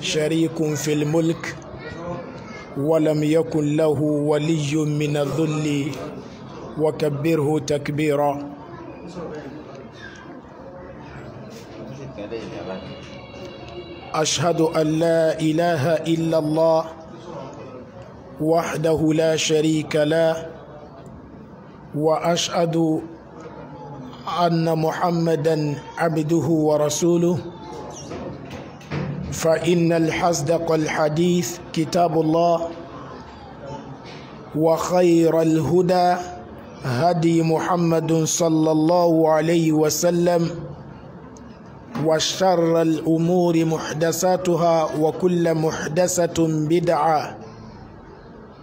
شريك في الملك ولم يكن له ولي من الذل وكبره تكبيرا أشهد أن لا إله إلا الله وحده لا شريك له وأشهد أن محمدا عبده ورسوله فإن الحصدق الحديث كتاب الله وخير الهدى هدي محمد صلى الله عليه وسلم وشر الأمور محدثاتها وكل محدثة بدعة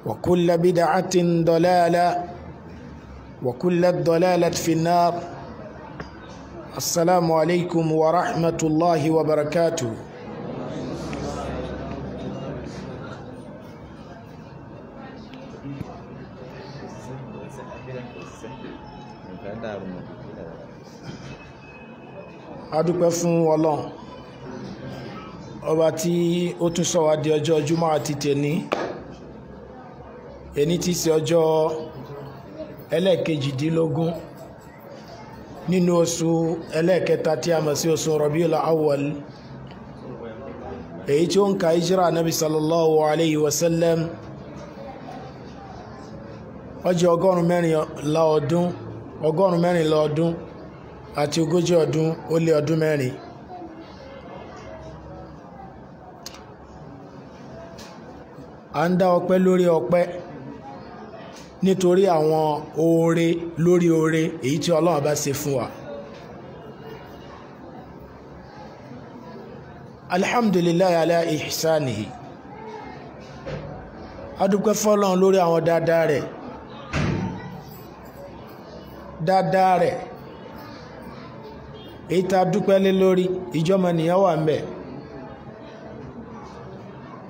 وكل بدعة ضلالة وكل الضلالة في النار السلام عليكم ورحمة الله وبركاته adúpẹ́ fún ọlọ́run ọba tí ó tún sọ wá di ọjọ́ júmọ́ àti tèní èní ti ṣe ọjọ́ ẹlẹ́ẹ̀kejìdínlógún nínú oṣù ẹlẹ́ẹ̀kẹta tí a mọ̀ sí oṣù Rabiul Awwal èyí tí ó ń ka ìjírà nabi sallallahu alayhi wa sallam ọjọ́ ọgọ́rùn-ún mẹ́rin la ọdún ọgọ́rùn-ún mẹ́rin la ọdún àti ogójì ọdún ó lé ọdún mẹ́rin. à ń dá ọpẹ́ lórí ọpẹ́ nítorí àwọn oore lórí oore èyí tí ọlọ́run bá ṣe fún wa. alhamdulilayi ala ihsanihi adúpẹ́ fọlọ́run lórí àwọn dáadáa rẹ̀ dáadáa rẹ̀ èyí tá a dúpẹ́ lé lórí ìjọmọ nìyẹn wà ń bẹ̀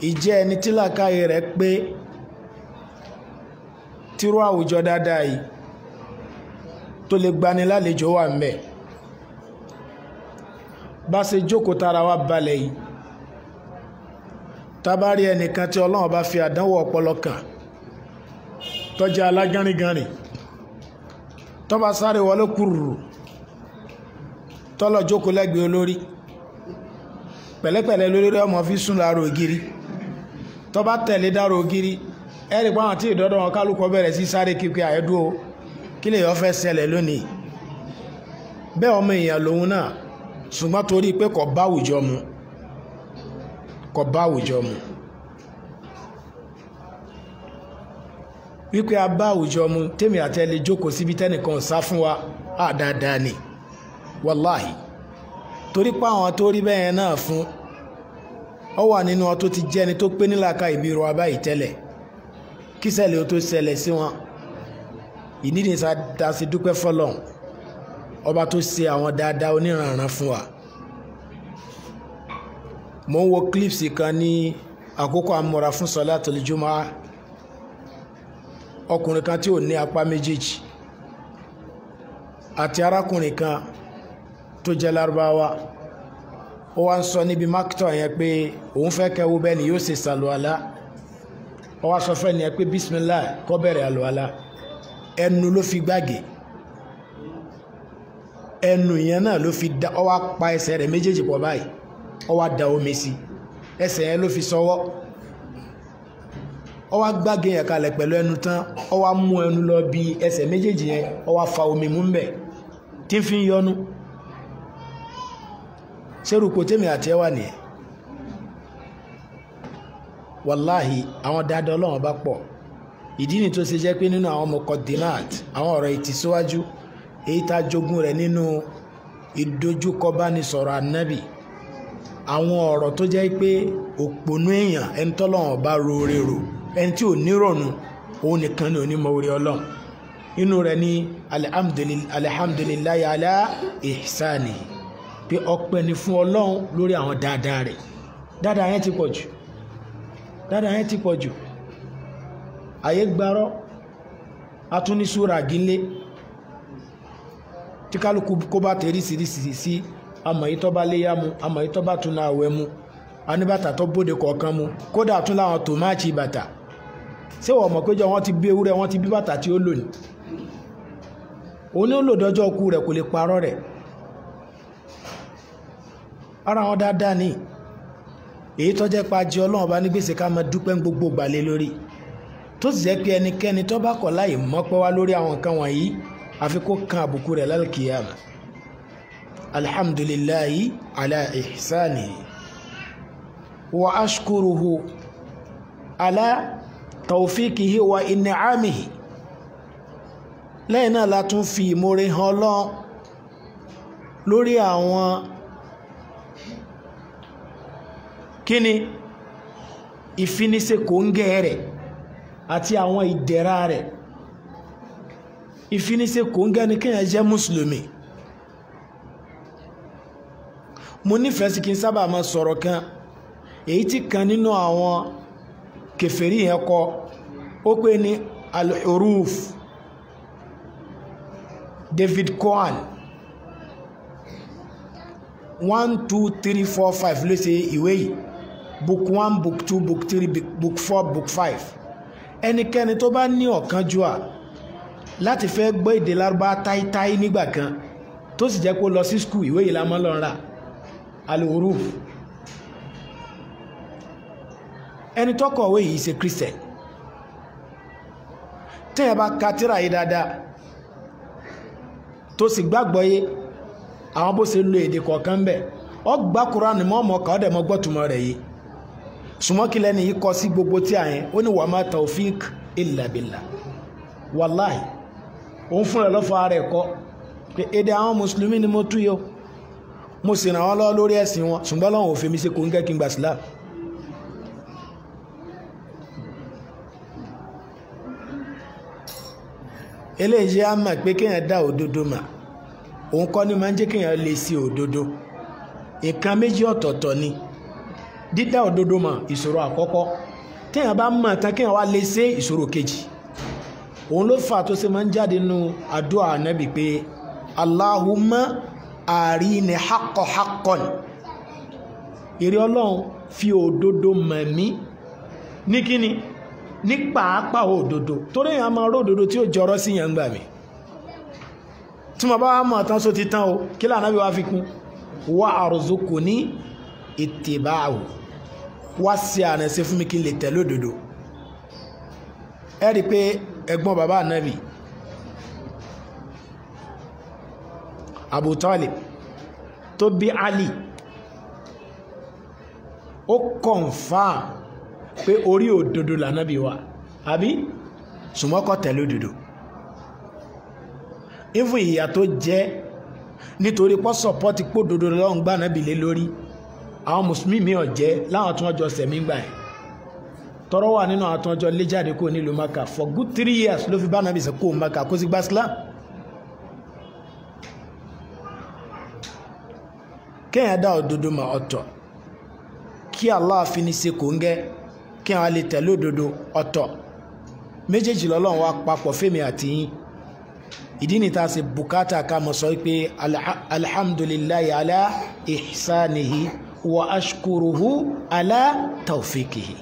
ìjẹ́ ẹni tí làákàyè rẹ̀ pé tírú àwùjọ dáadáa yìí tó lè gbani lálejò wà ń bẹ̀ bá ṣe jókòó tara wa balẹ̀ yìí tábàárí ẹnìkan tí ọlọ́run bá fi àdánwò ọpọlọ kàn tọ́jà alágánrigánrin tọ́ba sáré wọlé kúrúrú tọ́lọ̀ jókòó lẹ́gbẹ̀ẹ́ olórí pẹ̀lẹ́pẹ̀lẹ́ lórí ọmọ fi sùn láàrò ògiri tó bá tẹ̀lé dárò ògiri ẹ̀rì pa àwọn tí ìdọ́dọ̀ wọn kálukọ bẹ̀rẹ̀ sí sáré kíkẹ́ àyẹ́dúró kí lè yọ fẹ́ ṣẹlẹ̀ lónìí bẹ́ẹ̀ ọmọ èèyàn lòun náà ṣùgbọ́n torí pé kò bá àwùjọ mu kò bá àwùjọ mu wípé a bá àwùjọ mu tèmi àtẹ́lẹ̀ jókòó síbi tẹ́nìkan sá fún wa àdáadáa ni wàláhì torí pé àwọn tó rí bẹ́ẹ̀ náà fún ọ wà nínú ọ tó ti jẹ́ ẹni tó pé nílàka ìbírò abáyìí tẹ́lẹ̀ kí ṣẹlẹ̀ ó tó ṣẹlẹ̀ sí wọn ìnídìí sá da sí dúpẹ́ fọlọ́hún ọba tó ṣe àwọn dáadáa oníranran fún wa mo ń wo clips kan ní àkókò amúra fún sọlátul jumu'a ọkùnrin kan tí ò ní apá méjèèjì àti arákùnrin kan tó jẹ́ lárúbáwá ó wá ń sọ níbi mákítọ̀ yẹn pé òun fẹ́ kẹwo bẹ́ẹ̀ ni yóò ṣe ṣàlùwàlá ó wá sọ fẹ́ni yẹn pé bísímìlá kó bẹ̀rẹ̀ àlùwàlá ẹnu ló fi gbàgé ẹnu yẹn náà ló fi da ó wá pa ẹsẹ̀ rẹ̀ méjèèjì pọ̀ báyìí ó wá da omi sí ẹsẹ̀ yẹn ló fi sọwọ́ ó wá gbàgé yẹn kalẹ̀ pẹ̀lú ẹnu tán ó wá mú ẹnu lọ bí ẹsẹ̀ méjèèjì yẹn ó wá fa omi mú ń tí ń fi yọnu ṣerú kò tèmi àti ẹ wà nìyẹn wàláhì àwọn dáadáa ọlọ́run bá pọ̀ ìdí ni tó ṣe jẹ́ pé nínú àwọn ọmọ kọ́dínàt àwọn ọ̀rọ̀ ìtìsíwájú èyí tá a jogún rẹ̀ nínú ìdojúkọbánisọ̀rọ̀ ànábì àwọn ọ̀rọ̀ tó jẹ́ pé òpònú èèyàn ẹni tọ́lọ́run bá roore rò ẹni tí ò nírònú òun nìkan ni onímọ̀ orí ọlọ́run inú rẹ̀ ni alihamdulilayi ala ihsanihi pé ọpẹ́ ni fún Ọlọ́run lórí àwọn dáadáa rẹ̀ dáadáa yẹn ti pọ̀ jù dáadáa yẹn ti pọ̀ jù àyè gbarọ́ atúnisúra gínlé tí kálukú kó bá tẹ̀ ríṣiríṣi sí amọ̀ yìí tọ́ bá léyà mu amọ̀ yìí tọ́ bá tún náà wẹ̀ mu anibata tó bóde kọ̀ọ̀kan mu kódà tún láwọn tòmáàtì bàtà ṣé wọ́n mọ̀ péjọ wọ́n ti bí ewúrẹ́ wọ́n ti bí bàtà tí ó lò ní òun ni ó lò dọ́jọ́ ku rẹ̀ kò lè parọ́ rẹ̀ ara wọn dáadáa ni èyí tó jẹ́ pa jẹ ọlọ́run bá ní gbèsè ká máa dúpẹ́ gbogbo gbàlẹ́ lórí tó sì jẹ́ pé ẹnikẹ́ni tó bá kọ̀ láì mọ́pẹ́ wá lórí àwọn nǹkan wọ̀nyí àfi kó kan àbùkù rẹ̀ lálùkìyàmà alhamdulillahi ala ihsanihi wa ashkuruhu ala tawfikihi wa in'amihi lẹ́yìn náà la tún fi ìmoore hàn lọ́n lórí àwọn kíni ìfinisẹ kòńgẹ́ rẹ̀ àti àwọn ìdẹ̀ra rẹ̀ ìfinisẹ kòńgẹ́ ni kéèyàn jẹ́ mùsùlùmí mo nífẹ̀ẹ́ sí kí n sábà máa sọ̀rọ̀ kan èyí tí kan nínú àwọn kẹfẹ́rí yẹn kọ ó pè ní al David Cohen one two three four five ló ṣe ìwé yìí book one book two book three book four book five ẹnikẹ́ni tó bá ní ọ̀kánjúà láti fẹ́ gbọ́ èdè lárúbá táítáí nígbà kan tó sì jẹ́ kó lọ sí skul ìwé yìí la máa lọ rà al-huruf ẹni tó kọ̀wé yìí ṣe christian tẹ́yẹ̀ bá ka tírà yìí dáadáa tó sì gbàgbọ́ yé àwọn bó ṣe lo èdè kọ̀ọ̀kan bẹ̀ ọ gbá kúránì mọ́ ọmọ kan ọ̀dẹ̀ mọ́ gbọ́tùmọ̀ rẹ̀ yìí sùmọ́kì lẹ́nu yìí kọ sí gbogbo tí a yẹn ó ní wàmà taofik ìlàbìlà wàláì òun fúnra lọ́fọ̀ ara ẹ̀ kọ́ pé èdè àwọn mùsùlùmí ni mo tú yọ mo sì ràn wọ́n lọ́wọ́ lórí ẹ̀sìn wọn ṣùgbọ́n lọ́wọ́ òfin mi ṣe kò ń gẹ́ kí n gbà sílá. eléyìí á mà pé kéèyàn dá òdodo mà òun kọ́ ni máa ń jẹ́ kéèyàn lè sí òdodo nǹkan méjì ọ̀tọ̀ọ̀tọ̀ ni dídá òdodo mọ̀ ìṣòro àkọ́kọ́ téèyàn bá mọ̀ tán kéèyàn wá lè ṣe ìṣòro kejì òun ló fà tó ṣe máa ń jáde nu àdúrà ànábì pé Allahumma àríni hakọ̀ hakọ̀ ni èrè ọlọ́run fi òdodo mọ̀ mí ní kíni ní pàápàá òdodo torí èèyàn máa ró òdodo tí ó jọrọ sí yẹn ń gbà mí tí mo bá wá mọ̀ tán so ti tán o kí lànà bí wàá fi kún wà àròzokò ní ìtìbáàwò wá sí àrẹ̀sẹ̀ fún mi kí n lè tẹ̀lé òdodo ẹ rí i pé ẹ̀gbọ́n bàbá ànábì Abu Talib tó bí Ali ó kọ̀nfàm pé orí òdodo lànàbì wà àbí sùmọ́kọ̀ tẹ̀lé òdodo ìfún ìyà tó jẹ́ nítorí pọ́ sọ̀pọ́tì pò òdodo lọ́hùn gbà nábì lé lórí àwọn mùsùlùmí mi ọ̀jẹ́ láwọn tí wọ́n jọ sẹ̀mí gbà ẹ̀ tọrọ wà nínú àwọn tí wọ́n jọ kó nílùú maka for good three years ló fi bá nàbì sẹ́ kó maka kó sì gba Islam. kéèyàn dá òdodo mà ọ̀tọ̀ kí Allah fi ní ṣe kòńgẹ́ kí àwọn lè tẹ̀lé òdodo ọ̀tọ̀ méjèèjì lọ́lọ́run wá papọ̀ fèmí àti yín ìdí ni ṣe bùkátà ká mọ̀ sọ pé alhamdulillahi ala ihsanihi. Al wa ashkuruhu ala tawfikihi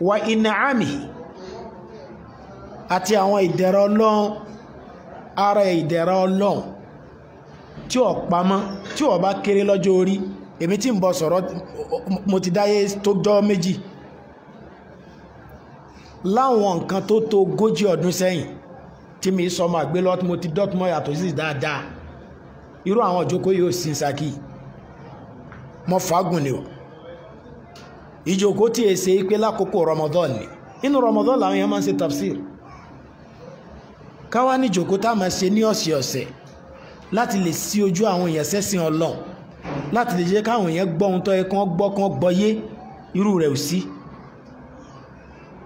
wa in'amihi àti àwọn ìdẹ̀ra ọlọ́run ara ìdẹ̀ra ọlọ́run tí ò pamọ́ tí ò bá kéré lọ́jọ́ orí èmi tí ń bọ̀ sọ̀rọ̀ mo ti dáyé tó jọ́ méjì láwọn nǹkan tó tó ogójì ọdún sẹ́yìn tí mi sọmọ àgbélọ́tí mo ti dọ́tí yàtọ̀ sí dáadáa irú àwọn ìjókòó yóò sin saki yìí mọ́ fagùn ni o ìjòkó tí è ṣe pé lákòókò Ramadan ni inú Ramadan làwọn èèyàn máa ń ṣe tafsir káwá ní ìjòkó tá a máa ṣe ní ọ̀sẹ̀ ọ̀sẹ̀ láti lè ṣí ojú àwọn èèyàn sẹ́sìn Ọlọ́run láti lè jẹ́ káwọn èèyàn gbọ́ ohun tó yẹ kán gbọ́ kán gbọ́yé irú rẹ̀ ò sí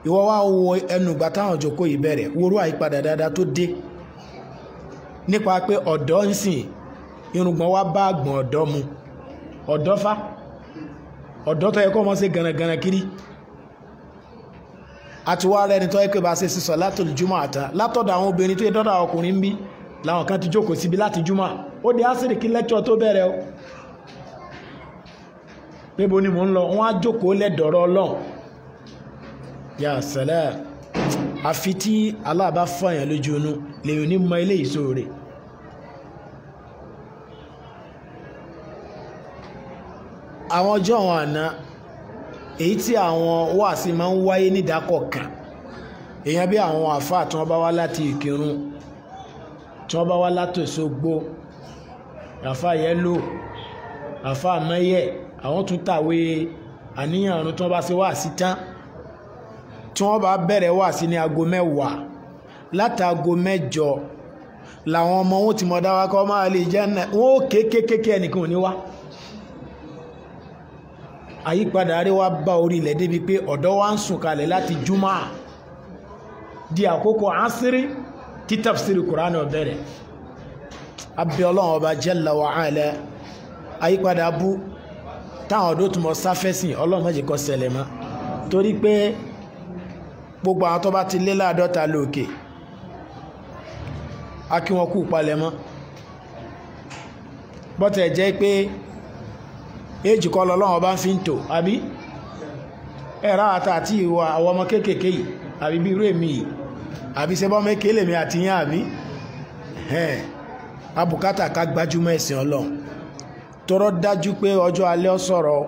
ìwọ wá wo ẹnu ìgbà táwọn ìjòkó yìí bẹ̀rẹ̀ worú àyípadà dáadáa tó dé nípa pé ọ̀dọ́ ń sìn irùngbọ̀n wá bá àgbọ̀n ọ̀dọ́ mu ọ̀dọ́fá ọ̀dọ́ tó yẹ kó mọ́ ṣe gànàgànà kiri àtiwárẹ́ ẹni tó yẹ pé bá ṣe sísọ látòlù júmọ̀ àtà látọ̀dọ̀ àwọn obìnrin tó yẹ dọ́dọ̀ ọkùnrin ń bí làwọn kan ti jókòó síbi láti júmọ̀ ó di ásìrì kí lẹ́kṣọ̀ tó bẹ̀rẹ̀ o pébo ni mò ń lọ wọ́n á jókòó lẹ́dọ̀rọ̀ ọlọ́run yà sẹ́lẹ̀ àfi tí aláàbá fọyàn lójú inú lèyìn ní mọ ilé ìṣòro rẹ̀ àwọn ọjọ́ àwọn àná èyí tí àwọn wáàsí máa ń wáyé nídàkọ̀kan èèyàn bí àwọn àfáà tí wọ́n bá wá láti ìkírun tí wọ́n bá wá látòṣogbo àfáà yẹ́lò àfáà mẹ́yẹ̀ àwọn tún tàwé àníyàn ọ̀run tí wọ́n bá ṣe wáàsí tán tí wọ́n bá bẹ̀rẹ̀ wáàsí ní aago mẹ́wàá látago mẹ́jọ làwọn ọmọ wọn ti mọ̀ dáwà kọ́ máa lè jẹ́ wọn ó kéékèèké ẹnìkan ò ní wá àyípadà àríwá bá orí débi pé ọ̀dọ́ wa ń sùn kalẹ̀ láti júmọ́ di àkókò ànsírí tí tafsiri kùránì ó bẹ̀rẹ̀ abẹ́ ọlọ́run ọba jalla wa ala àyípadà bú táwọn ọ̀dọ́ tún mọ́ sáfẹ́sìn ọlọ́run má jẹ́ kó ṣẹlẹ̀ mọ́ torí pé gbogbo àwọn tó bá ti lé láàdọ́ta lóòkè a kí wọn kú palẹ̀mọ́ bọ́tẹ̀ jẹ́ pé éjì kọ́ lọ́lọ́run ọba fi ń tò àbí ẹ̀rá àtà àti ìwà àwọn ọmọ kéékèèké yìí àbí bí irú èmi yìí àbí ṣe bọ́mọ èké lèmi àti yín àbí abùkátà ká gbájúmọ́ ẹ̀sìn ọlọ́run tọrọ dájú pé ọjọ́ alẹ́ sọ̀rọ̀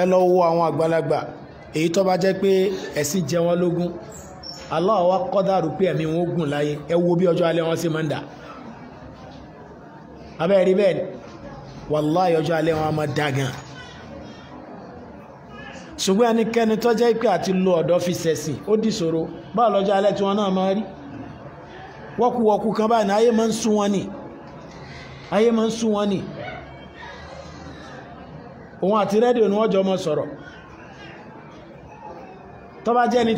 ẹ lọ wo àwọn àgbàlagbà èyí tó bá jẹ́ pé ẹ̀sìn jẹ wọ́n lógún Allah wa kọ́dàrú pé ẹ̀mí wọn ó gùn láyé ẹ wo bí ọjọ́ alẹ́ wọn ṣe máa ń dà abẹ́rẹ́ bẹ́ẹ̀ wàláhì ọjọ́ alẹ́ wọn a máa dá gan ṣùgbọ́n ẹnikẹ́ni tó jẹ́ pé àti lo ọ̀dọ́ fi ṣẹ̀sìn ó dì ṣòro báwo lọ́jọ́ alẹ́ tí wọn náà máa rí wọ́kùwọ́kù kan báyìí ayé máa ń sún wọn ni ayé máa ń sún wọn ni òun àti rédíò ni wọ́n jọ mọ sọ̀rọ̀ tó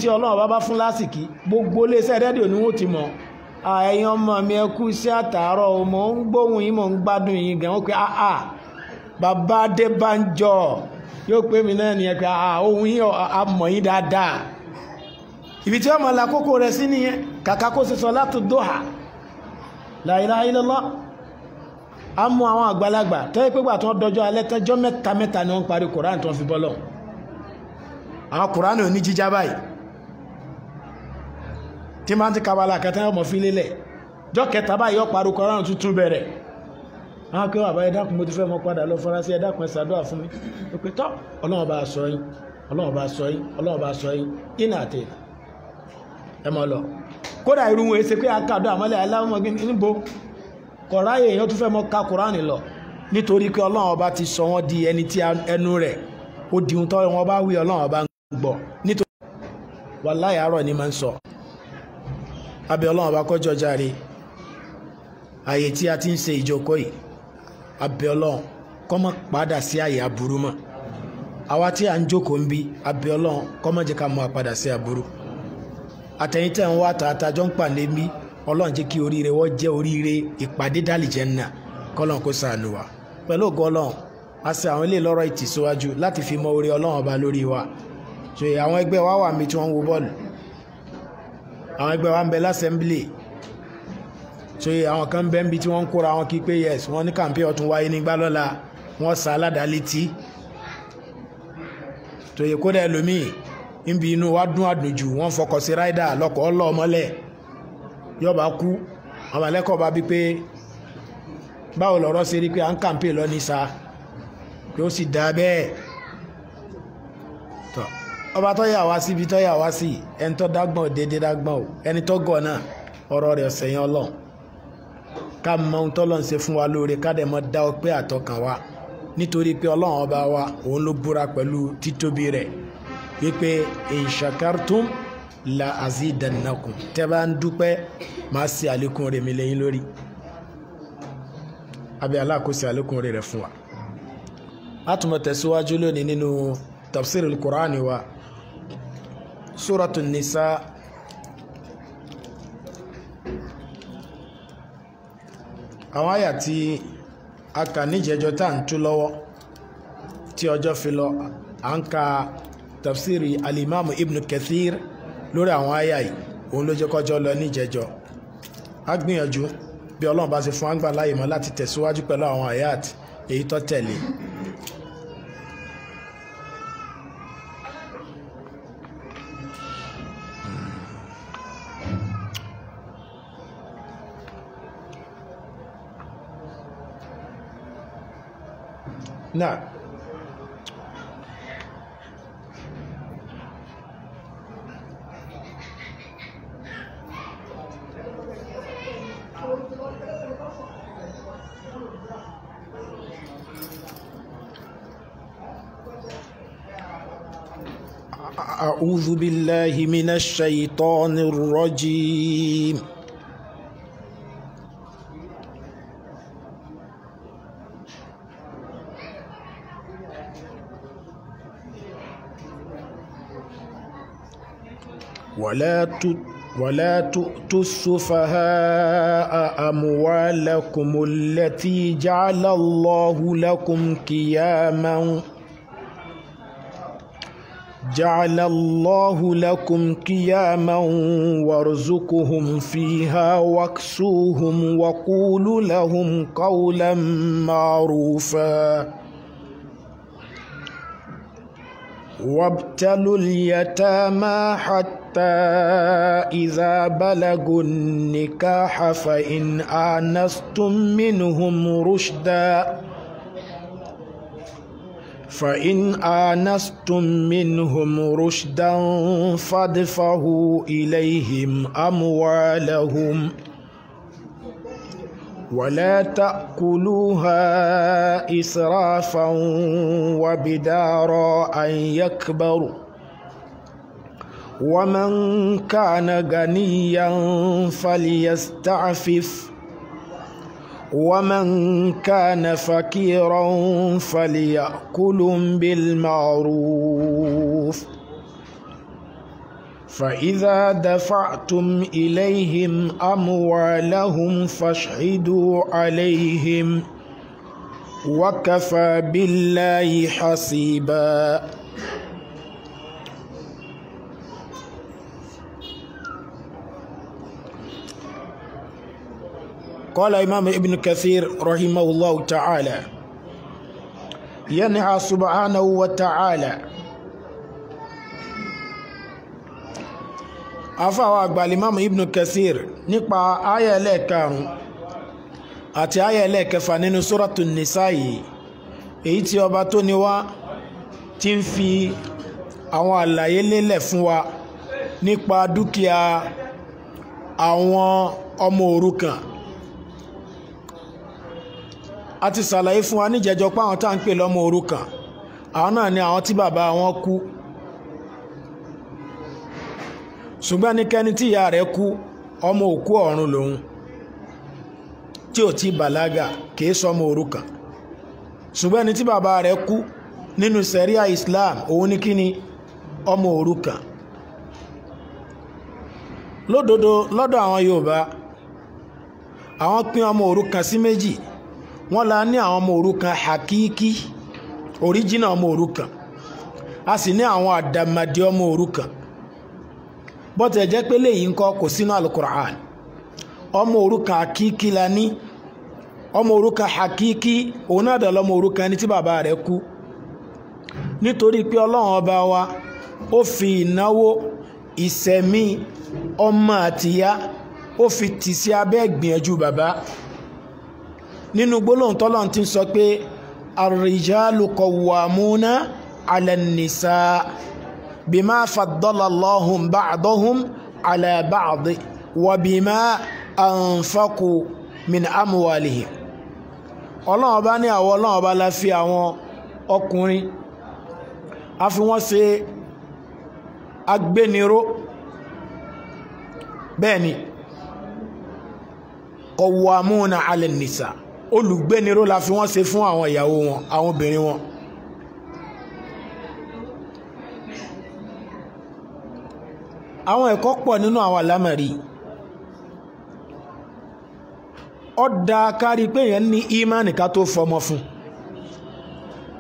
tí ọlọ́run bá bá fún lásìkí gbogbo iléeṣẹ́ rédíò ni wọ́n ti mọ̀ ọ́ ẹ̀yin ọmọ mi ẹ kú sí àtàárọ̀ o mò ń gbóhùn yín mò ń gbádùn yín gan ó pé àà bàbá Adébánjọ yóò pè mí náà nìyẹn pé àà ah, ohun yín àmọ̀ yín dáadáa ibi tí ọmọ làkókò rẹ̀ sí nìyẹn kàkà kó sísọ láti dóhà la ilaha illallah a mú àwọn àgbàlagbà tó yẹ pé gbà tó dọjọ́ alẹ́ tẹ́jọ́ mẹ́ta mẹ́ta ni wọ́n parí koran tó ń fi bọ́ lọ àwọn koran ò ní jíjá báyìí tí máa ń ti kabala kẹta ọmọ fi lélẹ̀ jọ kẹta báyìí ọ̀pá arúkọ ọ̀rọ̀ tuntun bẹ̀rẹ̀ àwọn akéwà àbáyé dákun mo ti fẹ́ mọ padà lọ faransé ẹ dákun ẹ ṣàdúrà fún mi ó pé tọ́ ọlọ́run bá sọ yín ọlọ́run bá sọ yín ọlọ́run bá sọ yín iná àti ìlà ẹ mọ lọ kódà irú wọn ṣe pé akadọ àmọ́lẹ̀ aláwọ̀mọ́gí níbo kọ̀ráyè èèyàn tún fẹ́ mọ ka kùránì lọ nítorí pé ọlọ́run ọba ti sọ wọ́n di ẹni tí ẹnu rẹ̀ ó di tọ́ wọn bá wí ọlọ́run ọba ń gbọ́ nítorí wàláyà àárọ̀ ni máa ń sọ abẹ́ ọlọ́run ọba kọjọ jàre ààyè tí a ti ń ṣe ìjókòó yìí abẹ́ ọlọ́run kọ́mọ padà sí ààyè aburú mọ́ àwa tí a ń jókòó ń bí abẹ́ ọlọ́run kọ́mọ jẹ́ ká mọ́ a padà sí aburú àtẹ̀yìn tẹ̀ ń wá tààtà jọ ń pàlẹ́ mí ọlọ́run jẹ́ kí oríire wọ́n jẹ́ oríire ìpàdé dálìjẹ́ nà kọ́lọ́n kó sànù wa pẹ̀lú ògo ọlọ́run a ṣe àwọn ilé lọ́rọ̀ ìtìsíwájú láti fi mọ oore ọlọ́run ọba lórí wa ṣòye àwọn ẹgbẹ́ wa wà mí tí wọ́n ń wo bọ́ọ̀lù àwọn ẹgbẹ́ wa ń bẹ lásẹ̀mbìlì so àwọn kan bẹ́ẹ̀ níbi tí wọ́n ń kóra wọn kí pé yes wọ́n ní kàǹpẹ́ ọ̀tún wáyé nígbà lọ́la wọ́n sá aládàá tó yẹ kó dẹ̀ lómìn níbi inú wa dún àdùnjù wọ́n fọkọ̀ sí ráìdà lọ́kọ̀ ọlọ́ọ̀mọ́lẹ̀ yọba kú àwọn ẹlẹ́kọ̀ọ́ bá bí pé báwo lọ̀rọ̀ ṣe rí pé à ń kàǹpẹ́ lọ ní sa yóò sì dá bẹ́ẹ̀ ọba tó yà wá sí ibi tó yà wá sí ẹni tó dágbọ́n ò déédéé dágbọ́n ò ẹni tó gọ̀ náà ọ̀rọ̀ rẹ̀ ọ̀sẹ̀ yẹn ọlọ́run ká mọ ohun tọ́lọ́run ṣe fún wa lóore ká dẹ̀ mọ dá ọ pé àtọkàn wa nítorí pé ọlọ́run ọba wa òun ló búra pẹ̀lú títóbi rẹ̀ wípé in shakartum la azidannakum tẹ́ bá ń dúpẹ́ máa ṣe àlékún rẹ̀ mi lẹ́yìn lórí abẹ́ aláàkóso àlékún rẹ̀ fún wa. a tẹ̀síwájú lónìí nínú tafsirul Qur'ani wa suratu nisa àwọn àyà tí a kà níjẹjọ tá à ń tú lọ́wọ́ tí ọjọ́ fi lọ à ń ka tafsiri alimami ibn kathir lórí àwọn àyà yìí òun ló jẹ́ kọjọ́ lọ níjẹjọ a gbìyànjú bí ọlọ́run bá ṣe fún àgbà láyè mọ́ láti tẹ̀síwájú pẹ̀lú àwọn àyà èyí tó tẹ̀lé نعم أعوذ بالله من الشيطان الرجيم ولا ولا تؤتوا السفهاء أموالكم التي جعل الله لكم قياما جعل الله لكم قياما وارزقهم فيها واكسوهم وقولوا لهم قولا معروفا وابتلوا اليتامى حتى حتى إذا بلغوا النكاح فإن آنستم منهم رشدا فإن آنستم منهم رشدا فادفعوا إليهم أموالهم ولا تأكلوها إسرافا وبدارا أن يكبروا ومن كان غنيا فليستعفف ومن كان فقيرا فليأكل بالمعروف فإذا دفعتم إليهم أموالهم فاشهدوا عليهم وكفى بالله حسيبا قال إمام ابن كثير رحمه الله تعالى ينهى سبحانه وتعالى afáwọn àgbàlímọ́mù ibn kathir nípa aya ẹlẹ́ẹ̀karùn àti aya ẹlẹ́ẹ̀kẹfà nínú sóràtù nìsáyì èyí tí ọba tó ní wá ti ń fi àwọn àlàyé lélẹ̀ fún wa nípa dúkìá àwọn ọmọ òrukàn a ti ṣàlàyé fún wa níjẹjọ pé àwọn tá à ń pè lọ́mọ òrukàn àwọn náà ni àwọn tí bàbá wọn kú ṣùgbọ́n ẹnikẹ́ni tí ìyá rẹ̀ kú ọmọ òkú ọ̀run lòun tí ò ti bàlágà kìí sọmọ òrukàn ṣùgbọ́n ẹni tí bàbá rẹ̀ kú nínú sẹ̀ríà Islam òun ni kíni ọmọ òrukàn lódodo lọ́dọ̀ àwọn Yorùbá àwọn pín ọmọ òrukàn sí méjì. wọ́n la ní àwọn ọmọ òrukàn hakiki original ọmọ òrukàn a sì ní àwọn àdàmàdì ọmọ òrukàn bọ́tẹ̀ jẹ́ pé léyìí ńkọ́ kò sínú alukur'an ọmọ òrukàn hakiki la ní ọmọ òrukàn hakiki òun náà dà lọ́mọ òrukàn ẹni tí bàbá rẹ̀ kú nítorí pé ọlọ́run ọba wa ó fi ìnáwó ìsẹ̀mí ọmọ àtìyá ó fi tì sí abẹ́ ìgbìyànjú bàbá nínú gbólóhùn tọ́lọ́n ti sọ pé ar-rijalu qawwamuna 'ala an-nisaa bima faddala Allahu ba'dahum 'ala ba'd wa bima anfaqu min amwalihim ọlọ́run ọba ní àwọn ọlọ́run ọba la fi àwọn ọkùnrin a fi wọ́n ṣe agbéniró bẹ́ẹ̀ ni qawwamuna 'ala olùgbéniró la fi wọ́n ṣe fún àwọn ìyàwó wọn àwọn obìnrin wọn. àwọn ẹ̀kọ́ pọ̀ nínú àwọn àlámọ̀rí ó dáa kárí pé èèyàn ní ímánì ká tó fọmọ fún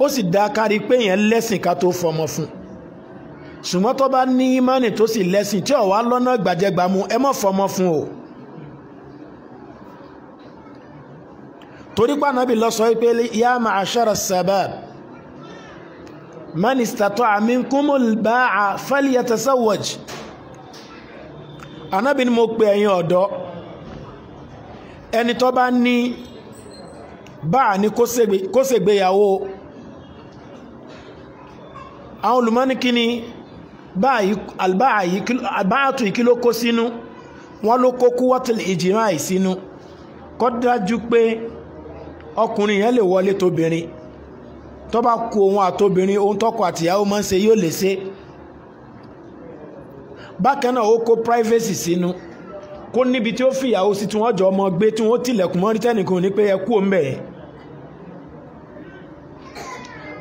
ó sì dáa kárí pé èèyàn lẹ́sìn ká tó fọmọ fún ṣùgbọ́n tó bá ní ímánì tó sì lẹ́sìn tí ó lọ́nà gbàjẹgbàmú ẹ má fọmọ fún o. torí pa Ànábì ló sọ pé yá ma'ashara sabab man istata'a minkumul ba'a falyatasawwaj Ànábì ni mo pe ẹ̀yin ọ̀dọ́ ẹni tó bá ní báà ní kó ṣègbéyàwó àwọn olùmọ́nìkí ni àbáàtù ìkíló kó sínú wọ́n ló kó kúwọ́tìlì ìjìmáì sínú kọ́ dájú pé ọkùnrin yẹn lè wọlé tóbìnrin tó bá ku òun àtobìnrin ohun tọkọ àtìyàwó máa ń ṣe yóò lè ṣe bákan náà ó kó privacy sínú kó níbi tí ó ìyàwó sí tí wọ́n jọ ọmọ gbé tí ní pé ẹ kú òun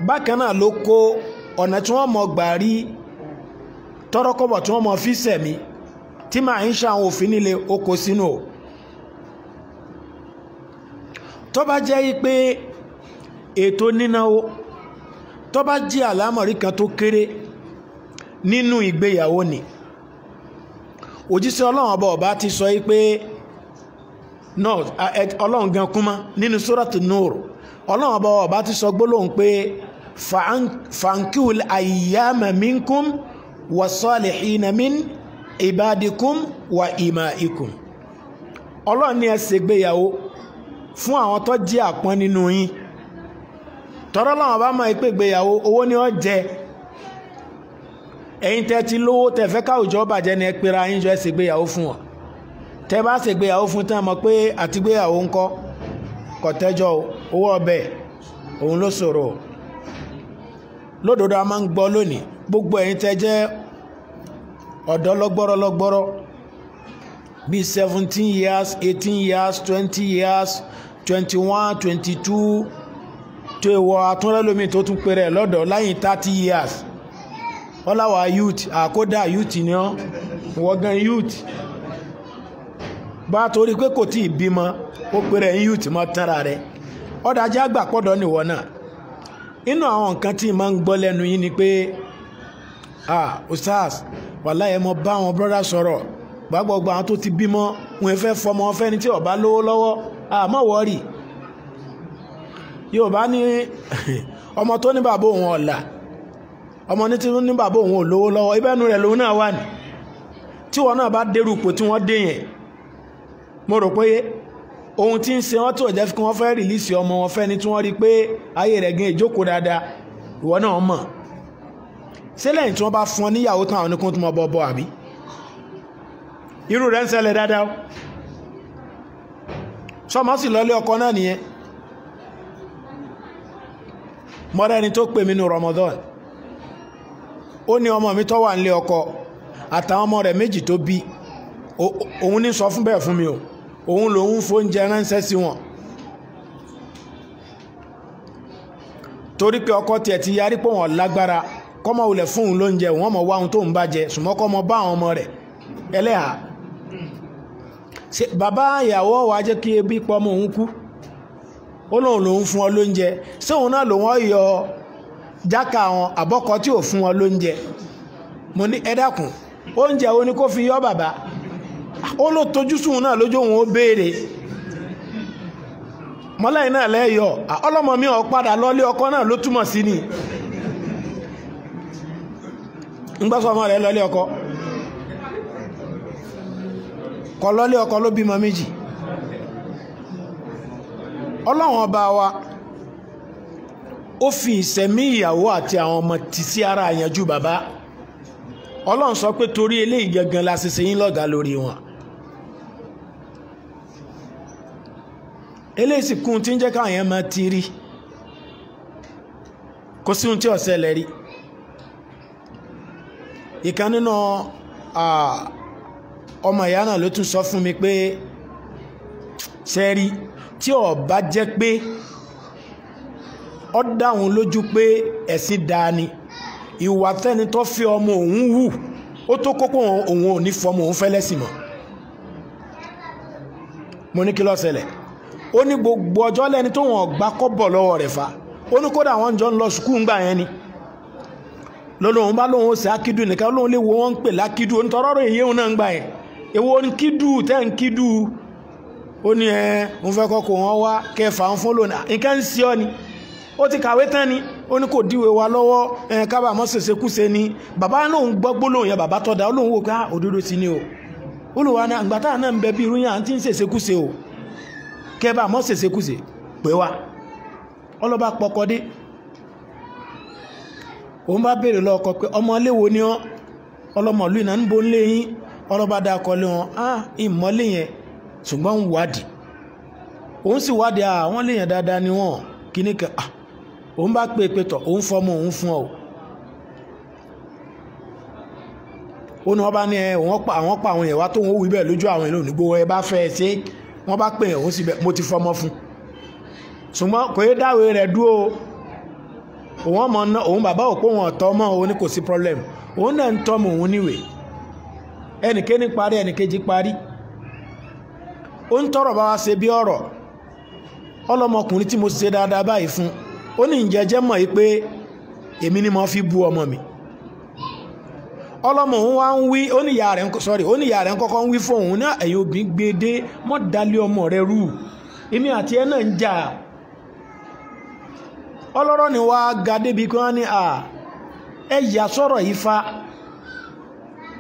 bákan náà ló kó mọ gbà rí tí mọ fi tí màá ń ṣe àwọn òfin ó kó tó bá jẹ́ pé ètò nínáwó tó bá jẹ́ àlámọ̀rí kan tó kéré nínú ìgbéyàwó ni òjíṣẹ́ ọlọ́run ọba ọba ti sọ pé náà ọlọ́run gan kúmá nínú sóràtì nóòrò ọlọ́run ọba ọba ti sọ gbólóhùn pé fankiwul ayyama minkum wa salihina min ibadikum wa imaikum ọlọ́run ni ẹ ṣègbéyàwó fún àwọn tó jẹ́ àpọ́n nínú yín tọ́rọ́ làwọn bá máa pè gbéyàwó owó ni wọ́n jẹ ẹyin tẹ ti lówó tẹ́ ka káwùjọ bàjẹ́ ni ẹ pera yín jọ ẹ sì gbéyàwó fún wọn tẹ́ bá sì gbéyàwó fún tán mọ̀ pé àti gbéyàwó ńkọ́ kọ̀tẹ́jọ́ owó ọbẹ̀ òun ló a máa ń lónìí gbogbo ẹ̀yin tẹ́ jẹ́ ọ̀dọ́ lọ́gbọ́rọ́ Be seventeen years eighteen years twenty years twenty one twenty two tó ìwọ atúnrẹ́lómi tó tún pèrè lọ́dọ̀ láyìn thirty years wọ́n láwà youth àkódà youth ni ọ́ wọ́gán youth bá a torí pé kò tí ì bímọ ó pèrè youth mọ́ tánra rẹ̀ ọ̀dájà àgbà pọ̀dọ̀ nìwọ náà inú àwọn nǹkan tí màá ń gbọ́ lẹ́nu yín ni pé ah usas wàláyé mo bá àwọn brọ́dà sọ̀rọ̀ gbàgbọ́gbà àwọn tó ti bímọ wọn fẹ́ fọmọ fẹ́ni tí ọba lówó lọ́wọ́ àmọ́ wọ́ọ̀rì yorùbá ní ọmọ tó ní bàbá òun ọ̀la ọmọ ní tí ní bàbá òun ò lówó lọ́wọ́ ibẹ̀nu rẹ̀ lòun náà wà ní tí wọn náà bá dérú ipò tí wọ́n dé yẹn mo rò pé ohun tí ń ṣe wọn tó jẹ́ kí wọ́n fẹ́ rìlíìsì ọmọ wọn fẹ́ni tí wọ́n rí pé ayé rẹ̀ gan ìjókòó dáadáa ìwọ náà mọ̀ sílẹ̀ tí wọ́n bá fún ọ níyàwó tán àwọn oníkun tó mọ bọ́ bọ́ àbí irú rẹ̀ ń ṣẹlẹ̀ dáadáa sọmọ sì lọ́lé ọkọ náà nìyẹn mọ́rẹ́ ẹni tó pè mí Ramadan ó ní ọmọ mi tó wà nílé ọkọ àtàwọn ọmọ rẹ̀ méjì tó bí òun ní sọ fún bẹ́ẹ̀ fún mi o òun lòun fóúnjẹ ránṣẹ́ sí wọn torí pé ọkọ tiẹ̀ ti yarí pé wọn lágbára kọ́mọ fún òun lóúnjẹ òun ọmọ wá ohun tó ń bá jẹ ṣùgbọ́n bá àwọn ọmọ rẹ̀ bàbá ìyàwó wàá jẹ́ kí ebi pọ̀ mọ́ òun kú ó lóun lòun fún ọ lóúnjẹ sóun náà lòun yọ jáka àwọn àbọ́kọ tí ò fún ọ lóúnjẹ mo ní ẹ oúnjẹ ni kó fi yọ bàbá ó ló tojú náà lójú òun ó béèrè mọ́láyìn náà lẹ́yọ̀ ọlọ́mọ mi padà lọ́lé ọkọ náà ló túmọ̀ ni ń gbọ́sọ̀ ọmọ ọkọ. kọlọ́lé ọkọ ló bímọ méjì ọlọ́run ọba wa ó fi ìsẹ̀mí ìyàwó àti àwọn ọmọ tì sí ara àyànjú bàbá ọlọ́run sọ pé torí eléyìí gangan la ṣe ṣe yín lọ́gà lórí wọn eléyìí sì kún tí ń jẹ́ káwọn èèyàn máa ti rí kò sí ohun tí ọ̀sẹ̀ lẹ̀ ìkan nínú ọmọ ìyá náà ló tún sọ fún mi pé sẹ́rí tí ó bá jẹ́ pé ó dá òun lójú pé ẹ̀sìn dáa ni ìwà tẹ́ni tó fi ọmọ òun wù ó tó kókó òun ò ní fọmọ òun fẹ́ lẹ́sìn mọ́ mo ní kí ló ṣẹlẹ̀ ó ní gbogbo ọjọ́ lẹ́ni tó wọ́n gbà kọ́bọ̀ lọ́wọ́ rẹ̀ fa ó ní kódà wọ́n jọ ń lọ sùkúù ńgbà yẹn ni lọ́lọ́run bá lóun ó ṣe ákídù nìkan lóun lè wo wọ́n ń pè lákídù ó ń èyí òun náà ń gbà yẹn èwo ni kídù tẹ́ ń kídù ó ní ẹ ń fẹ́ kọ́kọ́ wọn wá kẹfà ń ọ ni ó ti kàwé tán ni ó ní kò díwe wa lọ́wọ́ ẹ kábà mọ́ ṣèṣekúṣe ni bàbá náà ń yẹn bàbá tọ́da olóhùn wò ah, ni o olùwà náà àgbàtà náà ń bẹ bí irú o mọ́ pé wa ọlọ́ba pọkọ dé òun bá béèrè pé ọmọ ilé wo ni ọlọ́ba dá akọlé wọn á ìmọ́lé yẹn ṣùgbọ́n ń wádìí òun sì wádìí àwọn léèyàn dáadáa ni wọ́n kíní kan òun bá pè é pé tọ̀ òun fọmọ òun fún ọ ó ní wọ́n bá ní ẹ wọ́n pa àwọn pa àwọn yẹn wá tóun ó wí bẹ́ẹ̀ lójú àwọn ìlú ònígbò ẹ bá fẹ́ ẹ ṣe wọ́n bá pè òun sì bẹ́ẹ̀ mo ti fọmọ fún ṣùgbọ́n kò yé dáwé rẹ̀ dúró òun ọmọ náà òun bàbá òpó òun ọ̀tọ́ mọ́ òun ní kò sí problem òun náà ń tọ́ mọ òun níwèé ẹnìkéni parí ẹnìkejì parí o ń tọrọ bá wa ṣe bí ọ̀rọ̀ ọlọ́mọkùnrin tí mo ṣe dáadáa báyìí fún ó ní ìjẹ́jẹ́ mọ̀ yìí pé èmi ni mo fi bu ọmọ mi ọlọ́mọ òun wá ń wí ó ní ìyá rẹ̀ ń sọ́rí ó ní ìyá ọmọ rẹ rú èmi àti ẹ náà ń jà ọlọ́rọ̀ ni wàá ga débi kí wọ́n ní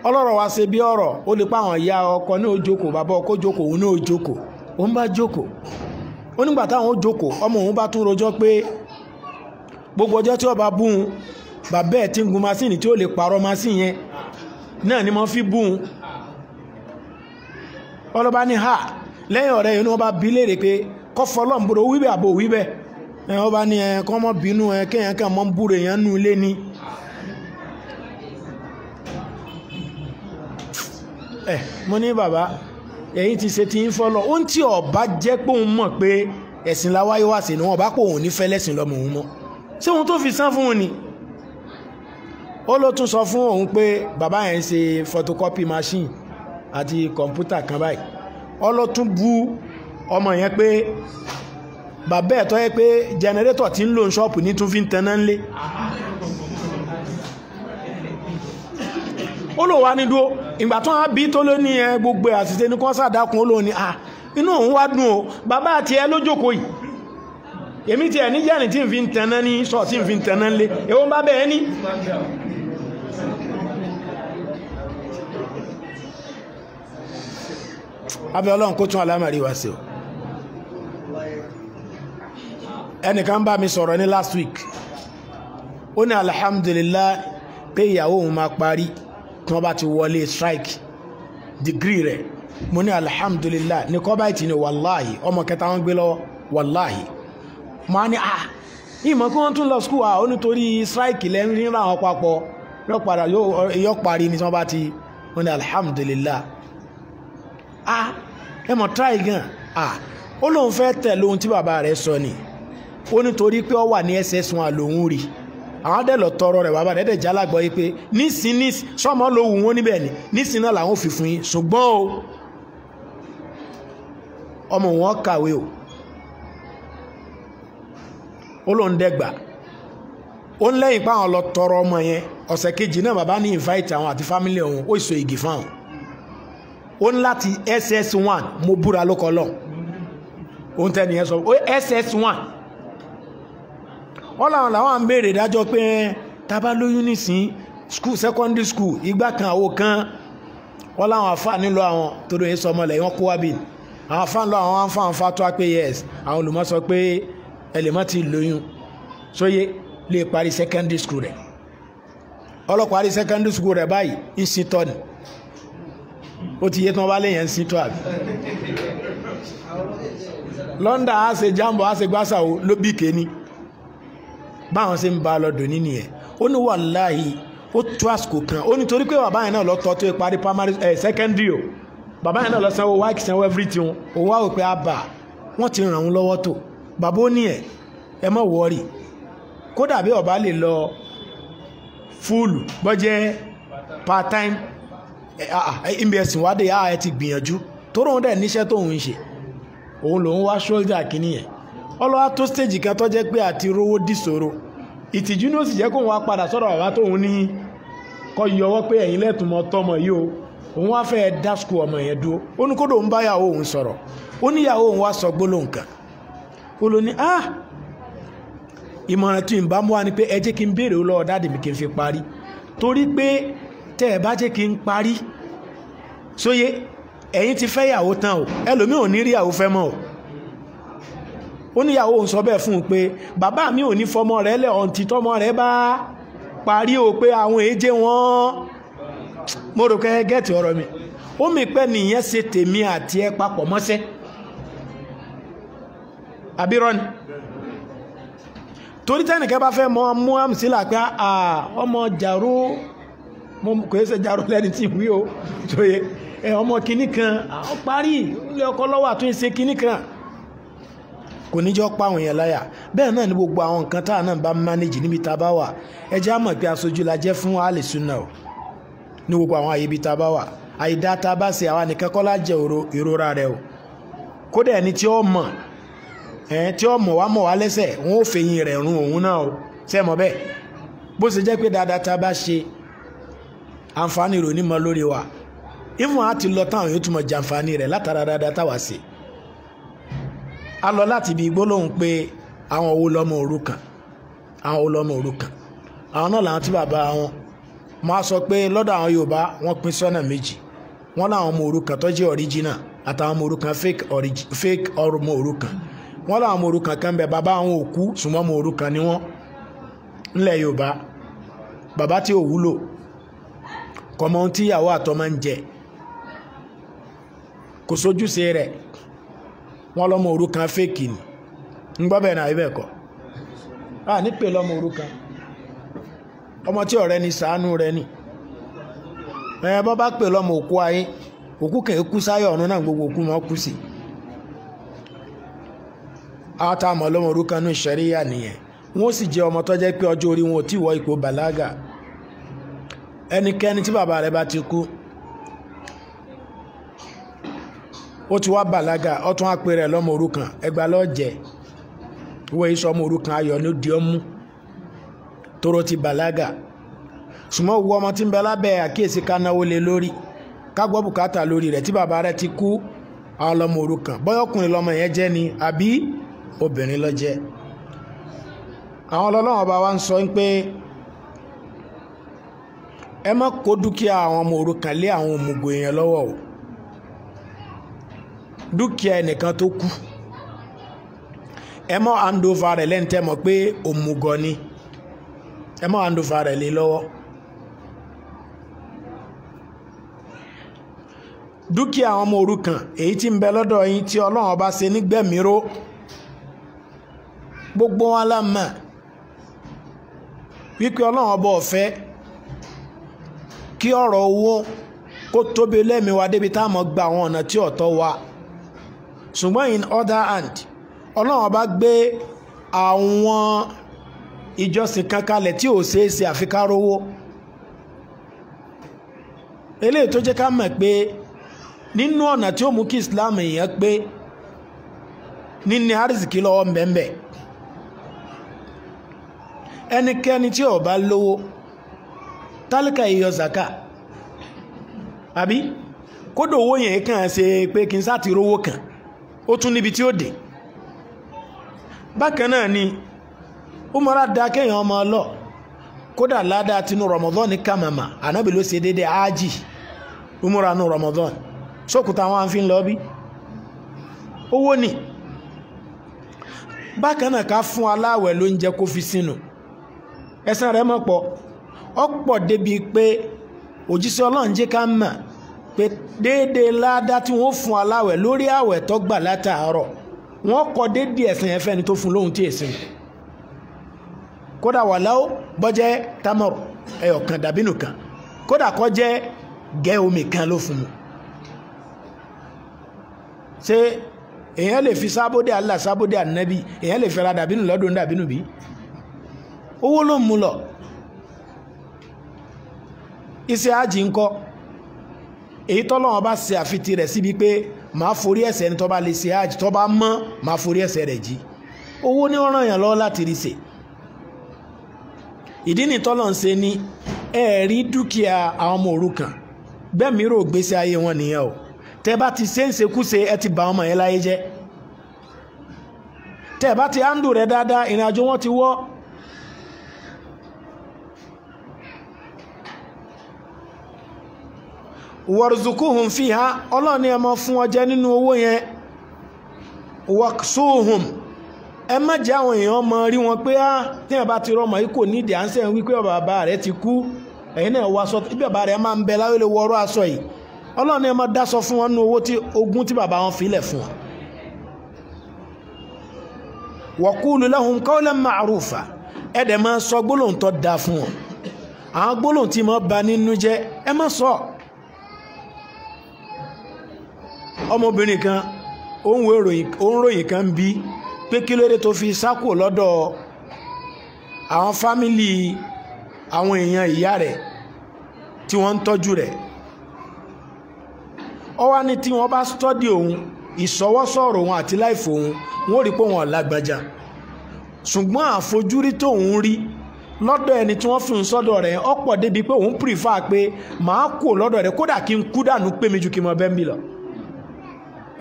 ọlọ́rọ̀ wa ṣe bí ọ̀rọ̀ ó lè pa àwọn ìyá ọkọ ní òjòkó bàbá ọkọ jókòó òun ní òjòkó òun bá jókòó ó nígbà táwọn ó jókòó ọmọ òun bá tún rojọ́ pé gbogbo ọjọ́ tí ọba búun bàbá ẹ̀ tí ń gun masíìnì tí ó lè pààrọ̀ masíìnì yẹn náà ni mo fi búun ọlọ́ba ní ha lẹ́yìn ọ̀rẹ́ yìí ni wọ́n bá bi léèrè pé kọ́fọ́ ọlọ́mbùrò wíbẹ̀ àbò wíbẹ̀ ẹ̀ ọba ní ẹ̀ kọ́ mọ́ bínú ẹ̀ kéèyàn kàn mọ́ búrò èèyàn nù lé ni ẹ̀ eh, mo ní bàbá ẹ̀yin ti ṣe ti ń fọ́lọ́ ó ń tí ọba jẹ́ pé òun mọ̀ pé ẹ̀sìn láwáyé wá sí ni wọn bá pò òun ní fẹ́ lẹ́sìn lọ́mọ òun mọ́ ṣé òun tó fi san fún òun ni ó ló tún sọ fún òun pé bàbá yẹn ń ṣe photocopy machine àti kọ̀ǹpútà kan báyìí ó ló tún bú ọmọ yẹn pé bàbá ẹ̀ tọ́ yẹ pé jẹnẹrétọ̀ tí ń lò ṣọ́ọ̀pù ní tún fi ń tẹná ńlé ó lò wá ní dúró ìgbà tó wọn bí tó ló ní ẹ gbogbo àṣìṣe ní kọ́nsá dákun ó lò ní à inú òun wá dùn o bàbá àti ẹ lójókòó yìí èmi tiẹ̀ ní jẹ́rìí tí n fi ń tẹ̀nà ní sọ tí n fi ń tẹ̀nà lé èwo ń bá bẹ́ẹ̀ ní. abẹ́ ọlọ́run kó tún alámàrí wá sí o ẹnìkan bá mi sọ̀rọ̀ ní last week ó ní alhamdulillah pé ìyàwó òun máa parí tí wọ́n bá ti wọlé strike degree rẹ̀ mo ní alhamdulillah ní kọ́báìtì ni wàláhì ọmọ kẹta wọn gbé lọ́wọ́ wàláhì mo á ní à ìmọ̀ kí wọ́n tún lọ skul à ah, ó strike lẹ́yìn rírà wọn papọ̀ yọ parí ni tí wọ́n bá ti mo ní alhamdulillah a ah, ẹ mọ̀ try gan à ah, ó lóun fẹ́ tẹ̀ lóhun tí bàbá rẹ̀ sọ ni ó pé ó wà ní ss1 lòun rí i àwọn adẹ́lọ̀ tọrọ rẹ̀ wàbá ẹ̀dẹ̀ jẹ́ alágbọ̀ yìí pé nísìn nísìn sọ́mọ́ ló wù wọ́n níbẹ̀ ni nísìn náà làwọn fi fún yín ṣùgbọ́n o ọmọ wọn kàwé o ó ló ń dẹ́gbà ó ń lẹ́yìn páwọn lọ tọrọ ọmọ yẹn ọ̀sẹ̀ kejì náà bàbá ní invite àwọn àti family ọ̀hún ó ìsọ igi fáwọn ó ń láti ss1 mo búra ló kọ lọ òun tẹ́ nìyẹn sọ ss1 wọ́n làwọn làwọn à ń béèrè ìdájọ́ pé tá bá lóyún nísìn school secondary school ìgbà kan àwo kan wọ́n làwọn àfáà nílò àwọn torí èyí sọmọ lẹ̀ wọ́n kó wá bì àwọn àfáà nílò àwọn àfáà ń tó a pé yes àwọn olùmọ̀ sọ pé ẹlẹ́mọ̀ ti lóyún sóye lè parí secondary school rẹ̀ ọlọ́pàá rí secondary school rẹ̀ báyìí ìsìntọ́ ni ó ti yé tí wọ́n bá léyìn ìsìntọ́ àbí London á ṣe jambo á ṣe gbásà ló bí kéènì. báwọn ṣe ń ba a lọ nínú yẹn ó ní wàláhì ó àsìkò kan ó ní torí pé bàbá yẹn náà lọ tọ́ tó parí primary eh, secondary o bàbá yẹn náà lọ sanwó wáìkì sanwó everything o wá òpè àbà ah, wọ́n ti ràn án lọ́wọ́ tó bàbá ó ní ẹ̀ ẹ má wọ́ọ̀rì kódà bí ọba lè lọ fúlù bọ́jẹ́ part time a ẹ ti gbìyànjú tóró dẹ̀ níṣẹ́ tóun ń ṣe òun lòun wá kínní yẹn ọlọ́wà tó kan pé àti rówó ìtìjú ní ó sì jẹ́ kóun wá padà sọ́dọ̀ bàbá tóun ní kọ́ yọwọ́ pé ẹ̀yin lẹ́tùmọ̀ tọmọ yìí o òun wá fẹ́ dá skul ọmọ yẹn dúró ó ní kódò ń bá yàwó òun sọ̀rọ̀ ó ní yàwó òun wá sọ gbólóhùn kan ó ló ní ah ìmọ̀ràn tí n bá mú wa ni pé ẹ jẹ́ kí n béèrè lọ́wọ́ dáàdì mi kí n fi parí torí pé tẹ́ ẹ bá jẹ́ kí n parí sóye ẹ̀yin ti fẹ́ yàwó tán o ẹlòmíì ò ní rí yàwó fẹ́ mọ́ o ó níyàwó òun sọ bẹ́ẹ̀ fún un pé bàbá mi ò ní fọmọ rẹ̀ lẹ̀ ọ̀ǹtì tọmọ rẹ̀ bá parí o pé àwọn èéjẹ wọn mo rò pé gẹ́ẹ̀tì ọ̀rọ̀ mi ó mi pẹ́ nìyẹn ṣe tèmi àti ẹ papọ̀ mọ́ṣẹ́ àbírọ́ni torí tẹ́nìkẹ́ bá fẹ́ mọ mú àmùsílà pé ọmọ jàrú kò ṣe jàrú lẹ́ni tí wí o ọmọ kìnnìkan parí ilé ọkọ lọ́wọ́ àtúnṣe kìnnìkan kò ní jọ pa àwọn èèyàn láyà bẹ́ẹ̀ náà ni gbogbo àwọn nǹkan tá à náà bá manage níbi tá a bá wà ẹ jẹ́ pé aṣojú la jẹ́ fún alẹ́ sunna o ní gbogbo àwọn àyè ibi tá a bá wà àyídá tá a bá ṣe àwa nìkan kọ́ lájẹ ìrora rẹ o kódà ẹni tí ó mọ̀ ẹ̀ tí ó mọ̀ wá mọ̀ wá lẹ́sẹ̀ wọn ò fẹ̀yìn rẹ̀ run òun náà o ṣe mọ̀ bẹ́ẹ̀ bó ṣe jẹ́ pé dáadáa tá a bá ṣe àǹfààní ìròyìn mọ lórí wa ìfún àti lọ táwọn yóò tún jàǹfààní rẹ̀ látara dáadáa táwa ṣe a lọ láti ibi gbólóhùn pe àwọn owó lọ́mọ òrukàn àwọn owó lọ́mọ òrukàn àwọn náà làwọn tí bàbá wọn máa sọ pé lọdọ àwọn Yorùbá wọn pin sọ́nà méjì wọn láwọn ọmọ òrukàn tó jẹ́ original àtàwọn ọmọ òrukàn fake ọmọ òrukàn wọn láwọn ọmọ òrukàn kan bẹ̀ bàbá àwọn òkú ṣùgbọ́n ọmọ òrukàn ni wọ́n ńlẹ̀ Yorùbá bàbá tí ò wúlò kọ̀mọ́ ohun tí ìyàwó àtọ́ máa ń jẹ kò sójúṣe rẹ̀ wọ́n lọ́mọ òrukàn fèkì ni ń gbọ́ náà ibẹ̀ kọ́ a nípè lọ́mọ òrukàn ọmọ tí ọ̀rẹ́ ni sàánú rẹ ni ẹ bọ́ bá pè lọ́mọ òkú ayé òkú kẹ̀ kú sáyọ̀ náà gbogbo òkú mọ́ kú sí lọ́mọ ní ìṣẹ̀ríyà nìyẹn wọ́n sì ọmọ tó jẹ́ pé ọjọ́ orí wọn ò tí wọ ipò bàlágà ẹnikẹ́ni ó ti wá bàlágà ó tún á pe rẹ̀ lọ́mọ òrukàn ẹgbà lọ́jẹ̀ ìwé iṣẹ́ ọmọ òrukàn ayọ̀ ló di ọmú tóró ti bàlágà ṣùgbọ́n wo ọmọ tí ń bẹ lábẹ́ àkíyèsí ká náwó lé lórí ká gbọ́ bùkátà lórí rẹ̀ tí bàbá rẹ̀ ti kú àwọn lọ́mọ bọ́yọ̀ ọkùnrin lọ́mọ yẹn jẹ́ ni àbí obìnrin ló àwọn ọlọ́lọ́wọ́n ọba wa ń sọ pé ẹ má kó dúkìá àwọn ọmọ òrukàn lé àwọn òmùgọ̀ èèyàn lọ́wọ́ o. dúkìá ẹnìkan tó kú ẹ mọ́ handover rẹ̀ lẹ́nu tẹ́ mọ̀ pé òmùgọ̀ ni ẹ mọ́ handover rẹ̀ lé lọ́wọ́ dúkìá àwọn ọmọ èyí tí ń bẹ lọ́dọ̀ yín tí ọlọ́run ọba ṣe nígbẹ̀míró gbogbo wọn wípé ọlọ́run ọba ọ̀fẹ́ kí ọ̀rọ̀ owó kó tóbi lẹ́mìí débi táwọn gba àwọn ọ̀nà tí ṣùgbọ́n in other hand ọlọ́run ọba gbé àwọn ìjọsìn kan tí ò ṣeé ṣe àfikárówó eléyìí tó jẹ́ ká mọ̀ pé nínú ọ̀nà tí ó mú kí Islam èèyàn pé níní arzikí lọ́wọ́ mbẹ́mbẹ́ ẹnikẹ́ni tí ọba lówó tálíkà ìyọ zaka àbí kódò owó yẹn kàn ṣe pé kí ó tún níbi tí ó dé ni ó mọ́ra da kéèyàn ọmọ ọlọ kódà tinú Ramadan ní kàmàmà ànábì ló ṣe déédéé ájì nu Ramadan sókùtà àwọn àfi ń lọ bí owó ni bákan náà ká fún aláwẹ̀ ló ń jẹ kó fi sínú rẹ̀ mọ̀ pọ̀ ọ̀pọ̀ débi pé déédéé ládá tí wọ́n fún aláwẹ̀ lórí àwẹ̀ tó gbà látàárọ̀ wọ́n kọ déédéé ẹ̀sìn ẹ̀fẹ́ ni tó fún lóhun tí èsìn kódà wà láwọ́ bọ́jẹ́ tamọ̀rọ̀ ẹyọ kan dàbínú kan kódà kọ́ jẹ́ gẹ́ omi kan ló fún fi sábódé sábódé ànábì èèyàn lè fẹ́ra dàbínú lọ́dún dàbínú bí owó ló ń lọ èyí tọ́lọ́wọ́n bá ṣe àfitì rẹ̀ síbi pé màá forí ẹ̀ṣẹ̀ ẹni tó bá lè ṣe hajj tó bá mọ́ màá forí ẹ̀ṣẹ̀ rẹ̀ jì owó ní ọ̀ràn yàn lọ́wọ́ láti rí ṣe ìdí ni tọ́lọ́ ń ṣe ní ẹ̀ẹ̀rí dúkìá àwọn ọmọ òrukàn bẹ́ẹ̀ mi rò gbèsè ayé wọn nìyẹn o tẹ bá ti ṣe ń ṣekúṣe ẹ ti bà ọmọ yẹn láyé jẹ́ tẹ bá ti áńdù rẹ dáadáa ìrìn wọn ti wọ́ warzukuhum fiha ọlọ́run ni ẹ máa fún wọn nínú owó yẹn waksuhum ẹ má jẹ́ àwọn èèyàn mọ rí wọn pé á ah, tí wọn bá ti rọmọ yìí kò nídìí à ń sẹ́yìn wípé bàbá rẹ ti kú ẹ̀yin náà wọ aṣọ bí bàbá rẹ máa ń bẹ láwọn ilé wọrọ aṣọ yìí ọlọ́run ni ẹ máa dáṣọ fún wọn nínú owó tí ogun tí bàbá wọn fi lẹ̀ fún wọn. waqulu lahum qawlan ma'rufa ẹ dẹ̀ máa sọ gbólóhùn tó dáa fún wọn àwọn gbólóhùn tí mo bá nínú ẹ má sọ ọ́ ọmọbìnrin kan ó ń ròyìn kan ń bí pé kí lóde tó fi sákò lọ́dọ̀ àwọn fámìlì àwọn èèyàn ìyá rẹ̀ tí wọ́n ń tọ́jú rẹ̀ ó wá ní tí wọ́n bá stọ́dì òun ìsọwọ́sọ̀rọ̀ òun àti láìfò òun wọ́n rí pé wọ́n lágbájá ṣùgbọ́n àfojúrí tóun rí lọ́dọ̀ ẹni tí wọ́n fi ń sọ́dọ̀ rẹ̀ ọ̀pọ̀ débi pé òun pìrìfà pé màá kú lọ́dọ̀ rẹ̀ kódà kí n kú dànù pé mi ju kí n mọ bẹ́ẹ̀ mi lọ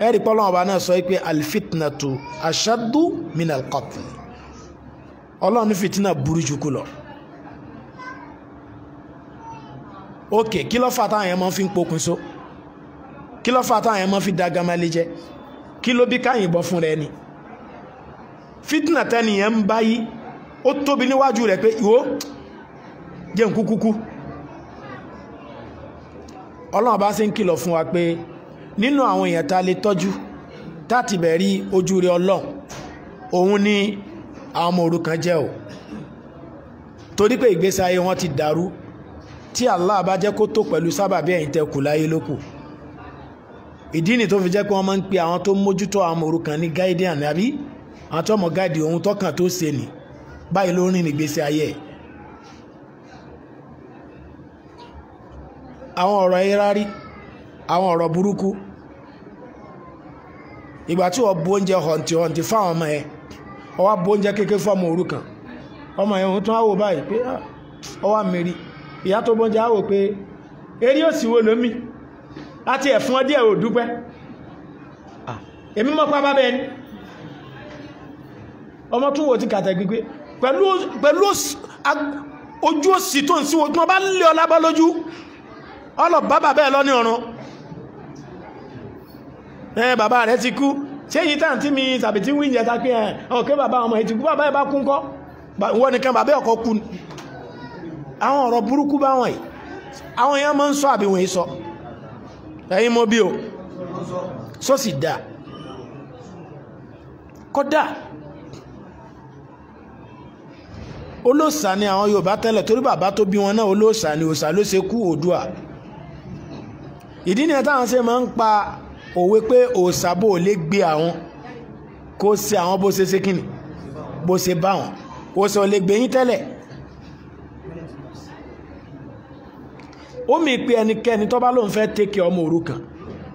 ẹ̀rí pé ọlọ́run ọba náà sọ pé alfitnatu ashaddu min alqatl ọlọ́run ní fìtínà burú jù kú lọ. ókè kí ló fà táwọn yẹn máa fi ń pokùn so kí ló fà táwọn yẹn máa fi da gamali jẹ kí ló bí káyìn bọ́ fún rẹ ni fìtínà tẹ́niyẹn ń báyìí ó tóbi níwájú rẹ̀ pé ìwọ jẹun kúkúkú ọlọ́run ọba ṣe ń kìlọ̀ fún wa pé nínú àwọn èèyàn tá a lè tọ́jú táti bẹ̀rí ojú rẹ ọlọ́ òun ni àwọn ọmọ òrukàn jẹ́ o torí pé ìgbésí ayé wọn ti dàrú tí Allah bá jẹ́ kó tó pẹ̀lú sábàbí ẹ̀yin tẹ́ kù láyé lókù ìdí ni tó fi jẹ́ pé wọ́n máa ń pe àwọn tó mójútó àwọn ọmọ òrukàn ní guardian àbí àwọn tó mọ̀ gáàdì ohun tọkàn tó ṣe nì báyìí ló rìn ìgbésí ayé àwọn ọ̀rọ̀ ayé rárí àwọn ọ̀rọ̀ burúkú ìgbà tí wọ́n bu oúnjẹ họ̀ǹtì họ̀ǹtì fáwọn ọmọ ẹ̀ ọwọ́ bu oúnjẹ kékeré fún ọmọ òrukàn ọmọ ẹ̀ òun tún á wò báyìí pé ọwọ́ ah, mẹ́rí ìyá tó bọ́njẹ á wò pé eré òsì wo lómi àti ẹ̀fún ọdí ẹ̀ ò dúpẹ́ ah, èmi mọ́ pa bábẹ́ ẹni ọmọ tún wò ti kàtà gbígbé pẹ̀lú ojú òsì tó ń sí tí wọ́n bá ń lé ọ lójú ọlọ́ bá bàbá lọ ní ọ̀run ẹ eh, bàbá rẹ̀ ti kú ṣé èyí tàn tí mi tàbí tí wíńjẹ ta pé ẹ eh, ọ̀kẹ́ bàbá ọmọ yìí ti kú bàbá ẹ bá kú ńkọ́ wọ́n nìkan bàbá ọkọ̀ kú àwọn ọ̀rọ̀ burúkú bá wọ̀nyí àwọn èèyàn máa ń sọ àbí wọ̀nyí sọ ẹ̀yin mo bí o sọ sì dáa kódà olóòsà ni àwọn Yorùbá tẹ́lẹ̀ torí bàbá tó bí wọn náà olóòsà ni òòsà ló ṣe kú Oòduà ìdí ni ẹ̀ táwọn ṣe máa ń pa òwe pé òòsàbò lè gbé àwọn kó ṣe àwọn bó ṣe ṣe kìnnì bó ṣe bá wọn òòsàn ò lè gbé yín tẹ́lẹ̀ ó mi pé ẹnikẹ́ni tó bá lóun fẹ́ tẹ́kẹ̀ ọmọ òrukàn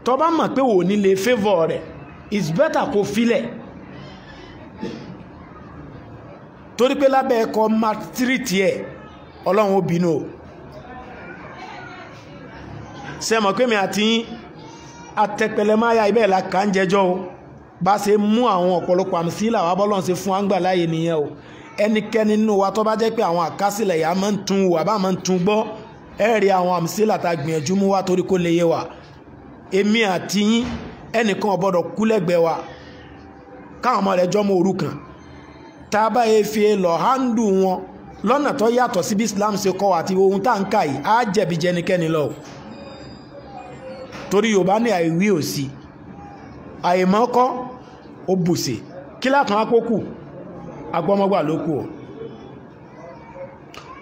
tó bá mọ̀ pé òní lè fẹ́vọ̀ rẹ̀ is better kó filẹ̀ torí pé lábẹ́ ẹ̀kọ́ matiriti ẹ̀ ọlọ́run ó bínú o ṣe mọ̀ pé mi àti yín atẹpẹlẹmáyà ibẹ̀ la kà ń jẹjọ́ o bá ṣe mú àwọn ọ̀pọ̀lọpọ̀ àmísílà wa bọ́lọ́n ṣe fún àǹgbà láàyè nìyẹn o ẹnikẹ́ni nínú wa tó bá jẹ́ pé àwọn àkásílẹ̀ yà máa ń tún wò àbá máa ń tún gbọ́ ẹ rí àwọn àmísílà tá a gbìyànjú mú wa torí kó lè yé wa èmi àti yín ẹnìkan ò gbọ́dọ̀ kú lẹ́gbẹ̀ẹ́ wa káwọn ọmọ rẹ̀ jọ́mọ òrukàn tá a bá yẹ fi lọ hándù wọn lọ́nà tó yàtọ̀ sí Islam ṣe kọ́ àti ohun tá à ń kà yìí á jẹ̀bi jẹnikẹ́ni lọ torí yorùbá ní àìwí òsì àìmọ́kọ́ ó bùsè kí lákan apókù agbọ́mọ́gbà ló kù ọ́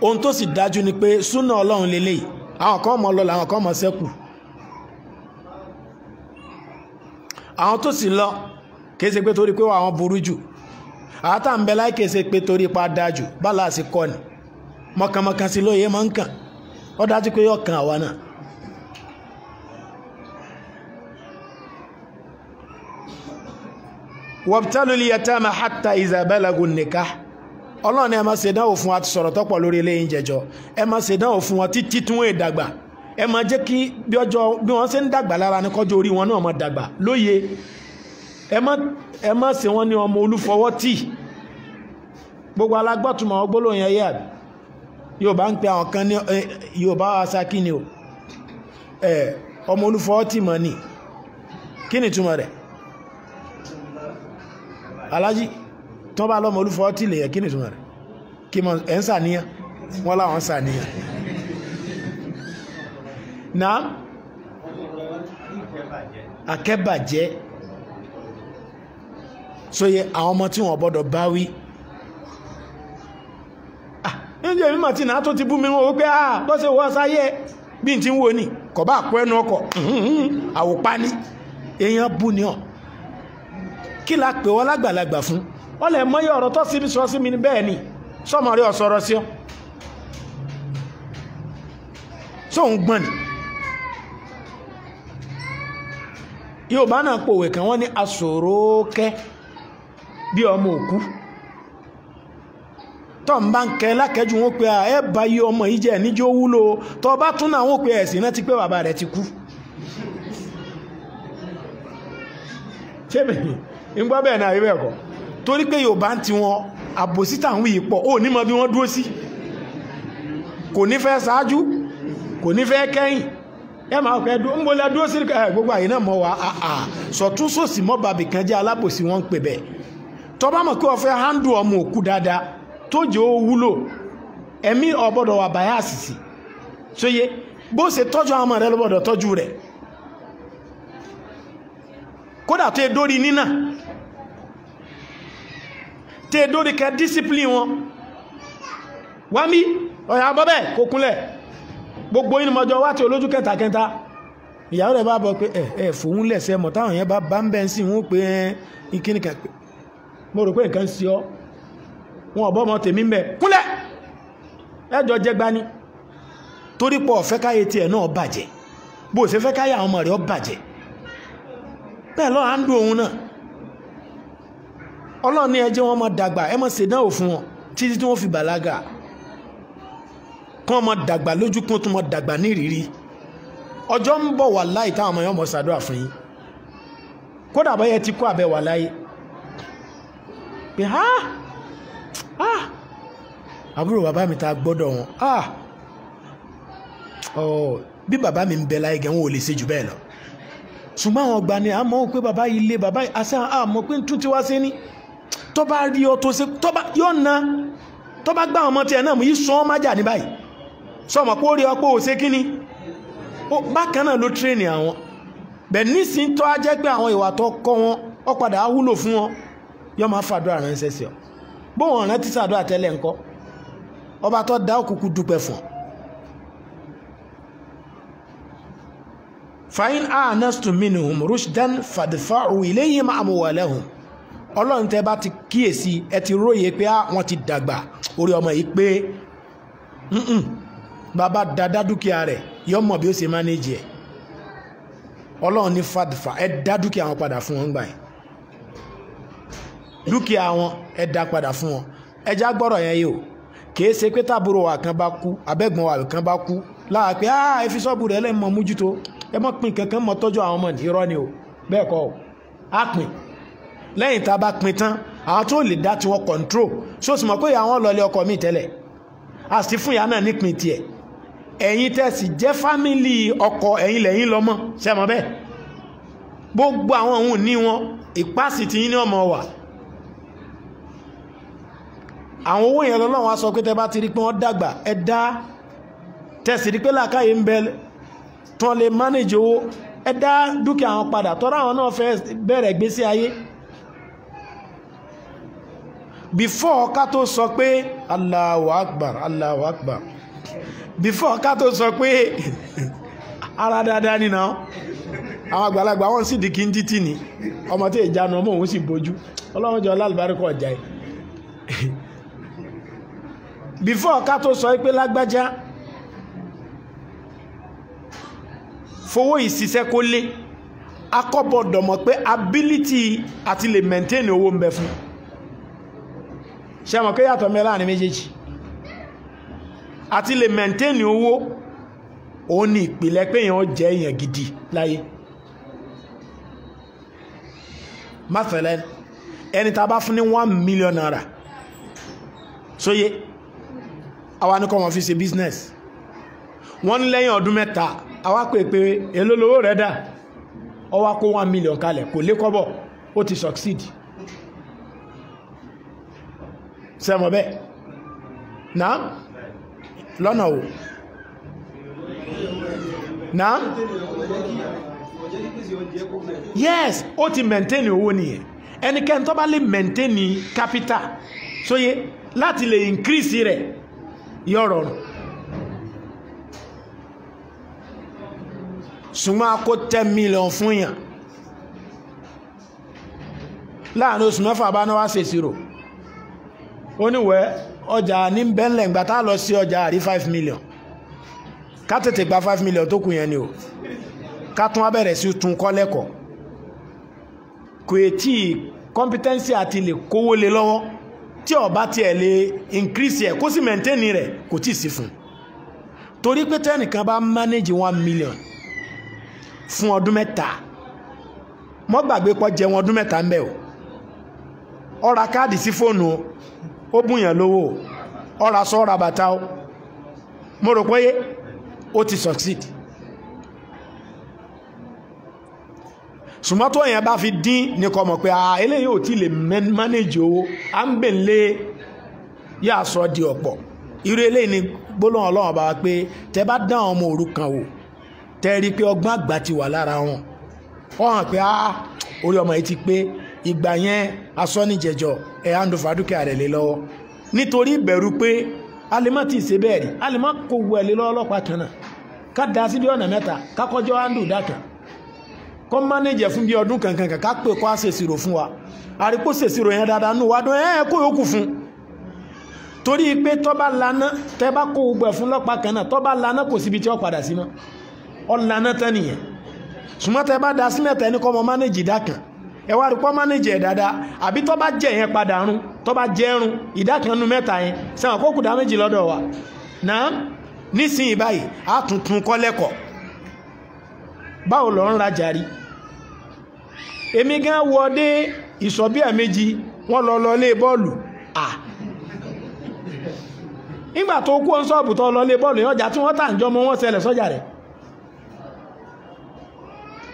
ohun tó sì dájú ni pé súnà ọlọ́run lélẹ́yìí àwọn kan mọ̀ lọ làwọn kan mọ̀ sẹ́kù àwọn tó sì lọ kìí ṣe pé torí pé àwọn burú jù àwọn ń bẹ láì kìí pé torí pa dáa jù bá láàṣì kọ́ ni mọ̀kànmọ̀kàn sí lóye máa ń kàn ó dájú pé yóò kan àwa náà wabtalu liyatama hatta iza balagu nikah ọlọ́run ẹ máa ṣe dánwò fún wa ti sọ̀rọ̀ tọ́pọ̀ lórí eléyìí jẹjọ ẹ máa ṣe dánwò fún wọn títí tí wọ́n dàgbà ẹ máa jẹ́ kí bí wọ́n ṣe ń dàgbà lára ní kọjú orí wọn náà máa dàgbà lóye ẹ má ṣe wọ́n ọmọ olúfọwọ́ tì gbogbo alágbọ́tùmọ̀ ọgbọ́lóyìn ẹyẹ àbí ń pe àwọn kan ní yorùbá asa kí ni o ọmọ olúfọwọ́ tì mọ́ ni kí ni túmọ̀ rẹ̀ alájí tó bá lọ́mọ olúfọ́ tí lè yẹn kí ni ìtumọ̀ rẹ̀ kí mọ̀ ẹ̀ ń sàníyàn wọ́n láwọn sàníyàn náà akẹ́bàjẹ́ sóye àwọn ọmọ tí wọ́n bọ́dọ̀ bá wí ah, ẹ̀yìn èmi màtí náà tó ti bú mi wọ́n wípé àà ah, bọ́ sí wọ́n sáyẹ́ bí n ti ń wo ni kọ̀ bá àpọ̀ ẹnu ọkọ̀ àwòpá ní èèyàn bú ni ọ̀ kí la pè wọ́n lágbàlagbà fún wọ́n lè mọ́yé ọ̀rọ̀ tó síbi sọ sí mi ní bẹ́ẹ̀ ni sọ́mọ rí ọ̀sọ̀rọ̀ sí ọ́ sóun gbọ́n ni Yorùbá náà pòwé kan wọ́n ní asòrókẹ́ bí ọmọ òkú tọ́ ń bá ń kẹ lákẹ́jù wọn pé ẹ bá yí ọmọ yìí jẹ́ níjó wúlò tọ́ bá tún náà wọn pé ẹ̀sìn náà ti pé bàbá rẹ̀ ti kú. ń gbọ́ bẹ́ẹ̀ náà ibẹ̀ kọ́ torí pé yorùbá ti wọn àbòsí tàwọn yìí pọ̀ ó ní mọ bí wọ́n dúró sí kò ní fẹ́ ṣáájú kò ní fẹ́ kẹ́yìn ẹ máa fẹ́ dúró ń bolẹ̀ dúró sí gbogbo àyè náà mọ̀ wá sọ̀tún sòsì mọ́ bàbí kan jẹ́ alábòsí wọn ń pè bẹ́ẹ̀ tọ́ba mọ̀ kí wọ́n fẹ́ hándù ọmọ òkú dáadáa tó jẹ́ ó wúlò ẹ̀mí ọ̀bọ̀dọ̀ wà báyà bó ṣe tọ́jú àwọn ọmọ rẹ lọ́bọ̀dọ̀ tọ́jú rẹ̀ kódà tẹ́ dórí nínà tẹ́ dórí kẹ discipline wọn wá mí ọ̀yà abọ́bẹ̀ kò kúnlẹ̀ gbogbo inú mọjọ wá tí olójú kẹta kẹta ìyàwó rẹ̀ bá bọ̀ pé ẹ̀ ẹ̀ fòun lẹ̀sẹ̀ mọ̀ táwọn yẹn bá bá ń bẹ́ sí wọn pé ẹ̀ kíni kẹ mo rò pé nǹkan sí ọ wọn ọ̀bọ ọmọ tèmi ń bẹ kúnlẹ̀ ẹjọ jẹgba ni torí pọ̀ ọ̀fẹ́ káyé tiẹ̀ náà bàjẹ́ bó o ṣe fẹ́ káyé àwọn ọmọ rẹ̀ ọ bàjẹ́ bẹ́ẹ̀ lọ́wọ́ àndú òun náà ọlọ́run ní ẹ jẹ́ wọn máa dàgbà ẹ máa ṣèdánwò fún wọn títí tí wọ́n fi bàlágà kí wọ́n máa dàgbà lójú kún tó máa dàgbà nírìírí ọjọ́ ń bọ̀ wà láì táwọn ọmọ yẹn mọ̀ ṣàdúrà fún yín kódà bọ́yẹ ti kó àbẹ̀ wà láyé pé ha ha àbúrò bàbá mi ta gbọ́dọ̀ wọn ha ọ bí bàbá mi ń bẹ láyé gan wọn ò lè ṣe jù bẹ́ẹ̀ lọ ṣùgbọ́n àwọn ọgbà ni àmọ́ pé bàbá ilé bàbá àṣà àmọ́ pé tún ti wá sí ní tó bá rí ọ tó ṣe yóò na tó bá gbá ọmọ tiẹ̀ náà mú yí sọ ọ́ májà ní báyìí sọmọ pé rí ọ pé kí ni bákan náà ló tírèèni àwọn bẹ́ẹ̀ nísìnyí tó á jẹ́ pé àwọn ìwà tó kọ́ wọn ó padà á wúlò fún wọn yóò máa fàdúrà ránṣẹ́ sí ọ bóun ọ̀ràn ti sàdúrà tẹ́lẹ̀ ńkọ́ ọba tó dá òkùnkùn dúpẹ́ fún ọ fàyín àánẹ́sùn minhum rushdan fàdífàù ilayhim amwalahum ọlọ́run tẹ́ bá ti kíyèsí ẹ ti róye pé ah, wọ́n ti dàgbà orí ọmọ yìí pé bàbá dada dúkìá rẹ̀ yọ mọ̀ bí ó ṣe mánéjì ẹ̀ ọlọ́run ní fàdífà ẹ dá dúkìá wọn padà fún wọn gbà yẹn dúkìá wọn ẹ dá padà fún wọn ẹ já gbọ́rọ̀ yẹn yìí o kìí ṣe pé wa kan bá kú abẹ́gbọ̀n wa kan bá kú láàpẹ́ ah, ẹ fi sọ́ọ̀bù rẹ̀ lẹ́mọ̀ mójútó ẹ mọ́ pin kankan mọ́ tọ́jú àwọn ọmọ ìrọ́ ni o bẹ́ẹ̀ kọ́ o á pin lẹ́yìn tá a bá pin tán àwọn tó lè dá tiwọn control so sì mọ̀ pé àwọn lọlé ọkọ mi tẹ́lẹ̀ a sì fún ìyá náà nípìn tiẹ̀ ẹ̀yin tẹ̀sí jẹ́ fámìlì ọkọ ẹ̀yin lẹ́yìn lọ́mọ ṣe mọ̀ bẹ́ẹ̀ gbogbo àwọn òun ní wọn ìpásì tí yín ní ọmọ wa àwọn owó yẹn lọ́wọ́ wọn sọ pé tẹ bá ti rí pé wọ́n dàgbà ẹ dá tẹ̀sí rí pé làákàyè ń bẹ́ẹ̀ tí wọ́n lè manage owó ẹ dá dúkìá wọn padà tọ́ra àwọn náà fẹ́ bẹ̀rẹ̀ gbésí ayé before ká tó sọ pé Allahu before ká tó sọ pé ara dáadáa nínà àwọn àgbàlagbà wọn sì di kí n títì ní ọmọ tí ìjánu ọmọ òun sì bójú ọlọ́run jọ lálùbáríkọ̀ ọjà yìí before ká tó sọ pé lágbájá fowó ìṣiṣẹ́ kó lé akọ́bọ̀dọ̀ mọ̀ pé ability àti lè maintain owó ń bẹ fún ṣe mọ̀ pé yàtọ̀ mẹ́ láàrin méjèèjì àti lè maintain owó òun ni ìpìlẹ̀ pé èèyàn jẹ́ èèyàn gidi láyé máfẹ̀lẹ́ ẹni tá a bá fún ní one million naira sóye àwa ni kọ́ wọn fi ṣe business wọ́n ní lẹ́yìn ọdún mẹ́ta àwa pè pé èló lowó rẹ̀ dà ó wá kó one million kalẹ̀ kò lé kọ́bọ̀ ó ti succeed sẹ́mọ̀ bẹ́ẹ̀ náà lọ́nà o náà yes ó ti maintain owó nìyẹn ẹnikẹ́ni tó bá lè maintain capital sóye láti lè increase rẹ̀ yọ̀rọ̀ rẹ̀. ṣùgbọ́n a kó ten million fún yàn láàrin oṣù mẹ́fà bá náà wá ṣe ìṣirò oníwẹ̀ ọjà ní bẹ́ńlẹ̀ ìgbà tá lọ sí ọjà àrí five million ká tètè gba five million tó kù yẹn ni o ká tún wá bẹ̀rẹ̀ sí tún kọ́ lẹ́kọ̀ọ́ kò tí competency àti lè kówó lé lọ́wọ́ tí ọba tiẹ̀ lè increase ẹ̀ kó sì maintain rẹ̀ kò tí ì sí fún torí pé tẹ́nìkan bá manage one million fún ọdún mẹ́ta mọ́ gbàgbé pọ́ jẹun ọdún mẹ́ta ń bẹ̀ o ó ra káàdì sí fóònù o ó bùyàn lówó o ó sọ ó bàtà o mo rò pé ó ti succeed sùmọ́tò èèyàn bá fi dín ní kọ́ mọ̀ pé ah eléyìí ò tí lè manage owó à ń bè lé yà sọ di ọ̀pọ̀ irú eléyìí ni gbólóhàn ọlọ́run bá wa pé tẹ bá dán ọmọ òrukàn wò tẹ́rí pé ọgbọ́n àgbà ti wà lára wọn wọ́n hàn pé ah orí ọmọ yìí ti pé ìgbà yẹn asọ́nìjẹ̀jọ ẹ̀ á ń dùn fàdúkẹ́ rẹ̀ lé lọ́wọ́ nítorí ìbẹ̀rù pé alimọ́ ti ṣe bẹ́ẹ̀ rí kò wù ẹ̀ lé lọ́wọ́ da sí bí ọ̀nà fún bí ọdún kankan ká pè kọ́ àṣèṣirò fún wa ṣèṣirò yẹn dáadáa nù wá dún kó yókù fún torí pé tọ́ba lana tẹ́ bá kó gbẹ̀ fún lọ́pàá kan náà tọ́ba lana kò ọ̀lànà na nìyẹn ṣùgbọ́n tẹ bá da sílẹ̀ tẹ ní kọ́ mọ mánéjì dákan ẹ wá rí pọ́ mánéjì ẹ̀ dáadáa àbí tọ́ bá jẹ yẹn padà run tọ́ bá jẹ run ìdákan mẹ́ta yẹn sẹ́wọ̀n kó kùdà méjì wa Na nísìnyí báyìí á tuntun kọ́ báwo rajà rí èmi gan ìsọ̀bí wọ́n lọ lọ lé bọ́ọ̀lù à nígbà tó kú ọ́n sọ́ọ̀bù tó lọ lé bọ́ọ̀lù yọjà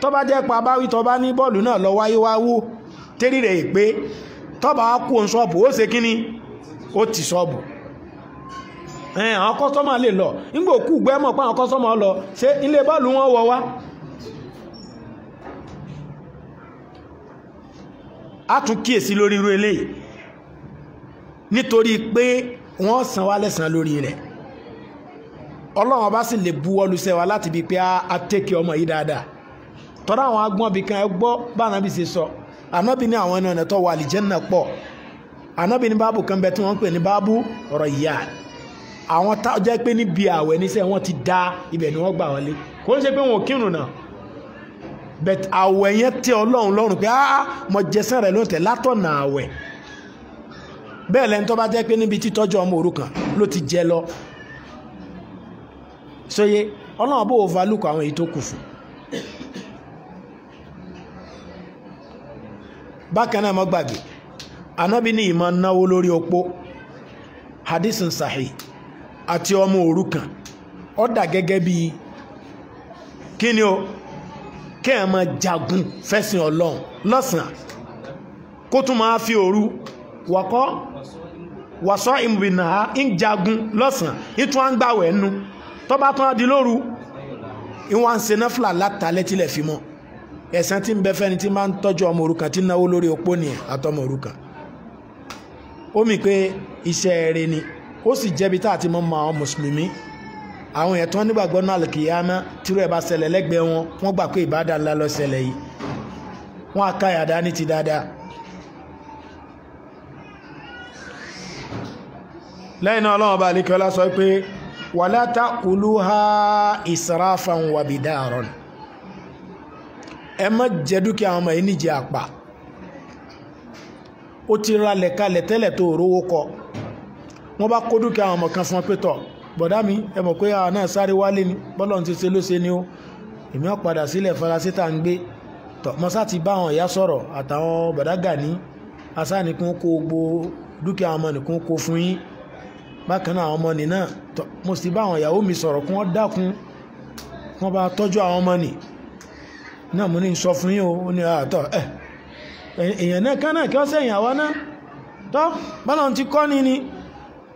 tó bá jẹ́ pa báwí tó bá ní bọ́ọ̀lù náà lọ wáyé wá wó térí rẹ̀ pé tó bá kú òun ṣọ́ọ̀bù ó ṣe kíní ó ti ṣọ́ọ̀bù àwọn kọ́sọ́mà lè lọ nígbò kú gbẹ́mọ̀ pa àwọn kọ́sọ́mà lọ ṣe ilé bọ́ọ̀lù wọn wọ wá a tún kíyèsí lórí irú eléyìí nítorí pé wọ́n san wá lẹ́san lórí rẹ̀ ọlọ́run ọba sì lè buwọ́lu sẹ́wà láti bíi pé a tẹ́kẹ̀ ọmọ yìí dáadáa tọ́ra àwọn agbọ́n bíi kan ẹ gbọ́ bá anábì ṣe sọ anábì ní àwọn ẹni tó wà àlìjẹ́nà pọ̀ anábì ní báàbù kan bẹ tí wọ́n ń pè ní báàbù ọ̀rọ̀ ìyá àwọn tá jẹ́ pé níbi àwẹ̀ níṣẹ́ wọ́n ti da ibẹ̀ ni wọ́n gbà wọlé kò ń ṣe pé wọn ò kírun náà bẹ̀t àwẹ̀ yẹn tẹ ọlọ́run lọ́rùn pé áá mọ jẹsán rẹ̀ lóǹtẹ̀ látọ̀nà àwẹ̀ bẹ́ẹ̀ lẹ́ni tó bá jẹ́ pé níbi títọ́jú ọmọ òrukàn ló ti jẹ lọ sóye ọlọ́run bó o valúkọ àwọn èyí tó kù fún un bákan náà má gbàgbé ní ìmọ̀ náwó lórí opó àti ọmọ òrukàn kan dà gẹ́gẹ́ bí kí ni o máa jagun fẹ́sìn ọlọ́run lọ́sàn-án kó tún máa fi òru wọ̀kọ́ wàsọ́ ìmùbìnà ń jagun lọ́sàn ìtún à ń gbàwẹ̀ nú tó bá tán di ẹ̀san tí ń bẹ fẹ́ni tí máa ń tọ́jú ọmọ òrukàn tí náwó lórí opó ni àtọmọ òrukàn ó mì pé iṣẹ́ rere ni ó sì jẹ́bi tá àti mọ́ mọ́ àwọn mùsùlùmí àwọn èèyàn nígbàgbọ́ náà lè kìyàmá tírú ẹ̀ bá ṣẹlẹ̀ lẹ́gbẹ̀ẹ́ wọn wọ́n gbà pé ìbádà ńlá ló ṣẹlẹ̀ yìí wọ́n á ní ti dáadáa. lẹ́yìn náà ọlọ́run ọba àlekẹ́ ọlá sọ pé wàlá ta'kuluha israfan wa bidaran ẹ má jẹ dúkìá àwọn ọmọ yìí níjẹ àpà ó ti ralẹ̀ kalẹ̀ tẹ́lẹ̀ tó rówó kọ wọ́n bá kó dúkìá àwọn ọmọ kan fún ọ pé tọ̀ bọ̀dá mi ẹ mọ̀ pé àwọn náà sáré wálé ni bọ́lọ̀ ti ṣe ló ṣe ni ó èmi ó padà sílẹ̀ faransé tá à gbé tọ̀ mọ́sá ti bá àwọn ìyá sọ̀rọ̀ àtàwọn bọ̀dá Gani asánìkún kó gbó dúkìá àwọn ọmọ nìkún kó fún yín bákan náà àwọn ọmọ nì náà tọ̀ mo sì bá àwọn ìyàwó mi sọ̀rọ̀ kí wọ́n dákun wọ́n bá tọ́jú àwọn ọmọ nì náà mo ní sọ fún yín o ní àtọ̀ ah, ẹ̀ eh, èèyàn náà kán náà kí ọ́ sẹ́yìn àwa náà tọ́ bọ́lá ti kọ́ ni ni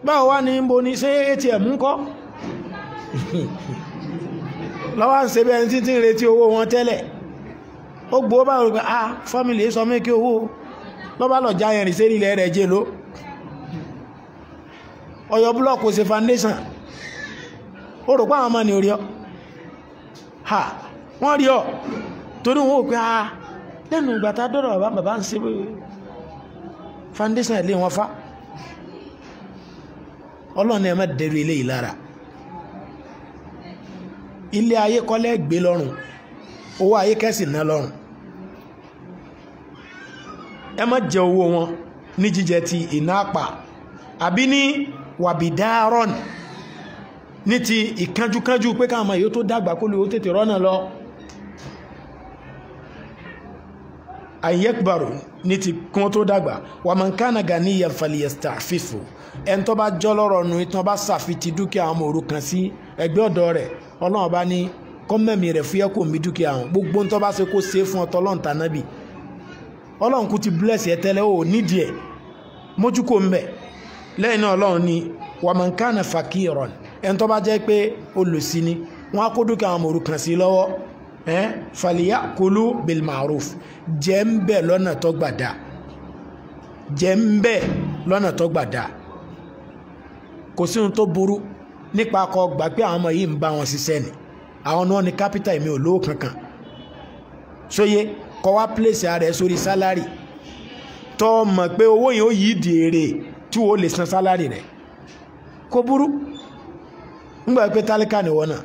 báwo wá ní bo ni ṣé atm ń kọ́ lọ́wọ́ ń ṣe bí ẹni tí ń retí owó wọn tẹ́lẹ̀ ó gbowó báwo rẹ̀ pé ah family sọ mí kí owó lọ́ba lọ já yẹn rìnsẹ́ nílẹ̀ rẹ̀ jẹ́ ló ọyọ búlọ́ọ̀kù ṣe foundation ó rò pé àwọn ọmọ ni ò ọ ha wọ́n rí ọ torí wọn ò pé a ah, lẹ́nu ìgbà tá a dọ́rọ̀ bàbá bàbá ń ṣe foundation ẹ̀ lé wọn fa ọlọ́run ẹ̀ má dẹrù eléyìí lára ilé ayé kọ́lẹ́ gbé lọ́rùn owó ayé kẹ́sì ná lọ́rùn ẹ má jẹ owó wọn ní jíjẹ ti iná àpà àbí ní wàbídáárọ̀n ní ti ìkánjúkánjú pé káwọn ọmọ yìí tó dàgbà kó lè ó tètè rọ́nà lọ. ayekbaru ní ti kí wọ́n tó dàgbà wà máa ń kánà gani yafaliyesta fífò ẹni tó bá jọ́ lọ́rọ̀ nu ìtàn bá ṣàfitì dúkìá ọmọ òrukàn sí ẹgbẹ́ ọ̀dọ́ rẹ̀ ọlọ́run bá ní kọ́mẹ̀mí rẹ̀ fúyẹ́ kò mí dúkìá ọ̀hún gbogbo tó bá ṣe kó ṣe fún ọtọ́ ọlọ́run tà nábì ọlọ́run kú ti bless ẹ tẹ́lẹ̀ ó nídìí ẹ̀ mójú kò ń lẹ́yìn náà ọlọ́run ni wà máa ń kánà fàkìrọ̀n ẹni tó bá jẹ́ pé olùsí eh? fàlìyà kulu bil ma'ruf jẹ́ ń bẹ̀ lọ́nà tó gbàdá jẹ́ ń bẹ̀ lọ́nà tó gbàdá kò sí ohun tó burú nípa kó gbà pé àwọn ọmọ yìí ń bá wọn ṣiṣẹ́ ni àwọn náà ni kápítà èmi ò lówó kankan sóye kó wá pílẹ̀sì ara ẹ̀ sórí sálárì tó mọ̀ pé owó yẹn ó yí di èrè tí wọ́n lè san sálárì rẹ̀ kò burú nígbà pé tálíkà nìwọ náà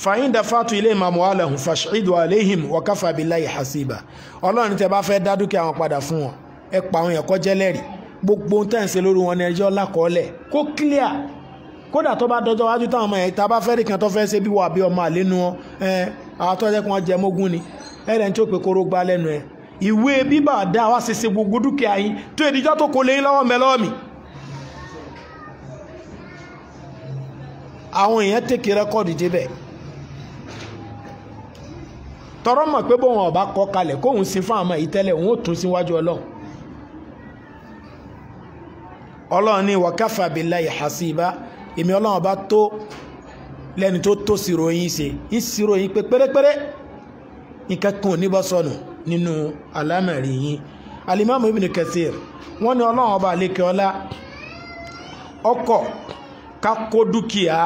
fàyín dafatu ilé ìmàmù alẹ́hùn fàṣídù aléhìm wọ́káfà billahi hasiba ọlọ́run tẹ bá fẹ́ dá dúkìá wọn padà fún wọn ẹ pa àwọn yẹn kọ́ jẹ́lẹ́rìí gbogbo ohun tẹ̀sí lórí wọn ẹjọ́ lákọọ́lẹ̀ kó clear kódà tó bá dọjọ́ wájú táwọn ọmọ yẹn tá a bá fẹ́ rí kan tó fẹ́ ṣe bí wà bí ọmọ àlénu wọn àwọn tó jẹ mógún ni ẹ̀rẹ̀ ń tí ó pe kóró gbá lẹ́nu ẹ̀ ìwé bíbà dá wa ṣe ṣe gbogbo dúkìá yín tó ìdíjọ́ tó kó léyìn lọ́wọ́ mẹ́lọ́wọ́ mi. àwọn èèyàn tèkè rẹ́kọ́ọ̀dù débẹ̀ tọrọ mọ̀ pé bóun ọba kọ kalẹ̀ kóun sin fún àmọ́ ìtẹ́lẹ̀ òun ó tún síwájú ọlọ́run ọlọ́run ní wakafa billahi hasiba èmi ọlọ́run bá tó lẹ́ni tó tó sírò yín ṣe ń sírò yín pé pérépéré nǹkan kan ò ní bọ́ sọnù nínú àlámọ̀rí yín alimami ibn Kathir wọ́n ní ọlọ́run ọba àlekè ọlá ọkọ̀ ká dúkìá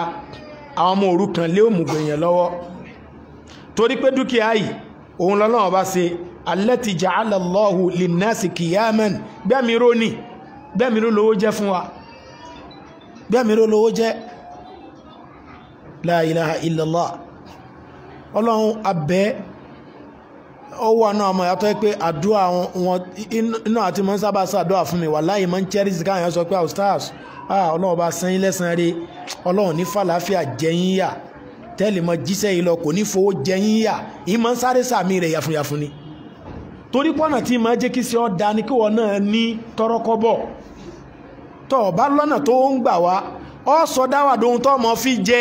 àwọn ọmọ òrukàn lé òmùgbèyàn lọ́wọ́ torí pé dúkìá yìí òun lọ́lọ́wọ́ bá ṣe allati ja'ala Allahu linnasi qiyaman gbẹ́mìíró ní gbẹ́mìíró lówó jẹ́ fún wa gbẹ́mìíró lówó jẹ́ la ilaha illallah ọlọ́run abẹ́ ó wà náà mọ̀ yàtọ̀ pé àdúrà wọn iná àti mọ́ sábà sàdúrà fún mi wà láyé mọ́ ń chẹ́rìsì káàyàn sọ pé àwọn ah, ah, ọlọ́run bá sẹ́yìn lẹ́sàn-án rí ọlọ́run ní fàlàáfíà jẹ́yìn yà tẹ́lẹ̀ mọ jíṣẹ́ yìí lọ kò ní fowó jẹ yín yà yín máa ń sáré sàmì rẹ̀ yàfùnyàfùn ni torí pọ́nà tí máa jẹ́ kí sí ọ da ni kí wọ́n náà ní tọrọkọ́bọ̀ tọ́ ọ bá lọ́nà tó ń gbà wá ọ sọ dáwà dohun tó ọmọ fi jẹ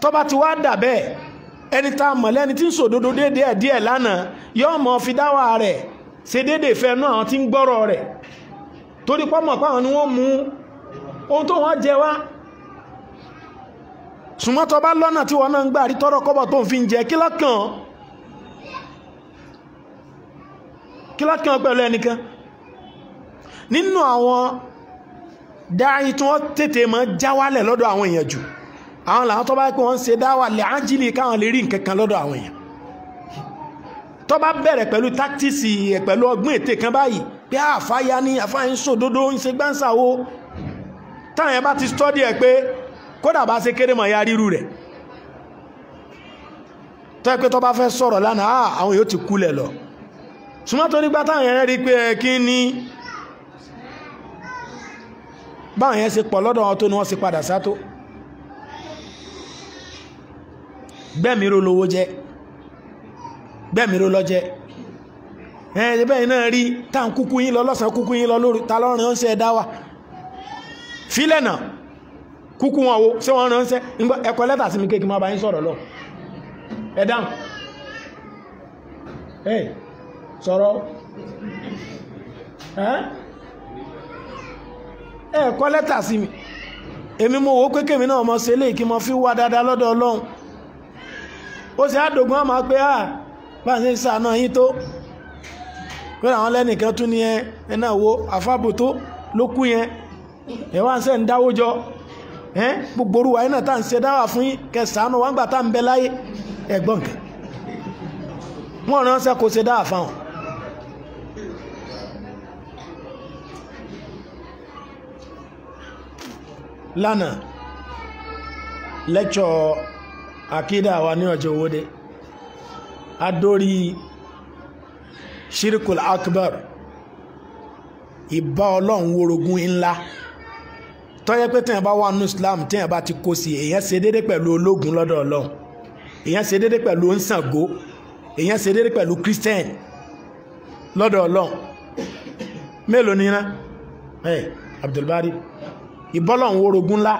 tọ́ba ti wá dà bẹ́ẹ̀ ẹni tá a mọ̀ lẹ́ni tí ń sòdodo déédéé díẹ̀ lánàá yọ ọmọ fi dáwà rẹ̀ ṣe déédéé fẹ́ náà àwọn tí ń gbọ́rọ̀ rẹ̀ torí pọ́nmọ̀ pàwọn ni wọ́n mú ohun tó wọ́n jẹ wá ṣùgbọ́n tó bá lọ́nà tí wọ́n náà ń gbà rí tọ́rọ kọ́bọ̀ tó ń fi ń jẹ kí lọ́kàn kí lọ́kàn pẹ̀lú ẹnìkan nínú àwọn dáyí tí wọ́n tètè mọ́ jáwálẹ̀ lọ́dọ̀ àwọn èèyàn jù àwọn làwọn tó bá pé wọ́n ń ṣe dáwà lè ájílì káwọn lè rí nǹkan kan lọ́dọ̀ àwọn èèyàn tó bá bẹ̀rẹ̀ pẹ̀lú táktíìsì pẹ̀lú ọgbọ́n ète kan báyìí pé àfáyá ní àfáyín sòdodo ń ṣe gbáǹsà wo táwọn yẹn bá ti stọ́dí ẹ̀ pé kódà bá ṣe kéré mọ̀ ya ríru rẹ̀ tó ẹ pé tó bá fẹ́ sọ̀rọ̀ lánàá ah, àwọn yóò ti kulẹ̀ lọ ṣùgbọ́n tó nígbà táwọn yẹn rí pé kí ni báwọn yẹn ṣe pọ̀ lọ́dọ̀ wọn tó ni wọ́n ṣe padà sátó ro ro bẹ́ẹ̀ náà rí táwọn kúkú yín lọ lọ́sàn-án kúkú yín lọ lóru ta lọ́rin ó ń ṣe wa fílẹ̀ náà kúkú wọn wo ṣé wọn ránṣẹ́ ẹ̀kọ́ lẹ́tà sí mi kéèkì máa bá yín lọ ẹ sọrọ. sọ̀rọ̀ ẹ lẹ́tà sí mi èmi mo wò ó mi náà mọ ṣe eléyìí fi wá dáadáa lọ́dọ̀ Ọlọ́run ó sì àdògún àmọ́ pé à bá ń sàánà yín tó àwọn lẹ́nìkan tún ẹ gbogbo orúwa iná tá ń ṣe dáwà fún yín kẹsànánú gbà tá ń bẹ láyé ẹ̀gbọ́n kẹ wọn ránṣẹ́ kó dáwà fáwọn. lánàá wa ní ọjọ́ owóde adórí shirikul akbar ìbá ọlọ́run tọ́yẹ pé tẹ̀yìn bá wà nù Islam tẹ̀yìn bá ti kó sí èèyàn ṣe déédé pẹ̀lú ológun lọ́dọ̀ Ọlọ́run èèyàn ṣe déédé pẹ̀lú oníṣàngó èèyàn ṣe déédé pẹ̀lú Christian lọ́dọ̀ Ọlọ́run mélòó nira ẹ Abdulbari ìbọ́lọ̀ ń worogún ńlá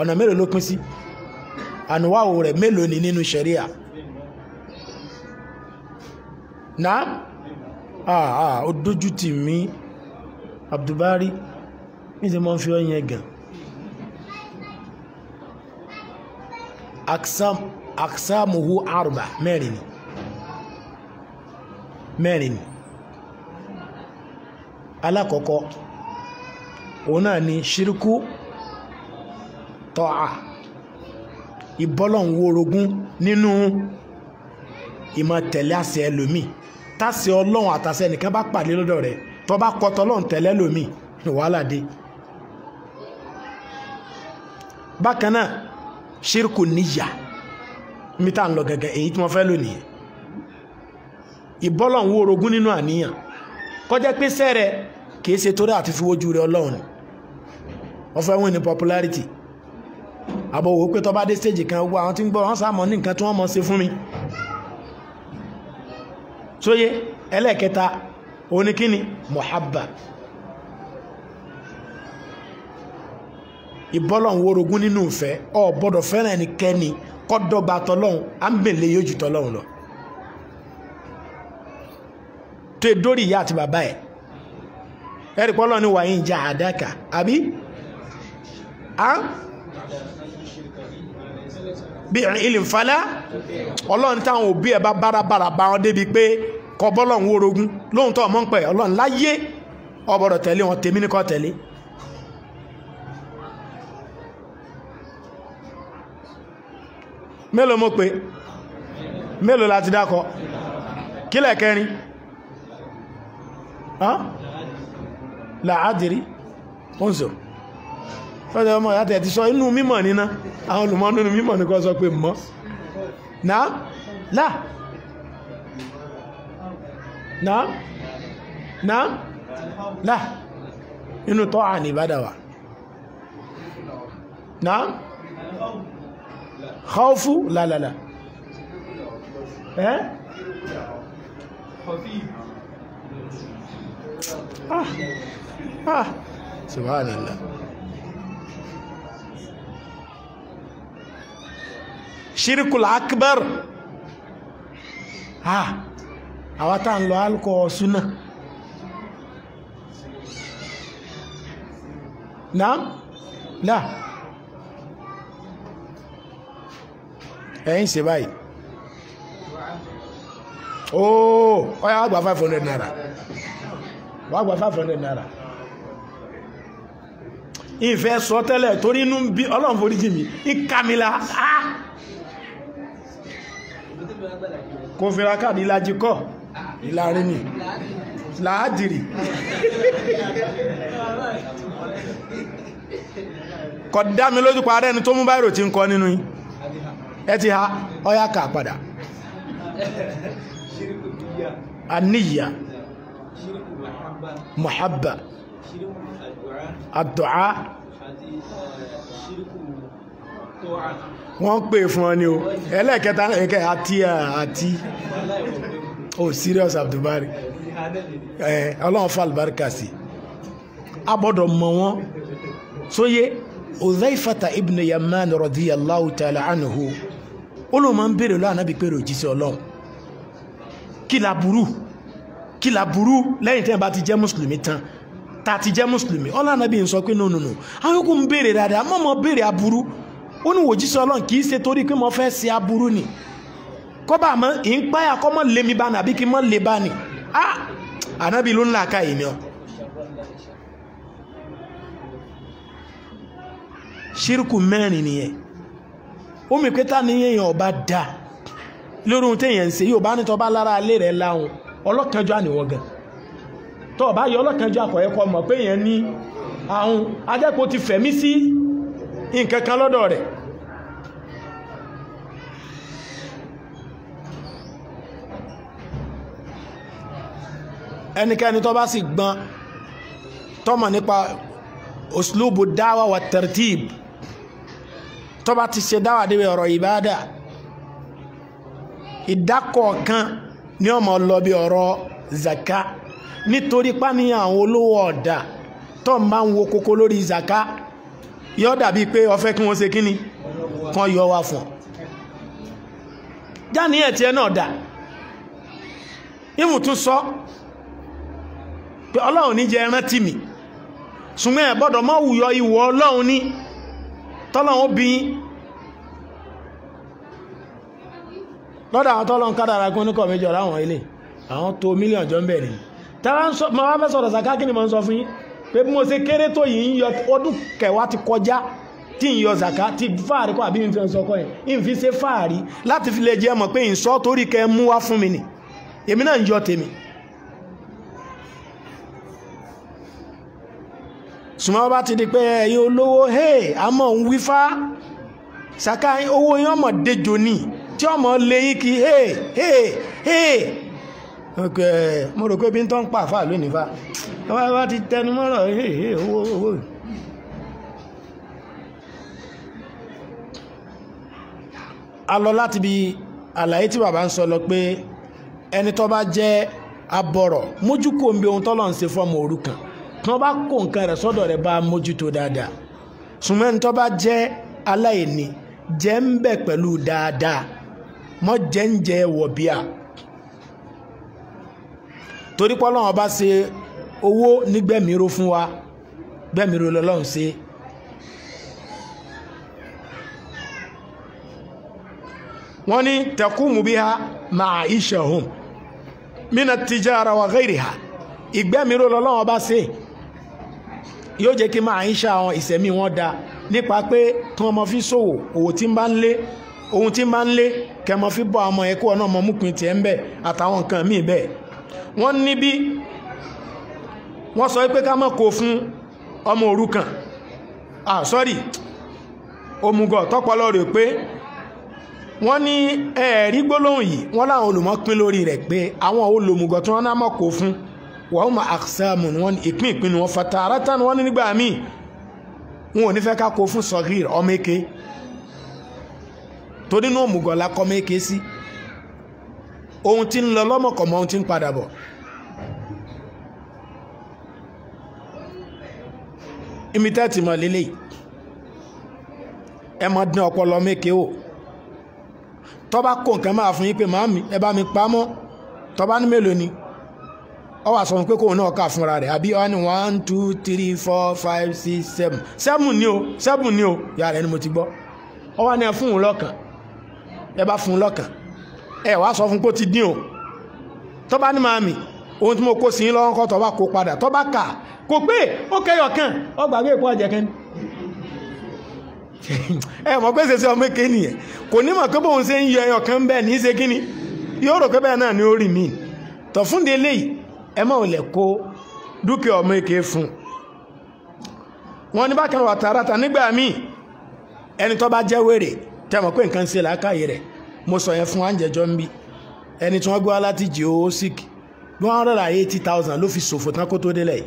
ọ̀nà mélòó ló pín sí ànúwáwò rẹ̀ mélòó ni nínú ṣẹ̀ríà náà Ah, ah dójú tì mí Abdulbari níṣẹ́ mọ́ fi ọyìn ẹ̀gàn aksamuhu arba mẹ́rin ni mẹ́rin ni alákọ̀ọ́kọ́ òun náà ni ṣírkú tọ́à ìbọ́lọ̀hún orogún nínú ìmọ̀ tẹ̀lé àṣẹ ẹlòmíì tàṣẹ ọlọ́run àtàṣẹ nìkan bá pàdé lọ́dọ̀ rẹ̀ tó bá kọ́tọ́ ọlọ́run tẹ̀lé ẹlòmíì wàhálà dé bákan náà ṣírkù níyà mi tá à ń lọ gẹ́gẹ́ èyí tí wọ́n fẹ́ lónìí yẹn ìbọ́lọ̀ wo orogún nínú àníyàn kọjá pé sẹ́rẹ̀ kìí ṣe torí àti fiwójú rẹ ọlọ́run ni wọ́n fẹ́ popularity àbọ̀ wò ó pé tó dé stage kan gbogbo àwọn tí ń gbọ́ wọn sá mọ́ ní nǹkan tí wọ́n mọ̀ ṣe fún mi sóyè ẹlẹ́ẹ̀kẹta oníkíni muhabba ìbọ́lọ̀hún orogún nínú ìfẹ́ ọ gbọ́dọ̀ fẹ́ràn ẹnikẹ́ni kọ́ dọ́gba tọlọ́hún á ń bèlè yóò jù tọlọ́hún lọ. tó e dórí ìyá àti bàbá ẹ̀ ẹ̀rì pọ́lọ́ ni wàá ń ja àdáka àbí bí ilé nfàlá ọlọ́run táwọn òbí ẹ̀ bá bárabàrà bá wọn débi pé kọ́ bọ́lọ̀hún orogún lóhun tó ọmọ ń pẹ̀ ọlọ́run láyé ọbọ̀dọ̀ tẹ̀lé wọn tèmi ní kọ́ tẹ̀lé. mélòó mo pé mélòó láti dákọ kílẹ̀ kẹrin làádìrí ọmọ ti sọ inú mímọ̀ àwọn olùmọ́ nínú mímọ̀ ní kọ́ sọ pé mọ́ náà láà náà náà láà inú tọ́ ìbádàwà náà khawfu lálàlà ẹ́ ah ah subhanallah shirikul akbar ah àwọn tá ń lọ alkọ súnà náà láà ẹ̀yin ṣe báyìí ooo ọ̀yà wàá gba five hundred naira wàá gba five hundred naira ìfẹ́ sọ tẹ́lẹ̀ torí inú bí ọlọ́run forí jì mí ìkàmìlà á ah! kò fira káàdì ìlàjì kọ́ ìlàrin ni làádìrì kọ̀dá mi lójú pa ara ẹni tó mú báyìí rò ti ń kọ nínú yìí ẹ ti ha ọyá kà padà aniya muhabba adu'a wọ́n pè fún ọ ni o ẹlẹ́ẹ̀kẹta ẹ̀kẹ́ àti àti oh serious abdulbari ẹ ọlọ́run fa àlùbáríkà sí a gbọ́dọ̀ mọ̀ wọ́n sóyè Udhaifata ibn Yaman radiyallahu ta'ala anhu ó lóun máa ń béèrè lọ́wọ́ ànábì pé òjíṣẹ́ ọlọ́run kí la burú kí la burú lẹ́yìn tí wọ́n bá ti jẹ́ mùsùlùmí tán tá a ti jẹ́ mùsùlùmí ọlọ́run ànábì ń sọ pé nínú nù àwọn yòókù ń béèrè dáadáa mọ́ mọ́ béèrè aburú ó ní òjíṣẹ́ ọlọ́run kì í ṣe torí pé mo fẹ́ ṣe aburú ni kọ́ba àmọ́ ìpáyà kọ́ mọ́ lé bá ní àbí kí mọ́ lé bá ní ànábì ló ń là ká èèyàn ṣírkù mẹ́rin nìyẹn ó mì pé tá ní èèyàn ọba dá lórí ohun téèyàn ń ṣe yóò bá ní tọ́ba lára alé rẹ̀ láwọn ọlọ́kànjọ́ àníwọ̀n gan tọ́ ọba yọ ọlọ́kànjọ́ àkọ̀yẹ́kọ́ mọ̀ pé èèyàn ní àwọn ajẹ́kọ̀ọ́ ti fẹ̀mí sí nǹkan kan lọ́dọ̀ rẹ̀ ẹnikẹ́ni tó bá sì gbọ́n tọ́mọ̀ nípa òṣìlúbù dáwà wà tartib tó bá ti ṣe dáwà débi ọ̀rọ̀ ìbáàdà ìdákọ̀ọ̀kan ní ọmọ lọ bí ọ̀rọ̀ zaka nítorí pàníyàn àwọn olówó ọ̀dà tó ń bá ń wo koko lórí zaka yọ dàbí pé ó fẹ́ kí wọ́n ṣe kíni kan yọ wá fún ọ jáni ẹ̀ tiẹ̀ náà dà ìmù tún sọ pé ọlọ́run ní jẹ́ rántí mi ṣùgbọ́n ẹ̀ gbọ́dọ̀ mọ́ wùyọ ìwọ ọlọ́run ní tọ́lọ̀wọ́n bí lọ́dọ̀ àwọn tọ́lọ̀n kádàrà kún níkọ̀ méjì ọ̀rá àwọn ilé àwọn tó mílíọ̀n jọ ń bẹ̀ ni tàbá ń sọ̀rọ̀ sàká kí ni mo ń sọ fún yín pé bí mo ṣe kéré tó yìí ń yọ ọdún kẹwàá ti kọjá tí ń yọ zàká tí fáàrí kọ́ àbí ìfẹ́ sọkọ́ yẹn ń fi ṣe fáàrí láti fi lè jẹ́ mọ̀ pé ìṣọ́ torí kẹ mú wá fún mi ni èmi náà ń yọ tèmi ṣùgbọ́n bá ti di pé ẹ̀yin olówó hey àmọ́ ń wífá ṣàkà owó yín ọmọ dejò ni tí ọmọ lẹ́yìn kí hey hey hey ok mo rò pé bí n tó ń pa àfà lónìí fa wọ́n bá ti tẹnu mọ́rọ̀ hey hey owó owó. a lọ láti bi àlàyé tí bàbá ń sọ lọ pé ẹni tó bá jẹ́ abọ̀rọ̀ mójúkò ń bi ohun tọ́lọ́ ń ṣe fọ́ọ̀mù òrukàn tí wọ́n bá kó nǹkan rẹ̀ sọ́dọ̀ rẹ̀ bá mójútó dáadáa ṣùgbọ́n ẹni tó bá jẹ́ aláìní jẹ́ ń bẹ̀ pẹ̀lú dáadáa mọ́ jẹ́ǹjẹ́ wọ̀ bíà torí pé Ọlọ́run bá ṣe owó nígbẹ̀míró fún wa gbẹ̀míró lọ́lọ́run ṣe wọ́n ní takumu biha ma'ishahum mina tijara wa ghairiha ìgbẹ̀míró lọ́lọ́run bá ṣe yóò jẹ́ kí máa ń ṣe àwọn ìsẹ̀mí wọn da nípa pé kí wọ́n mọ fi ṣòwò òwò tí ń bá ń lé ohun tí ń bá ń lé kẹ́ mọ fi bọ́ ọmọ yẹn kó ọ̀nà mùkùn tiẹ̀ ń bẹ̀ àtàwọn nǹkan míì bẹ́ẹ̀. wọ́n níbí wọ́n sọ pé ká mọ̀ kó fún ọmọ òrukàn ah sorry omugọ̀ tọ́pọ̀lọ́ rẹ̀ pé wọ́n ní ẹ̀ẹ́rí gbólóhùn yìí wọ́n láwọn olùmọ̀ pín lórí rẹ̀ pé àwọn olùmùgọ̀ tí wọ́n náà mọ̀ kó fún wọ́n ma aksamu wọn ìpín ìpinnu wọn fataratan wọn nígbà míì wọn ò ní fẹ́ ká kó fún sọ̀gìr ọmọ èké torí náà òmùgọ̀ la kọ́ ọmọ èké sí ohun tí ń lọ lọ́mọ̀kọ̀ mọ́ ohun tí ń padà bọ̀ imi tẹ́tì mọ̀ lélẹ̀ ẹ mọ̀ dín ọpọlọ méke o tọ́ kó nǹkan máa fún yín pé màámi ẹ bá mi pa á mọ́ ní mélòó ni. Melo, ni ọ wà sọ pé kò náà kà fúnra rẹ̀ àbí wọ́n ní one two three four five six seven seven ni o seven ni o ìyá rẹ̀ ni mo ti gbọ́ ọ wà ní ẹ fún un lọ́kàn ẹ bá fún un lọ́kàn ẹ wà sọ fún pé ó ti dín o tó bá ní máa mì ohun tí mo kó sí lọ́wọ́ kọ́ tó bá kó padà tó bá kà kò pé ó kẹyọ̀ kan ọ gbàgbé ìpọ́ ọ̀jẹ̀ kan ẹ mọ̀ pé ṣe ṣe ọmọ èké nìyẹn kò ní mọ̀ pé bóun ṣe ń yọ ẹyọ kan bẹ́ẹ̀ ní í ṣe kíni yóò rò pé bẹ́ẹ̀ náà ni ó rì tọ̀ eléyìí ẹ mọ̀ ò lẹ̀ kó dúkìá ọmọ èké fún wọn ní bákan wà tààràtà nígbà míì ẹni tó bá jẹ́ wèrè tẹmọ̀ pé nǹkan ṣe làákàyè rẹ̀ mo sọ yẹn fún àǹjẹjọ́ ń bí ẹni tí wọ́n gbé wá láti jì ó sick one hundred and eighty thousand ló fi ṣòfò tán kó tó délẹ̀ yìí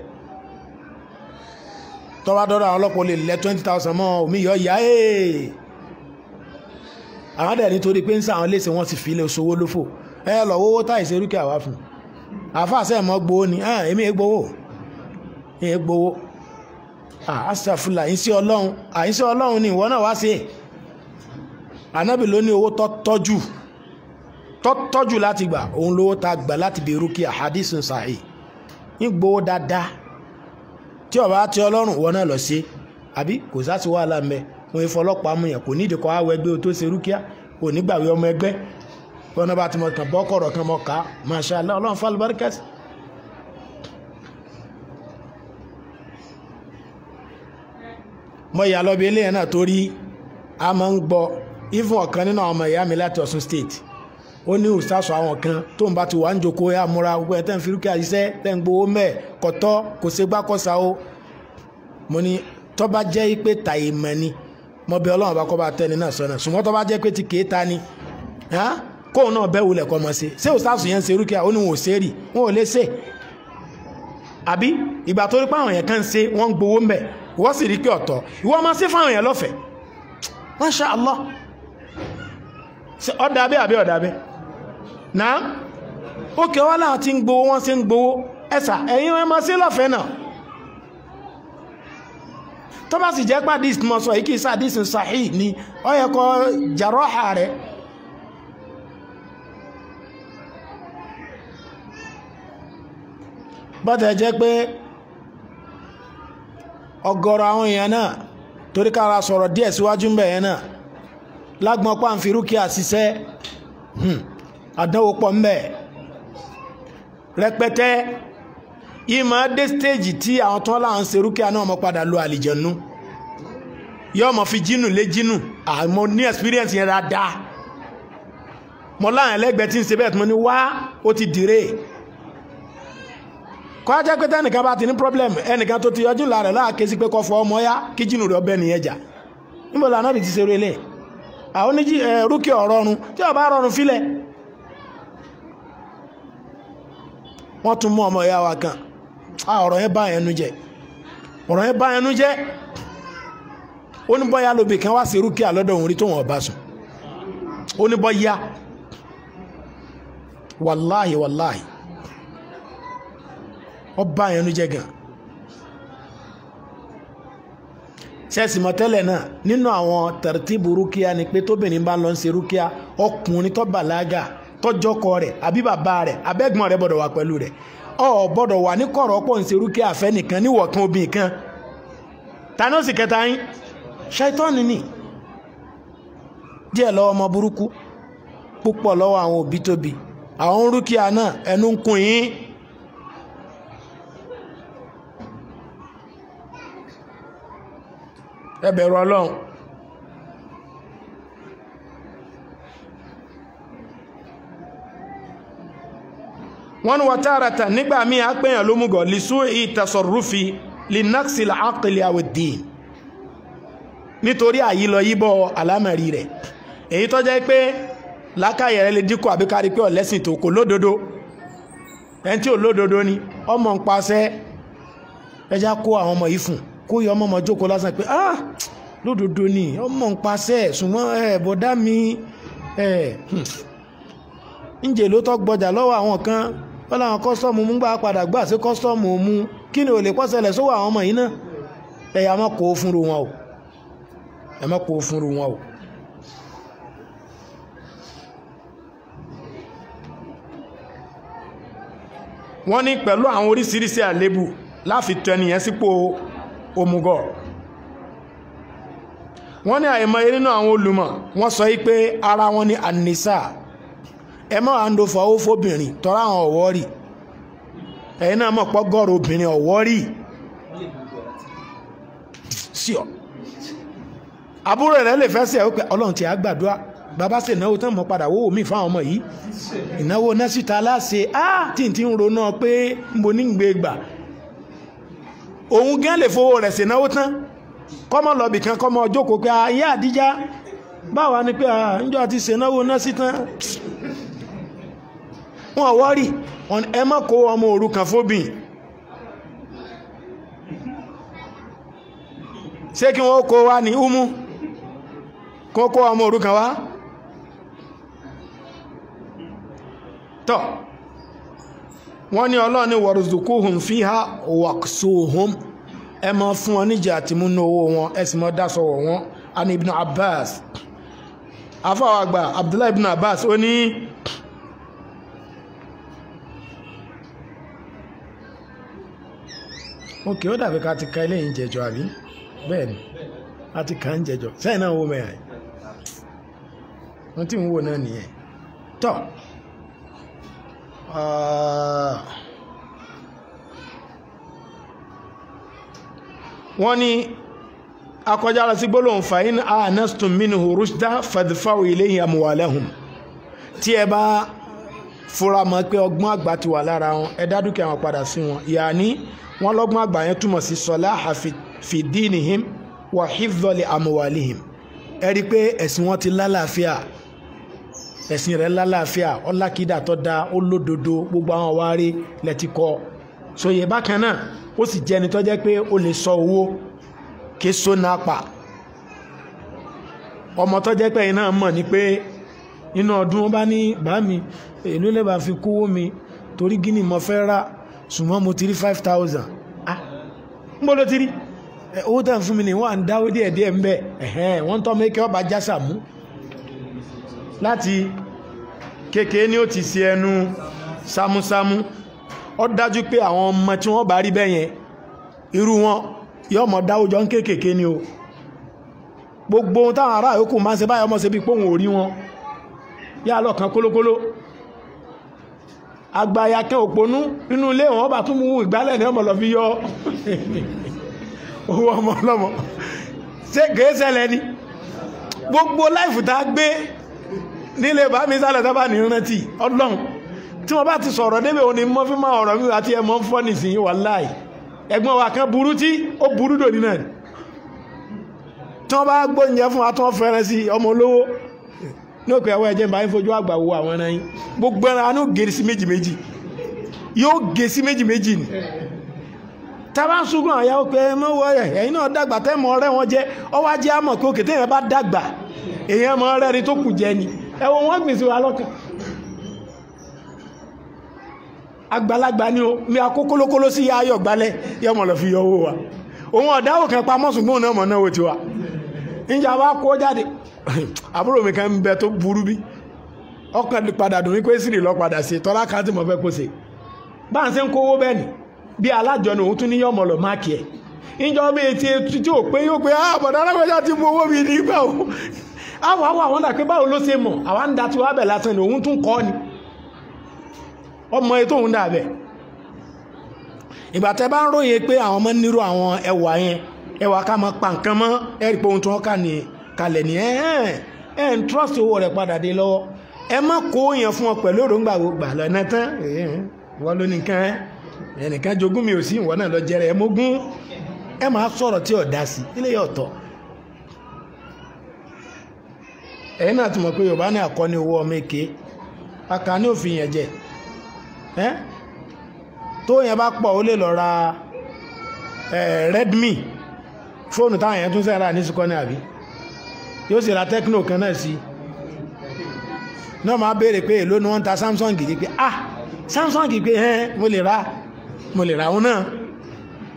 tó bá àwọn ọlọ́pàá olè lẹ́ twenty thousand mọ́ omi yọ ya ee àwọn dẹ̀ nítorí pé ń sá àwọn léṣe wọ́n ti fi ilé oṣòwò lófò ẹ lọ wọ́wọ́ táyì ṣe àfàṣẹ mọ́ gbowó ni ah, èmi è gbowó èmi è gbowó àṣàfùlà ah, ìṣe ọlọ́run àìṣe ah, ọlọ́run ni ìwọ náà wá sí ànábì ló ní owó tọ́jú tọ́jú láti gbà òun lówó ta gbà láti bí rúkìá hadith sàhì ń gbowó dáadáa tí ọba ti ọlọ́run ìwọ náà lọ sí àbí kò sá sí wàhálà mẹ́ wọn ìfọlọ́pàá mú yàn kò nídìí kọ́ àwọ̀ ẹgbẹ́ tó ṣe rúkìá kò nígbàwé ọmọ ẹgbẹ́ bọ́nà bá ti mọ̀ kàn bọ́kọ̀rọ̀ kan mọ̀ ká masha Allah ọlọ́run fún sí. mo yà torí a máa ń gbọ́ even ọ̀kan nínú àwọn ọmọ ìyá mi láti Ọ̀ṣun state ó ní àwọn kan tó ń bá ti wà ń jòkó ẹ àmúra gbogbo ẹ ń ń gbowó kóun náà bẹ́ wulẹ̀ kọ́ mọ́ sí ṣé òṣàṣù yẹn ń ṣe rúkìá ó ní wọn ò ṣe rí wọn ò lè ṣe àbí ìgbà tó rí pé àwọn èèyàn kan ń ṣe wọ́n ń gbowó ń bẹ̀ wọ́n sì rí pé ọ̀tọ̀ ìwọ máa ṣe fáwọn èèyàn lọ́fẹ̀ẹ́ Masha Allah ọ̀dà bẹ́ẹ̀ àbí ọ̀dà bẹ́ẹ̀ náà ó kẹ́ wọ́n láwọn ti ń gbowó wọ́n sì ń gbowó ẹ̀sà ẹ̀yin wọn máa ṣe lọ́fẹ̀ẹ́ náà tó bá sì jẹ́ pàdís mọ́ sọ yìí kì í sàdís sàhí ni ó yẹ kó jàrọ́hà bọ́tẹ̀ jẹ́ pé ọ̀gọ̀rọ̀ àwọn èèyàn náà torí kára sọ̀rọ̀ díẹ̀ síwájú ń bẹ̀ yẹn náà lágbọ́n pàǹfìrúkì àṣìṣe hmm, àdánwò pọ̀ ń bẹ̀ rẹpẹtẹ yìí máa dé stéèjì tí àwọn tán láwọn ṣe rúkìá náà mọ padà lo àlìjẹ̀nu yóò mọ̀ fi jínù lé jínù àmọ́ ní experience yẹn dáadáa mọ́ láwọn ẹlẹ́gbẹ̀ẹ́ tí ń ṣe bẹ́ẹ̀ tí mo ní wá ó ti dìre kọ́ ajá pé tẹ́nìkan bá ti ní problem ẹnìkan tó ti yọjú la rẹ̀ láàké sí pé kọ́ fọ ọmọ yá kí jìnnù rẹ̀ ọbẹ̀ nìyẹn jà níbo lànà ti ṣeré lẹ̀ àwọn oníjì rúkì ọ̀rọ̀run tí ó rọrùn ọmọ ọba sùn ọba yẹn ló jẹ́ gan ṣẹ́ẹ̀sì mọ́tẹ́lẹ̀ náà nínú àwọn tẹ̀rẹ̀tìbù rúkìá ni pé tóbìnrin bá ń lọ ṣe rúkìá ọkùnrin tó bàlágà tọ́jọ́kọ rẹ̀ àbí bàbá rẹ̀ abẹ́gbọ́n rẹ̀ gbọ́dọ̀ wà pẹ̀lú rẹ̀ ọ gbọ́dọ̀ wà ní kọ̀rọ̀ pọ̀ ń ṣe rúkìá àfẹ́ nìkan níwọ̀kan obìnrin kan tani kẹta yín ṣáítọ́ọ̀nì ni díẹ̀ lọ́wọ́ ọmọ burúkú púpọ̀ lọ́wọ́ àwọn òbí tóbi àwọn rúkìá náà ẹnu ń kun yín ẹ bẹ̀rù ọlọ́run wọ́n ní wọ́tárata nígbà míì apẹ̀yàn ló mú gọ̀ lìsú ìtasọ̀rúfi lìnàxìlà àkìlì àwòdìn nítorí àyílọ yíbọ̀ àlámẹ̀rí rẹ̀ èyí tó jẹ́ pé lákàyẹ̀ rẹ̀ lè dínkù àbí kárí pé ọ̀lẹ́sìn tó kò lódodo ẹni tí ò lódodo ni ọmọ ń paṣẹ ẹjá kó àwọn ọmọ yìí fún un kó yọ ọmọ ọmọ jókòó lásán pé ah lódodo ni ọmọ ń paṣẹ ṣùgbọ́n ẹ bọ́dá mi ẹ hmm, ǹjẹ́ ló tọ́ gbọ́jà lọ́wọ́ àwọn kan wọ́n láwọn kọ́sọ́ọ̀mù mú gbà padà gbà sí kọ́sọ́ọ̀mù mú kí ni ò lè pọ́sẹ̀lẹ̀ sówó àwọn ọmọ yìí náà ẹ̀yà má kó fúnru wọn o ẹ̀ má kó fúnru wọn o. wọ́n ní pẹ̀lú àwọn oríṣiríṣi àléébù láfi tọ ẹnìyẹn sípò òmùgọ̀ wọ́n ní àìmọ̀ eré náà àwọn olùmọ̀ wọ́n sọ pé ara wọn ni anisa ẹ mọ́ à ń do fọwọ́ fóbìnrin tọ́ra àwọn ọ̀wọ́ rì ẹ̀yin náà mọ̀ pọ́ gọ́ọ̀rọ̀ obìnrin ọ̀wọ́ rì sí ọ àbúrò lè fẹ́ sí wípé ọlọ́run ti àgbàdua bàbá sì náwó tán padà mi fáwọn ọmọ yìí ìnáwó aláṣẹ á tìǹtì òun gán lè fowó rẹ̀ ṣènáwó tán kọ́mọ lọ́bì kan kọ́mọ jókòó pé ayé ah, àdíjá báwa ni pé àjọ ah, àti ṣènáwó náà sí tán wọn wọ́rì ẹ má kó ọmọ òrukàn fóbìn ṣé kí kó wa ní umu kó kó ọmọ òrukàn wa tọ́ wọ́n ní ọlọ́ọ̀ni warzuquhum fiha waqsuhum ẹ máa fún wọn níjà àti múnú wọn ẹ sì máa dáṣọ wọ̀ wọ́n abbas àgbà abdullahi ibn abbas ó ní ó dàbí ti ka ilé jẹjọ àbí bẹ́ẹ̀ ni Uh, wọ́n ní akọjá lọ sí gbólóhùn fàyín anastum minhu rushda fadfaw ilayhim amwalahum tí ẹ bá fura mọ́ pé ọgbọ́n àgbà ti wà lára wọn ẹ dá dúkìá padà sí wọn yàní wọn lọ́gbọ́n àgbà yẹn túmọ̀ sí salaha fi dinihim wa hifdhali ẹ rí pé ẹ̀sìn wọn ti lálàáfíà ẹ̀sìn rẹ̀ lálàáfíà ọlákìdá tó da ó lódodo gbogbo àwọn wa rí lẹ́tí kọ́ bákan náà ó sì jẹ́ ẹni tó jẹ́ pé ó lè sọ owó ké so náà pa ọmọ tó jẹ́ pé ẹ̀yin náà mọ̀ ni pé nínú ọdún wọn bá ní bá mi èló lè bá fi kówó mi torí gíní mo fẹ́ rà ṣùgbọ́n mo ti rí five thousand ah ń bọ́ ló ti rí owó tàn fún mi ni wọ́n à ń dáwó ń bẹ̀ wọ́n tọ́ mi kí jásà mú láti kékeré ni ó ti ṣe ẹnu sámúsámú ó dájú pé àwọn ọmọ tí wọ́n bá rí bẹ́yẹn irú wọn yóò mọ̀ dáwùjọ ń kékèké ni o gbogbo ohun táwọn ará yòókù máa ń ṣe báyọ̀ ọmọ ṣe bí pòun ò rí wọn yá lọ kan kólókóló agbayakẹ́ òponú nínú ilé wọn bá tún mú ìgbálẹ̀ ní ọmọ lọ fi yọ owó ọmọ ọlọ́mọ ṣé kìí ṣẹlẹ̀ gbogbo láìfù tá a gbé nílé bá mi sálẹ̀ sábà ní rántí ọlọ́run tí wọ́n bá ti sọ̀rọ̀ débẹ̀ òní mọ́ fí máa ọ̀rọ̀ mi àti ẹ̀mọ́ ń fọ́ nìsín wàláì ẹ̀gbọ́n wa kan burú tí ó burú dòní náà tí wọ́n bá gbóúnjẹ fún wa tí wọ́n fẹ́ràn sí ọmọ olówó ní òkè ẹwọ́ ẹ̀jẹ̀ báyìí fojú àgbà wo àwọn ẹran yín gbogbo ẹran anú gèrè sí méjì méjì yóò gè sí méjì méjì ni tábà ń sunkún àyà ó pé ẹmọ wọ ẹ ẹyin náà dàgbà tẹmọ ọ̀rẹ́ wọn jẹ ọwọ ajé àmọ́ pé òkè bá dàgbà èèyàn mọ ọ̀rẹ́ ni tó kù jẹ ni ẹ̀wọ̀n wọ́n gbèsè wa lọ́kàn àgbàlagbà ni o mi akókólókóló sí ya gbalẹ gbalẹ̀ yẹ lọ fi yọ owó wa òun ọ̀dáwò kan pamọ́ ṣùgbọ́n náà mọ̀ náà wò tiwa níjà wa kó jáde àbúrò mi kan ń bẹ tó burú bí ọkàn padà dùn mí pé sírì lọ padà sí tọ́lá kan tí mo fẹ́ kó bá ń ń kówó bẹ́ẹ̀ ni bí alájọni òun tún ní o àwọn àwọn àwọn dà pé báwo ló ṣe mọ̀ àwọn ń da tí wàá bẹ̀ lásán ni òun tún kọ́ ni ọmọ ètò òun dà bẹ̀ ìgbà tẹ́ bá ń ròyìn pé àwọn ọmọ nírú àwọn ẹwà yẹn ẹwà ká máa pa nǹkan mọ́ ẹ̀rí pé ohun tí wọ́n kà ní kalẹ̀ ní ẹ̀ ẹ̀ ń trust owó rẹ̀ padà dé lọ́wọ́ ẹ má kó yẹn fún ọ pẹ̀lú òròǹgbà gbà lọ́nà tán wọ́n ló nìkan ẹnìkan jogún mi ò sí ìwọ náà lọ jẹrẹ ẹ mógún ẹ máa sọ̀rọ̀ tí ò dá sí ilé yọ̀tọ̀ ẹ̀yin náà ti mọ̀ pé yorùbá ní àkọ́ni owó ọmọ èké aka ní òfin yẹn jẹ tó yẹn bá pọ̀ ó lè lọ ra redmi fóònù táwọn yẹn tún sẹ́ra ní sukọ́ni àbí yóò sì ra tecno kan náà sí náà máa béèrè pé èló ni wọ́n ń ta samsung yìí pé ah samsung yìí pé ẹ́n mo lè ra mo lè ra òun náà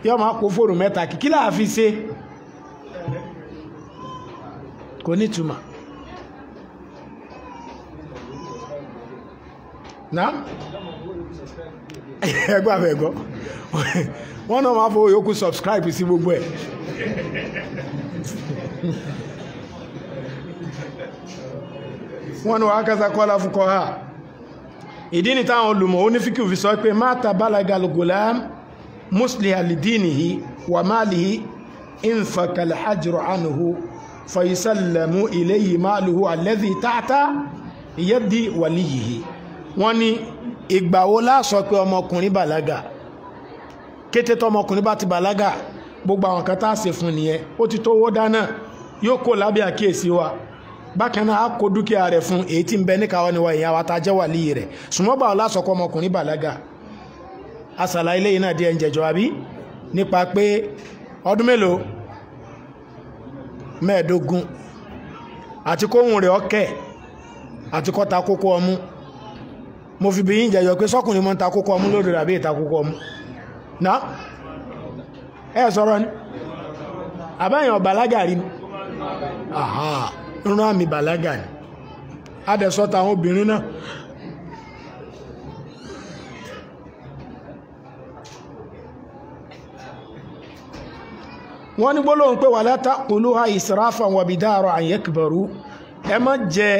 yóò máa kó fóònù mẹ́ta kí la fi ṣe kò ní túmọ̀. náà ẹgbẹ́ àfẹ́ ẹ̀gọ́ wọ́n náà máa fowó yòókù subscribe sí gbogbo ẹ̀. wọ́n ní wàá kásá kọ́lá fún kọ́ ha ìdí ni táwọn olùmọ̀ onífíkì fi sọ pé má ta balaga al-gulam musliha li dinihi wa malihi infaka al-hajru anhu ilayhi maluhu alladhi tahta yadi waliyihi. wọ́n ní ìgbà wo la pé ọmọkùnrin bàlágà kété ọmọkùnrin bá ti bàlágà gbogbo àwọn kan tá a fún nìyẹn ó ti tó owó dáná yóò kó lábẹ́ àkíyèsí wa bákan náà a kó dúkìá rẹ̀ fún èyí tí ń bẹ níkàwọ́ ni wa ìyá wa tá a jẹ́ wàlí rẹ̀ ṣùgbọ́n báwo la sọ pé ọmọkùnrin bàlágà àṣàlà ilé yìí náà díẹ̀ ń jẹjọ́ àbí nípa pé ọdún mélòó mẹ́ẹ̀ẹ́dógún àti kóhùn rẹ̀ ọ̀kẹ́ àti kọ́ta kókó ọmú mo fi bí yín jẹjọ pé sọkùnrin mọ́ ń takókọ ọmú lódò àbí ìtakókọ ọmú náà ẹ sọ̀rọ̀ ni àbáyàn bàlágà rí ni rán àmì bàlágà ni adẹ̀sọ́ta àwọn obìnrin náà wọ́n ní gbólóhùn pé wala taquluha israfan wa bidara an yakbaru ẹ má jẹ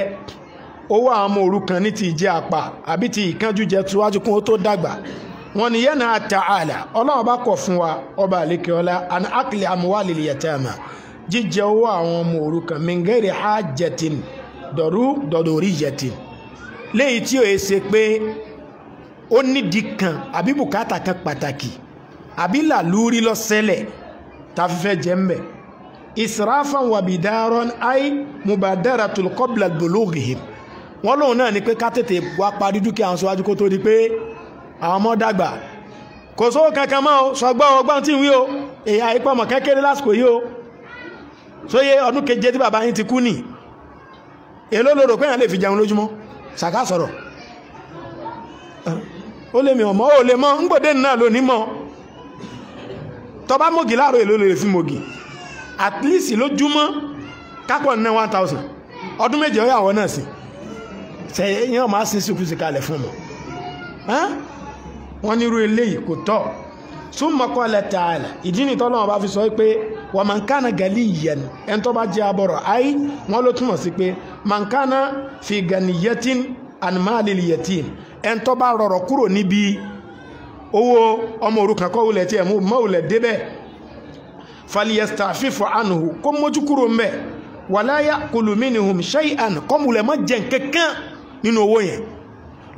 owó àwọn ọmọ òrukàn ní ti ìjẹ àpà àbí ti ìkánjú jẹ tiwájú kún ó tó dàgbà wọn ni yẹn náà ta'ala ọlọ́run bá kọ̀ fún wa ọba àlékè ọlá an akli amwalil yatama jíjẹ owó àwọn ọmọ òrukàn mingeri hajjatin dọ̀rú dọ̀dọ̀rí yẹtin léyìí tí ó yẹ ṣe pé ó nídìí kan àbí bùkátà kan pàtàkì àbí làlúrí lọ́sẹ̀lẹ̀ tàfífẹ́ jẹ́ mbẹ̀ israfan wabidaron ay mubadaratul qabla bulughihim wọ́n lóun náà ni pé ká tètè wá parí dúkìá àwọn síwájú kó tó di pé àwọn ọmọ dàgbà kò sówó kankan mọ́ o sọgbọ́n ọgbọ́n tí ń wí o èyí àìpọ̀ mọ̀ kékeré lásìkò yìí o sóye ọdún keje tí bàbá yín ti kú nì èló lòrò pé èèyàn lè fi jẹun lójúmọ́ sàká sọ̀rọ̀ ó lè mi ọ̀mọ́ ó lè mọ́ ń gbòdé náà lónìí mọ́ tọba mọ́gì láàrọ̀ èló lè fi mọ́gì at least lójúmọ́ kápọ̀ ná one thousand ọdún méje ọ̀yà àwọn náà sí i sẹ́yìn yẹn máa sin sìnkú sí kalẹ̀ fún mi wọ́n ní irú eléyìí kò tọ́ súnmọ́ qala ta'ala ìdí nìtọ́ lọ́wọ́ bá fi sọ pé wa man kana galiyan ẹni tó bá jẹ́ abọ́rọ̀ ayé wọ́n ló túmọ̀ sí pé man kana fi ganiyatin an malil yatim ẹni tó bá rọrọ̀ kúrò níbi owó ọmọ òrukàn kọ́ wulẹ̀ tiẹ̀ mú mọ́ wulẹ̀ débẹ̀ falyastafifu anhu kó mójú kúrò mbẹ̀ wala ya'kulu minhum shay'an kọ́ wulẹ̀ mọ́ jẹ́ nkankan nínú owó yẹn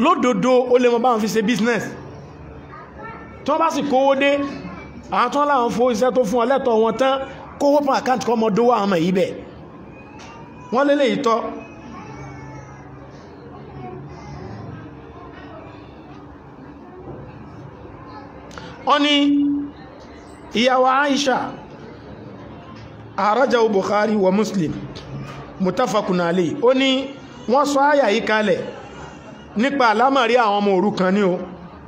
lódodo ó lè mọ báwọn fi ṣe business tí wọ́n bá sì kówó dé àwọn tí wọ́n láwọn fowó iṣẹ́ tó fún ọ lẹ́tọ̀ọ́ wọn tán kówó pa àkáǹtì kọ́ ọmọdówó àwọn ọmọ yìí bẹ̀ wọ́n lélẹ̀ yìí tọ́ wọ́n ní ìyàwó Aisha àrájà Bukhari wa Muslim mutafakun ó ní wọ́n sọ àyà yìí kalẹ̀ nípa àlámọ̀rí àwọn ọmọ kan ni o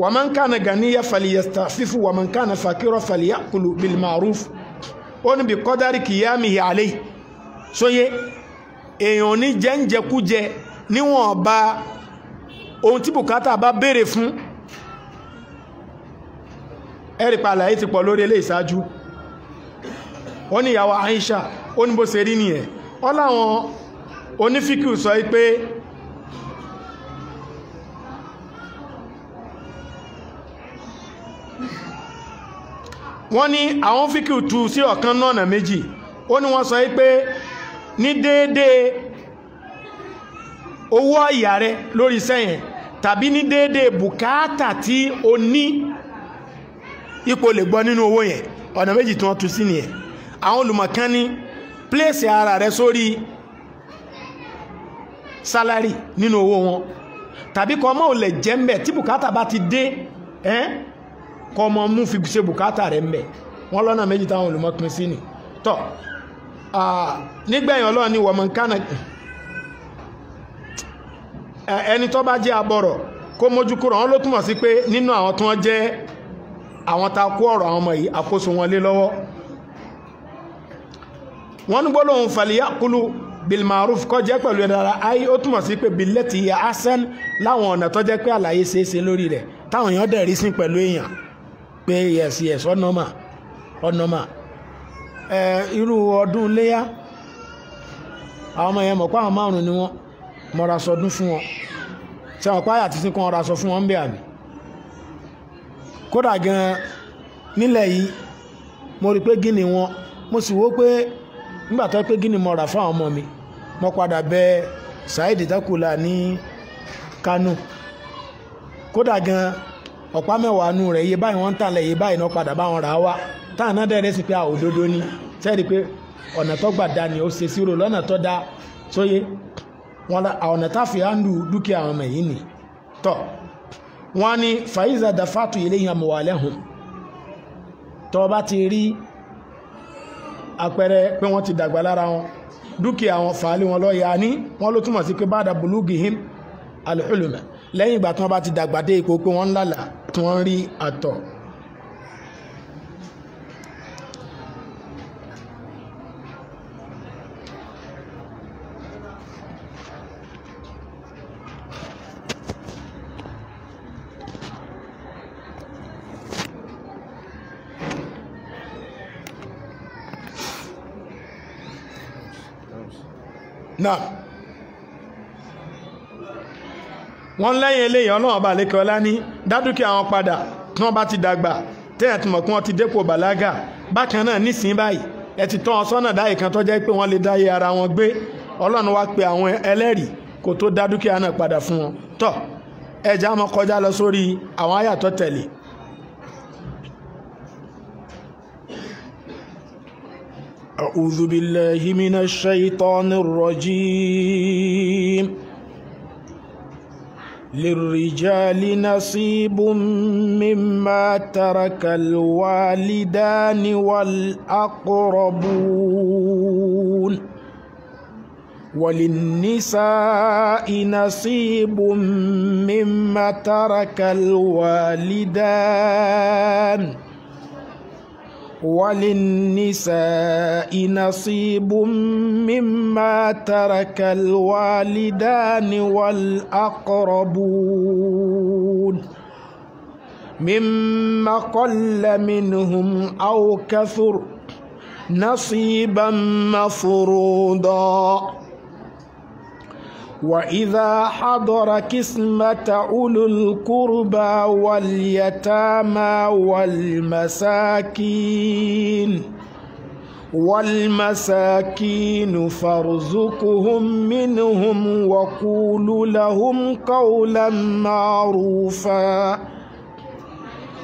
wa man kana ganiya ya wa man kana fakira falyakulu bil ma'ruf ó ní bí kọ́dárì kiyamihi alayhi sóyé èèyàn ní jẹ́ǹjẹkújẹ níwọ̀n ba ohun tí bùkátà bá béèrè fún ẹ̀rì pa àlàyé ti pọ̀ lórí ilé ó Aisha ó ní bó ṣe rí nìyẹn onífíkù sọ wípé wọ́n ní àwọn fíkù tú sí ọ̀kan náà méjì ó ní wọ́n sọ wípé ní déédéé owó ọ̀yà rẹ lórí sẹ́yìn tàbí ní déédéé bùkátà tí o ní ipò lè gbọ́ nínú owó yẹn ọ̀nà méjì tí wọ́n tú sí nìyẹn àwọn olùmọ̀kan ní pléèsì ara rẹ sórí sálárì nínú owó wọn tàbí kọ́ ọmọ ò lẹ̀ jẹ́ mbẹ̀ tí bùkátà bá ti dé ẹ́n kọ́ ọmọ mú fi ṣe bùkátà rẹ̀ mbẹ̀ wọ́n lọ́nà méjì táwọn olùmọ̀ pín sí ni tọ́ nígbẹ̀yìn ọlọ́run ni wọ́n mọ̀ nkánà ẹni tó bá jẹ́ abọ́rọ̀ kó mójú kúrò wọn ló túmọ̀ sí pé nínú àwọn tó wọ́n jẹ́ àwọn ta kó ọ̀rọ̀ àwọn ọmọ yìí àkóso wọn lé lọ́wọ́ wọ́n ní gbólóhùn fàlíyà kúlù bilmaruf kọ́ jẹ́ pẹ̀lú ẹ̀ dára ayé ó túmọ̀ sí pé bilẹ́tì ya asen láwọn ọ̀nà tó jẹ́ pé àlàyé ṣeéṣe lórí rẹ̀ táwọn èèyàn dẹ̀ rí sí pẹ̀lú èèyàn pé yes yes ọ̀nọ́mà ọ̀nọ́mà ẹ irú ọdún léyà àwọn ọmọ yẹn mọ̀ pé àwọn márùn ni wọ́n mọ̀ra sọdún fún wọn tí àwọn páyà ti sìnkún ọ̀ra sọ fún wọn ń bẹ̀ àmì kódà gan nílẹ̀ yìí mo rí pé gíní wọn mo sì wò pé nígbà tó pé gíní mo fáwọn ọmọ mi mo padà bẹ Saheed Takula ní Kano kódà gan ọ̀pá mẹ́wàá nu rẹ̀ iye báyìí wọ́n ń tàlẹ̀ iye báyìí náà padà báwọn rà á wá táwọn náà sí pé a ni sẹ́ẹ̀rì pé ọ̀nà tó gbà ni ó ṣe lọ́nà tó da wọn ọ̀nà fi dúkìá àwọn ọmọ yìí ni tọ́ wọn ni faiza dafatu ilé yẹn àpẹẹrẹ pé wọ́n ti dàgbà lára wọn dúkìá wọn fàálì wọn lọ́ọ̀yà ní wọ́n ló túmọ̀ sí pé bá dàbò lúgìhìm alhulum lẹ́yìn ìgbà tí wọ́n bá ti dàgbà dé ipò pé wọ́n ń lálàá tí wọ́n ń rí àtọ̀ náà wọ́n lẹ́yìn eléyìí ọlọ́run ọba àlékè ọlá ní dádúkìá wọn padà tí wọ́n bá ti dàgbà téèyàn ti mọ̀ pé wọ́n ti dépò bàlágà bákan náà nísìnyí báyìí ẹ ti tọ́ wọn sọ́nà dáyìí kan tó jẹ́ pé wọ́n lè dáyé ara wọn gbé ọlọ́run wá pe àwọn ẹlẹ́rìí kó tó dádúkìá náà padà fún wọn tọ́ ẹja mọ́ kọjá lọ sórí àwọn àyàtọ̀ tẹ̀lé أعوذ بالله من الشيطان الرجيم للرجال نصيب مما ترك الوالدان والأقربون وللنساء نصيب مما ترك الوالدان وللنساء نصيب مما ترك الوالدان والأقربون مما قل منهم أو كثر نصيبا مفروضا وإذا حضر قسمة أولو القربى واليتامى والمساكين والمساكين فارزقهم منهم وقولوا لهم قولا معروفا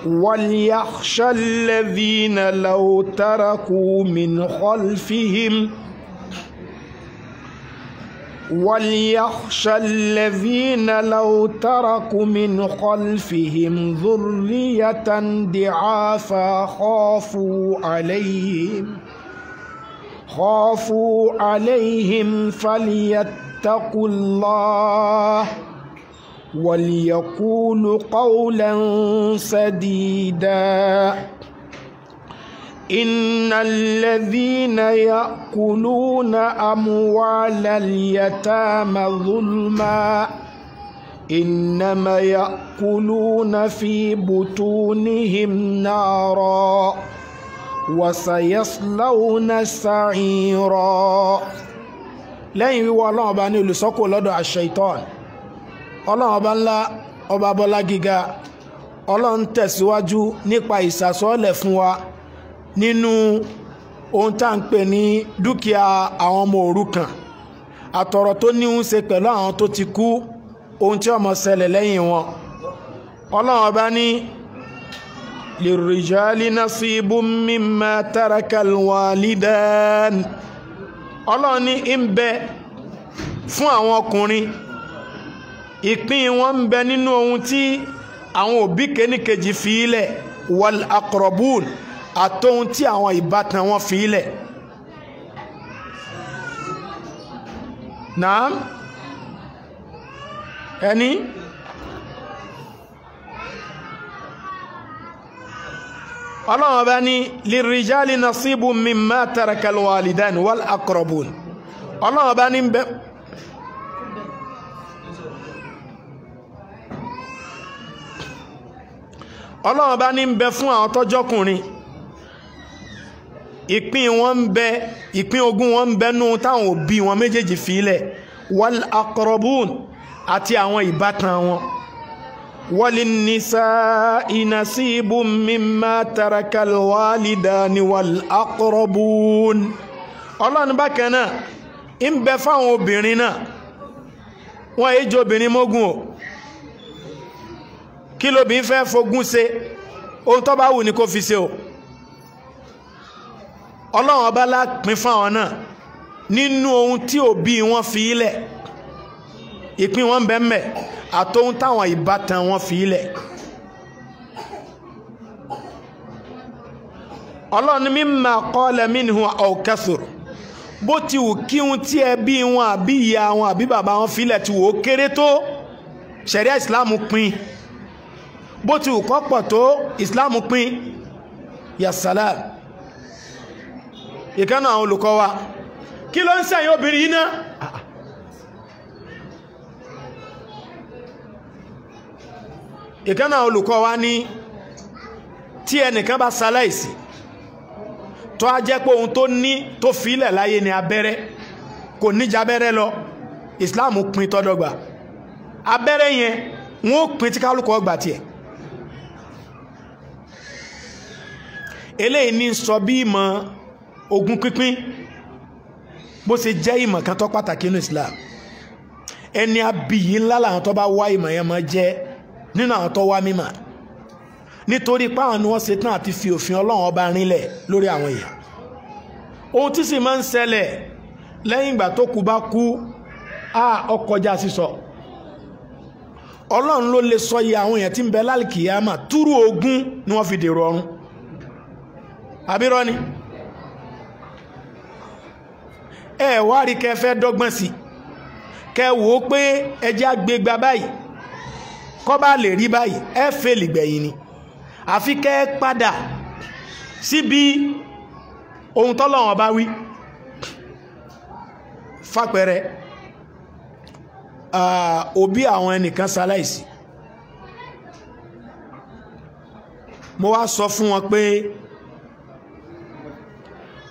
وليخشى الذين لو تركوا من خلفهم ۖ وليخشى الذين لو تركوا من خلفهم ذرية ضعافا خافوا عليهم خافوا عليهم فليتقوا الله وليقولوا قولا سديدا إن الذين يأكلون أموال اليتامى ظلما إنما يأكلون في بطونهم نارا وسيصلون سعيرا lẹ́yìn wíwọ́ ọlọ́run ọba ní olùsọ́kò lọ́dọ̀ àṣetán ọlọ́run ọba ńlá ọba bọ́lá gíga ọlọ́run tẹ̀síwájú nípa ìsàsọ́ọ̀lẹ̀ fún wa. nínú ohun tá à ń pè ní dúkìá àwọn ọmọ kan àtọ̀rọ̀ tó ní ń ṣe pẹ̀lú àwọn tó ti kú ohun tí ó máa ṣẹlẹ̀ lẹ́yìn wọn ọlọ́run ọba ní lirrijali nasibun mimma tarakal walidan ọlọ́run ní ń bẹ fún àwọn ọkùnrin ìpín wọn ń bẹ nínú ohun tí àwọn òbí kéníkejì fi ilẹ̀ wal aqrabun àtòhun tí àwọn ìbátan wọn fi ilẹ̀ náà ẹni ọlọ́run ọba ní lirrijali nasibu mimma tarakal walidan wal aqrabun ọlọ́run ọba ní bẹ́ẹ̀. ọlọ́run bá ní bẹ fún àwọn tọ́jọ́kùnrin ìpín wọn ń bẹ ìpín ogún wọn ń bẹ nú táwọn òbí wọn méjèèjì fílẹ̀ wal aqrabun àti àwọn ìbátan wọn wali nisa'i nasibun mimma tarakal walidani wal aqrabun ọlọ́run bákan náà ń bẹ fáwọn obìnrin náà wọ́n èjì obìnrin mógún o kí lóbi fẹ́ fogún ṣe ohun tó bá wù ní kó fi ṣe o ọlọ́run ọba lápin fáwọn náà nínú ohun tí òbí wọn fi ilẹ̀ ìpín wọn bẹ́ẹ̀mẹ̀ àtohun táwọn ìbátan wọn fi ilẹ̀ ọlọ́run mimma qala minhu aw kathur bó ti wù kí wọn tí ẹbí wọn àbí ìyá wọn àbí bàbá wọn fi ilẹ̀ ti wò ó kéré tó ṣẹ̀ríà ìsìláàmù pín bó ti wù kó pọ̀ tó ìsìláàmù pín yasalaam ìkánà àwọn olùkọ́ wa kí ló ń sẹ́yìn obìnrin yìí náà ìkánà àwọn olùkọ́ wa ní tí ẹnìkan bá ṣaláìsí tó á jẹ́ pé ohun tó ní tó filẹ̀ láyé ni abẹ́rẹ́ kò níjà abẹ́rẹ́ lọ Islam pin tọ́dọ̀gbà abẹ́rẹ́ yẹn wọ́n pin tí kálukọ́ gbà tiẹ̀ eléyìí ní sọ bí ìmọ̀ ogun pínpín bó ṣe jẹ́ ìmọ̀ kan pàtàkì nínú Islam ẹni abiyì ńlá làwọn tó bá wá ìmọ̀ yẹn ma jẹ́ nínú àwọn tó wá mímọ̀ nítorí páwọn ni wọ́n ṣe tán àti fi òfin Ọlọ́run ọba rinlẹ̀ lórí àwọn èèyàn ohun tí sì máa ń ṣẹlẹ̀ lẹ́yìn tó kú bá kú a ọkọjá sísọ Ọlọ́run ló lè sọ iye àwọn èèyàn tí ń bẹ túrú ogún ni wọ́n fi dèrò ẹ wá rí kẹ fẹ́ dọ́gbọ́n sí kẹ wò ó pé ẹjẹ́ àgbégbá báyìí kọ́ bá lè rí báyìí ẹ fèlì gbẹ̀yìn ni àfi kẹ́ padà síbi ohun tọ́lọ́wọ́n bá wí fàpẹẹrẹ òbí àwọn ẹnìkan ṣaláìsí mo wá sọ fún wọn pé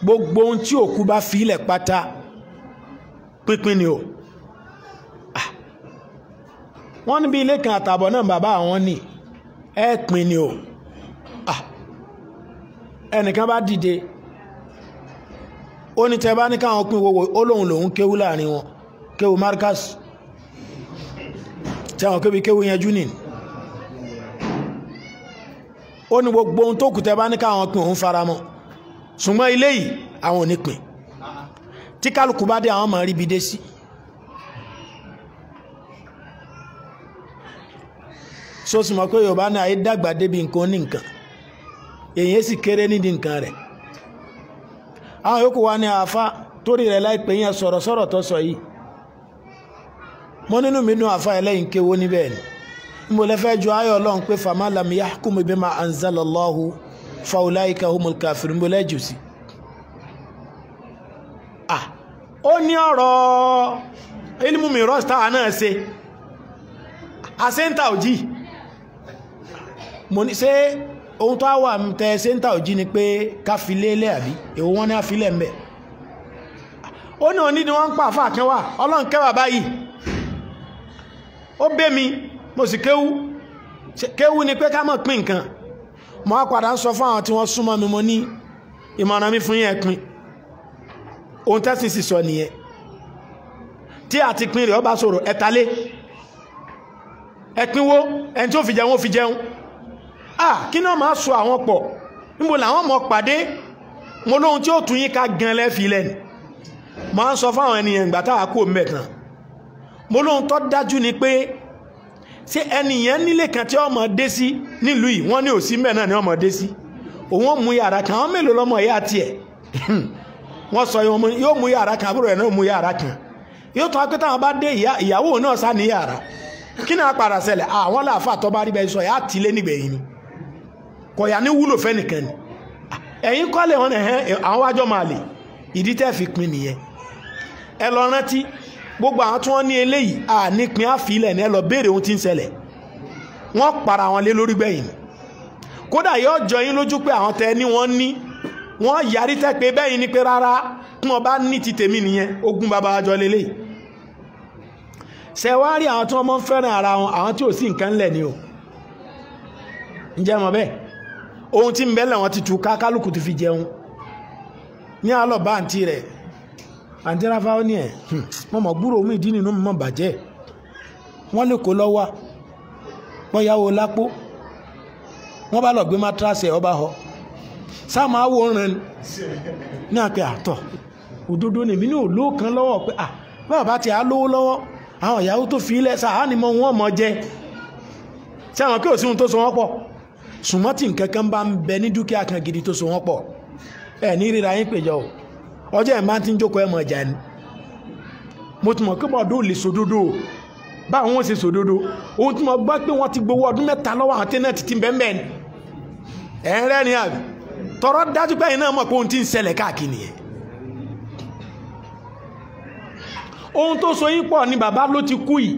gbogbo ohun tí òkú bá fi ilẹ̀ pátá pínpín ni o ah. wọ́n ní bí ilé kan àtàbọ̀ náà bàbá àwọn ni ẹ pín ni o ah. ẹnìkan bá dìde ó ní tẹ bá ní káwọn pín owó ó lóun lòun kéwú láàrin wọn kéwú marcus tí àwọn kébi kéwú yẹn júnì ó ní gbogbo ohun tó kù tẹ bá ní káwọn pín òun faramọ́ ṣùgbọ́n ilé yìí àwọn ò ní pín tí kálukú bá dé àwọn ọmọ rí ibi dé sí so sì mọ̀ pé yorùbá náà ayé dàgbà débi nǹkan ní nǹkan èyí sì kéré nídìí nǹkan rẹ̀ àwọn yòókù wa ní àáfà torí rẹ̀ láìpẹ́ yẹn sọ̀rọ̀ sọ̀rọ̀ tó sọ yìí mo nínú mi dùn àáfà ẹlẹ́yìn kéwó níbẹ̀ ni mo lè ju ayọ̀ ọlọ́run pé fama lam yahkum bima anzalallahu fa ulaika humul mo lẹ́jù sí i. ó ní ọ̀rọ̀ ilmu miros táwa náà ṣe àṣẹ́ntà òjì mo ní ṣe ohun tó wà ń tẹ ṣẹ́ntà òjì ni pé ká fi àbí èwo wọn ní àfilẹ̀ ń ó ní òní ni wọ́n ń pa àfà kan wà ọlọ́run kẹwà báyìí ó bẹ́ mi mo sì kéwú kéwú ni pé ká mọ̀ pín nǹkan mo á padà ń sọ fún àwọn tí wọ́n súnmọ́ mi mo ní ìmọ̀ràn mi fún yín pín ohun tẹ́sí sì sọ nìyẹn tí àti pin rẹ̀ ọba sọ̀rọ̀ ẹ̀talé ẹ̀pinwó ẹni tí ó fi jẹun ó fi jẹun ah kí náà máa sọ àwọn pọ̀ níbo làwọn mọ̀ pàdé mo lóhun tí ó tún yín ká gan lẹ́fi lẹ́nu máa ń sọ fáwọn ènìyàn ìgbà táwa kú òun mẹ́tàn mo lóhun tó dájú ni pé ṣé ẹnìyàn nílé kan tí ọmọ dé sí nílùú yìí wọ́n ní òsínbẹ̀ náà ni ọmọ dé sí òun ó mú yàrá kan àwọn mélòó lọ́mọ ìyá tiẹ̀ wọ́n sọ yóò mú yàrá kan àbúrò ẹ̀ náà mú yàrá kan yóò tún apẹ́ táwọn bá dé ìyàwó náà sá ní yàrá kí náà padà ṣẹlẹ̀ àwọn làáfà tó bá rí bẹ́ẹ̀ sọ yà á ti lé nígbẹ̀yìn ni kọ̀yà ní wúlò fẹ́nìkan ni ẹ̀yin kọ́lẹ̀ wọn ẹ̀hẹ́ àwọn wájọ́ máa lè ìdí tẹ́ fi pin nìyẹn ẹ lọ rántí gbogbo àwọn tí wọ́n ní eléyìí à nípin àfilẹ̀ ni ẹ lọ béèrè ohun tí ń ṣẹlẹ̀ wọ́n para wọn lé lórí gbẹ̀yìn kódà yóò jọ yín lójú pé àwọn tẹ ni wọ́n ní wọ́n yàrí tẹ́ pé bẹ́yìn ní pé rárá tí wọ́n ní ti tèmi nìyẹn ogun bàbá àjọ lélẹ̀ àwọn tí wọ́n mọ́ ara wọn àwọn tí ò sí nǹkan lẹ̀ ni o njem mọ̀ bẹ́ẹ̀ ohun tí ń wọn ti tù ká ti fi jẹun ní àlọ́ bá àǹtí rẹ̀ àǹtí ẹ̀ hmm, gbúrò omi ìdí nínú bàjẹ́ wọ́n lè kó lọ́wọ́ wọ́n bá lọ gbé ọba sáà máa wòran ni ní àpẹ àtọ̀ òdodo nìmí ní òló kan lọ́wọ́ pé à bàbá ti á lówó lọ́wọ́ àwọn ìyàwó tó fi ilẹ̀ sáà ni mọ wọn mọ jẹ tí àwọn kí ò sí ohun tó so wọn pọ̀ ṣùgbọ́n tí nǹkan kan bá ń bẹ ní dúkìá kan gidi tó so wọn pọ̀ ẹ ní ríra yín péjọ o ọjọ́ ẹ̀ máa ti ń jókòó ẹ̀ mọ̀ ọjà ni mo ti mọ̀ pé bọ́ọ̀dù ò lè sòdodo o báwọn ò ṣe sòdodo ohun tí mo gbọ́ pé wọ́n ti gbowó ọdún mẹ́ta lọ́wọ́ àwọn tẹ́nẹ̀tì ti ń bẹ́ẹ̀ bẹ́ẹ̀ ni ẹ̀ẹ́rẹ́ ni àbí tọrọ dájú pé ẹ̀yin náà mọ̀ pé ohun tí ń ṣẹlẹ̀ káàkiri nìyẹn ohun tó so yín pọ̀ ni bàbá ló ti kú yìí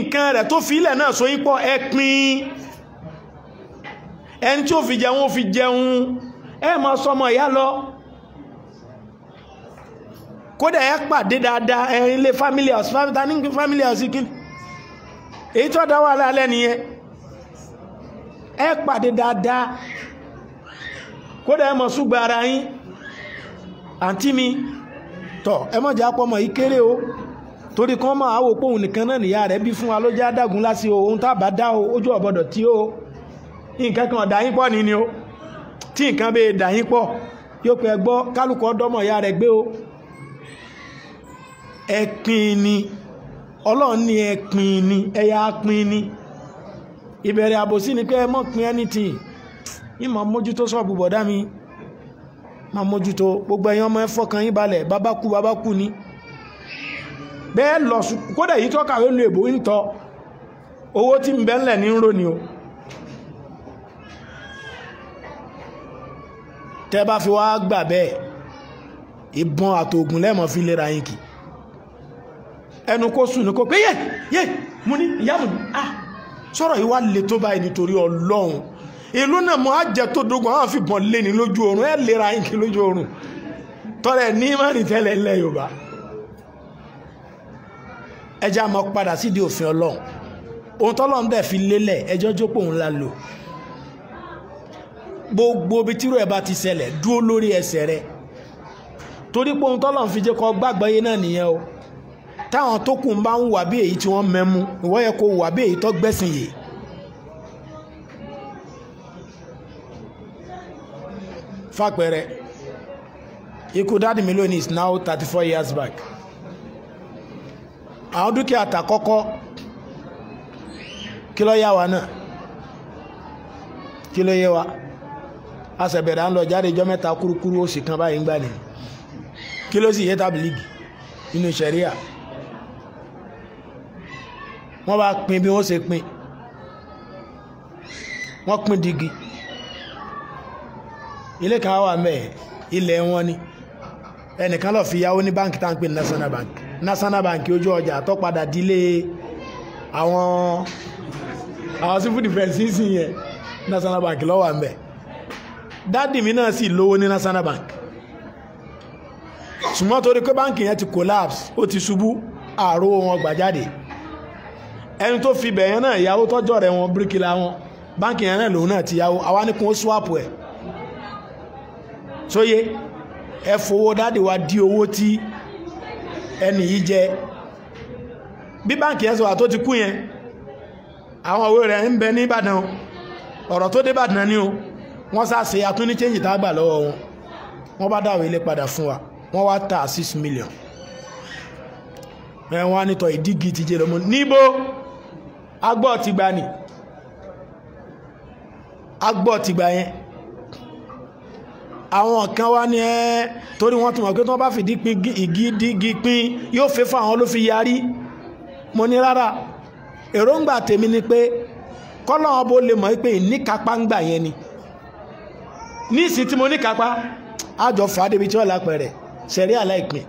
nǹkan rẹ̀ tó fi ilẹ̀ náà so yín pọ̀ ẹ pín ẹni tí ó fi jẹun ó fi jẹun ẹ máa sọmọ ìyá lọ kódà ẹ pàdé dáadáa ẹ̀yin lé family house family house kí èyí tó dá wà lálẹ́ nìyẹn ẹ pàdé dáadáa kódà ẹ mọ̀ súgbà ara yín àǹtí mi tọ̀ ẹ mọ jẹ́ yìí kéré o torí kan máa wò pé òun nìkan náà nìyá rẹ̀ bí fún wa ló láti ohun tá a dá o ojú ọ̀bọ̀dọ̀ tí o nǹkan kan ọ̀dà ni o tí nǹkan yóò ìyá gbé o ìbẹ̀rẹ̀ àbòsí ni pé ẹ mọ̀ pin anything yín máa mójútó ṣọ́ọ̀bù bọ̀dá mi máa mójútó gbogbo ẹ̀yin ọmọ ẹ fọkàn yín balẹ̀ bàbá kú bàbá kú ni bẹ́ẹ̀ lọ kódà yìí tọ́ka ló lu èbó ń tọ owó tí ń bẹ́ńlẹ̀ ní ń rò ni o tẹ́ bá fi wá gbà bẹ́ẹ̀ ìbọn àtògùn lẹ́mọ̀ fi lera yín kì ẹnu kó sùn ní kó pé yé yé mo ní ìyá mo ah sọ̀rọ̀ yìí wá le tó báyìí nítorí ọlọ́run ìlú náà mo á jẹ tó dogun àwọn àfihàn lé ní lójú oorun ẹ lera yín kí lójú oorun tọrẹ ní mẹ́rin tẹ́lẹ̀ ilẹ̀ yorùbá ẹjẹ́ a máa padà sídìí òfin ọlọ́run ohun tọ́lọ́run dẹ̀ fi lélẹ̀ ẹjọ́ jókòó ńlá lò gbogbo ibi tíró ẹ̀ bá ti ṣẹlẹ̀ dúró lórí ẹsẹ̀ rẹ̀ torí pé ohun tọ́lọ́run fi jẹ́ kó gbàgbọ́ yé náà nìyẹn o táwọn tó kù ń bá ń wà bí èyí tí wọ́n mẹ́mú ìwọ yẹ kó wà bí èyí tó gbẹ̀sìn yìí. fàpẹẹrẹ ikú dáàdì mi lónìí is now thirty four years back àwọn dúkìá àtàkọ́kọ́ kí ló yá wa náà kí ló yé wa a ṣe bẹ̀rẹ̀ à ń lọ jáde ijọ́ mẹ́ta kúrúkúrú ó kan báyìí ń gbà nìyí kí ló sì yé tábìlì nínú sẹ̀ríà wọ́n bá pín bí wọ́n ṣe pín wọ́n pín digi ilé kan wà mẹ́ẹ̀ ilẹ̀ wọn ni ẹnìkan lọ́ọ́ fi yáwó ní báǹkì tá à ń pè ní national bank national bank ojú ọjà tó padà dílé àwọn àwọn civil defence sí yẹn national bank lọ́wọ́ à ń bẹ̀ dáàdì mi náà sì lówó ní national bank ṣùgbọ́n torí pé báǹkì yẹn ti collapse ó ti ṣubú ààrò wọn gbà ẹni tó fi bẹ̀yẹn náà ìyàwó tọ́jọ́ rẹ̀ wọn bíríkìlà wọn báńkì yẹn náà lòun náà ti yàwó àwa ní kún ó swapu ẹ̀ sóye ẹ fowó dáàdì wa di owó tí ẹnì yìí jẹ bí báńkì yẹn sọ wà tó ti kú yẹn àwọn òwe rẹ̀ ń bẹ ní Ìbàdàn ọ̀rọ̀ tó dé Ìbàdàn ni o wọ́n sá ṣe atúní chẹ́ǹjì tá a gbà lọ́wọ́ wọn wọ́n bá dáwọ̀ ilé padà fún wa wọ́n wá ta six million ẹ̀ wọ́n á nítọ̀ ìdígi ti jẹ́ lọ́mọ níbo agbọ́ ti gbà ní agbọ́ ti gbà yẹn àwọn kan wá ní ẹ́ torí wọ́n ti mọ̀ pé tí wọ́n bá fìdí pin ìgidigi pin yóò fẹ́ fún àwọn ló fi yarí mo ní rárá èròǹgbà tèmi ni pé kọ́lọ́wọ́n bó lè mọ̀ pé ìníkapá ń gbà yẹn ni ní ìsìn tí mo níkapá àjọ fàdébi tí wọ́n lápẹ̀rẹ̀ sẹ̀rí àláìpín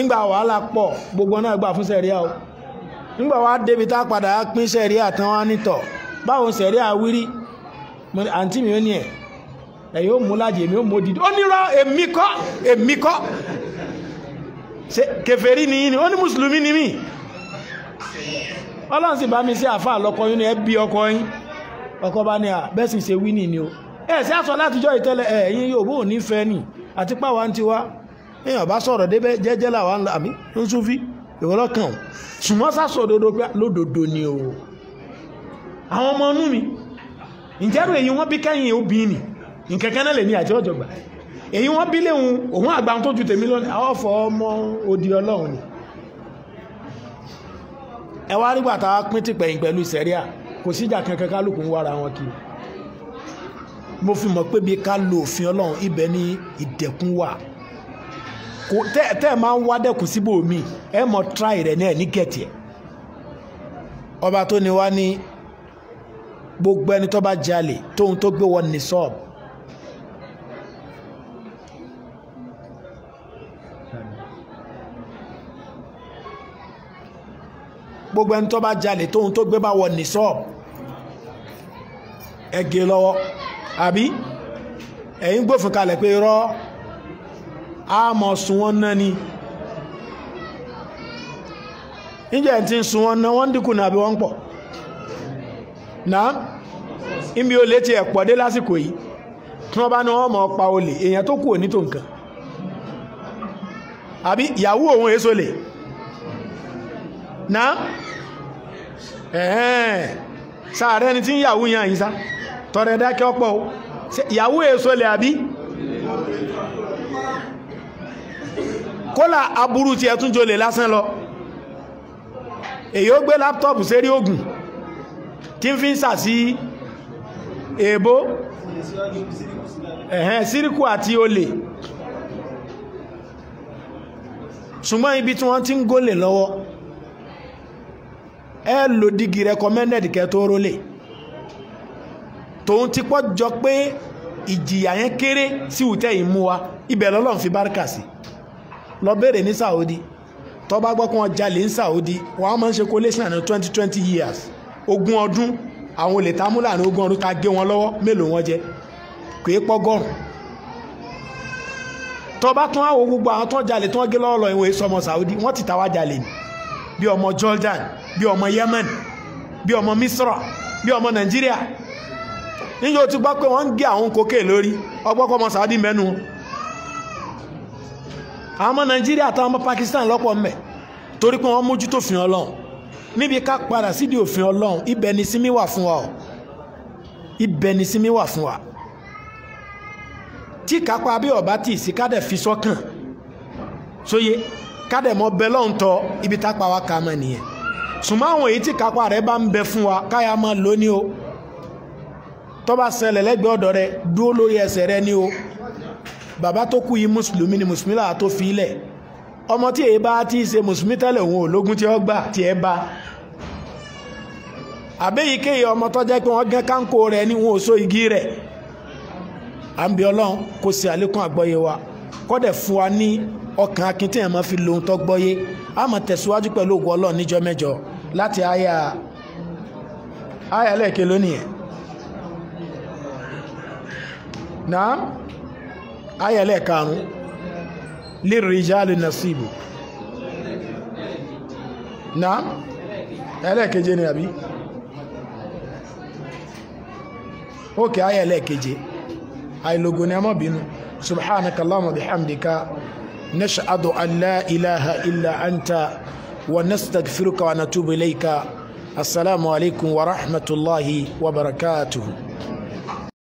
ìgbà wàhálà pọ̀ gbogbo náà gbà fún sẹ̀rí àwọn nígbà wá débi tá padà pín sẹ́rí àtàwọn nítọ̀ báwo sẹ́rí àwírí àǹtí mi ó ní ẹ̀ ẹ̀yìn ó mú lájì èmi ó mú odidi ó nírọ èmi kọ́ èmi kọ́ kèfèrí ni yín ni ó ní mùsùlùmí ni mí ọlọ́run sì bá mi sí àáfàá lọ́kọ yín ni ẹ bí ọkọ yín ọkọ bá ní à bẹ́ẹ̀ sì ṣe wí nì ni o ẹ ṣe àsọ látijọ́ ìtẹ́lẹ̀ ẹ̀yin yóò bó ní fẹ́ nì àti páwa ń tiwa èèyàn bá sọ̀rọ̀ débẹ̀ jẹ́jẹ́ làwa ń la àmì ń súnfí ìwọlọ́kàn ṣùgbọ́n sásọ̀dodo pé lódodo ni o àwọn ọmọ inú mi ìjẹ́rù èyí wọ́n bí kẹ́yìn obìnrin ni nkẹ́kẹ́ náà lè ní àti ọjọ́gbà èyí wọ́n bí léhun òun àgbà tó ju tèmi lónìí àwọn ọ̀fọ̀ ọmọ odi ọlọ́run ni ẹ wá rí gbàtà pín tìpẹ̀yìn pẹ̀lú ìsẹ̀ríà kò síjà kankan kálukú ń wára wọn kiri mo fi mọ̀ pé bí ká lo òfin ọlọ́run ibẹ̀ ni ìdẹ̀kùn wà tẹ́ ẹ máa ń wá dẹ́kun síbò mi ẹ mọ̀ try rẹ̀ náà ní gẹ̀tì ẹ̀ ọba tó ní wá ní gbogbo ẹni tó bá jalè tóun tó gbé wọn ní sọ́ọ̀bù gbogbo ẹni tó bá jalè tóun tó gbé bá wọ ní sọ́ọ̀bù ẹ gé lọ́wọ́ àbí ẹ̀yin gbófin kalẹ̀ pé irọ́. a mọ̀ sùn wọ́n náà ni níjẹ́ tí wọn náà wọ́n dínkù nàbí wọn pọ̀ náà ibi olè ti ẹ̀pọ̀ lásìkò yìí tí wọ́n bá ní wọ́n mọ̀ ku olè tó abi ò ní àbí ìyàwó òun èso lè náà kólà aburú ti ẹ̀tún jolè lásán lọ èyí ó gbé láptọ́pù sérí ogun tí ń fi ń sà sí èbó ẹ̀hẹ́n síríkù àti olè ṣùgbọ́n ibi tí wọ́n ti ń gólè lọ́wọ́ ẹ lò dígì recommended kẹ tó rólè tòun ti pọ́ jọ pé ìjìyà yẹn kéré sí ìwùtẹ́ ìmú ibẹ̀ lọ́lọ́run fi bárkà sí si lọ bẹ̀rẹ̀ ní Saudi tó bá gbọ́ pé wọ́n jalè ní Saudi wọ́n á máa ń ṣe collation ní twenty twenty years ogún ọdún àwọn olè tá a mú láàrin ogún ọdún tá a gé wọn lọ́wọ́ mélòó wọn jẹ kò é pọ́gọ́rùn tó bá tún àwọn gbogbo àwọn tó ń jalè tó ń gé lọ́wọ́ lọ ìwọ̀n èso ọmọ Saudi wọ́n ti tàwa jalè ni bí ọmọ Jordan bí ọmọ Yemen bí ọmọ Misra bí ọmọ Nàìjíríà níjọ́ tí gbọ́ pé wọ́n ń gé àwọn kókè lórí ọgbọ́kọ́ ọmọ Saudi mẹ́nu wọn àwọn ọmọ nàìjíríà àtàwọn ọmọ pakistan lọ́pọ̀ mẹ́ torí pé wọ́n mójútó òfin ọlọ́run níbi ká padà sídìí òfin ọlọ́run ibẹ̀ ni sinmi wà fún wa o ibẹ̀ ni sinmi wà fún wa tí kápá bí ọba tí ìsì ká dẹ̀ fi sọ́kàn sóye ká dẹ̀ mọ bẹ lọ́hùn tọ ibi tápá wa ká mọ nìyẹn sùnmọ́ àwọn èyí tí kápá rẹ̀ bá ń bẹ fún wa káyà máa lóní o tó bá ṣẹlẹ̀ lẹ́gbẹ̀ẹ́ ọ̀dọ̀ rẹ dúró lórí ẹsẹ̀ rẹ ní o bàbá tó kú yìí mùsùlùmí ni mùsùlùmí làá tó fi ilẹ̀ ọmọ tí èyí bá ti ṣe mùsùlùmí tẹ́lẹ̀ òun ológun tí ó gbà tí ẹ bá àbẹ́yìíkéyìí ọmọ tó jẹ́ pé wọ́n gán kánkó rẹ̀ ní wọn ò so igi rẹ̀ à ń bẹ ọlọ́run kó ṣe àlékún àgbọ́yé wa kọ́dẹ̀ fún wa ní ọkàn akin máa fi lóhun tó gbọ́yé a máa tẹ̀síwájú pẹ̀lú ògùn ọlọ́run níjọ́ mẹ́jọ láti àyà àyà lẹ́ẹ̀kẹ́ lónìí ẹ̀ náà. aya le kanu للرجال nasibu نعم ele keje ni abi أوكي aya le keje ay logo ni ama سبحانك اللهم بحمدك نشهد ان لا اله الا انت ونستغفرك ونتوب اليك السلام عليكم ورحمه الله وبركاته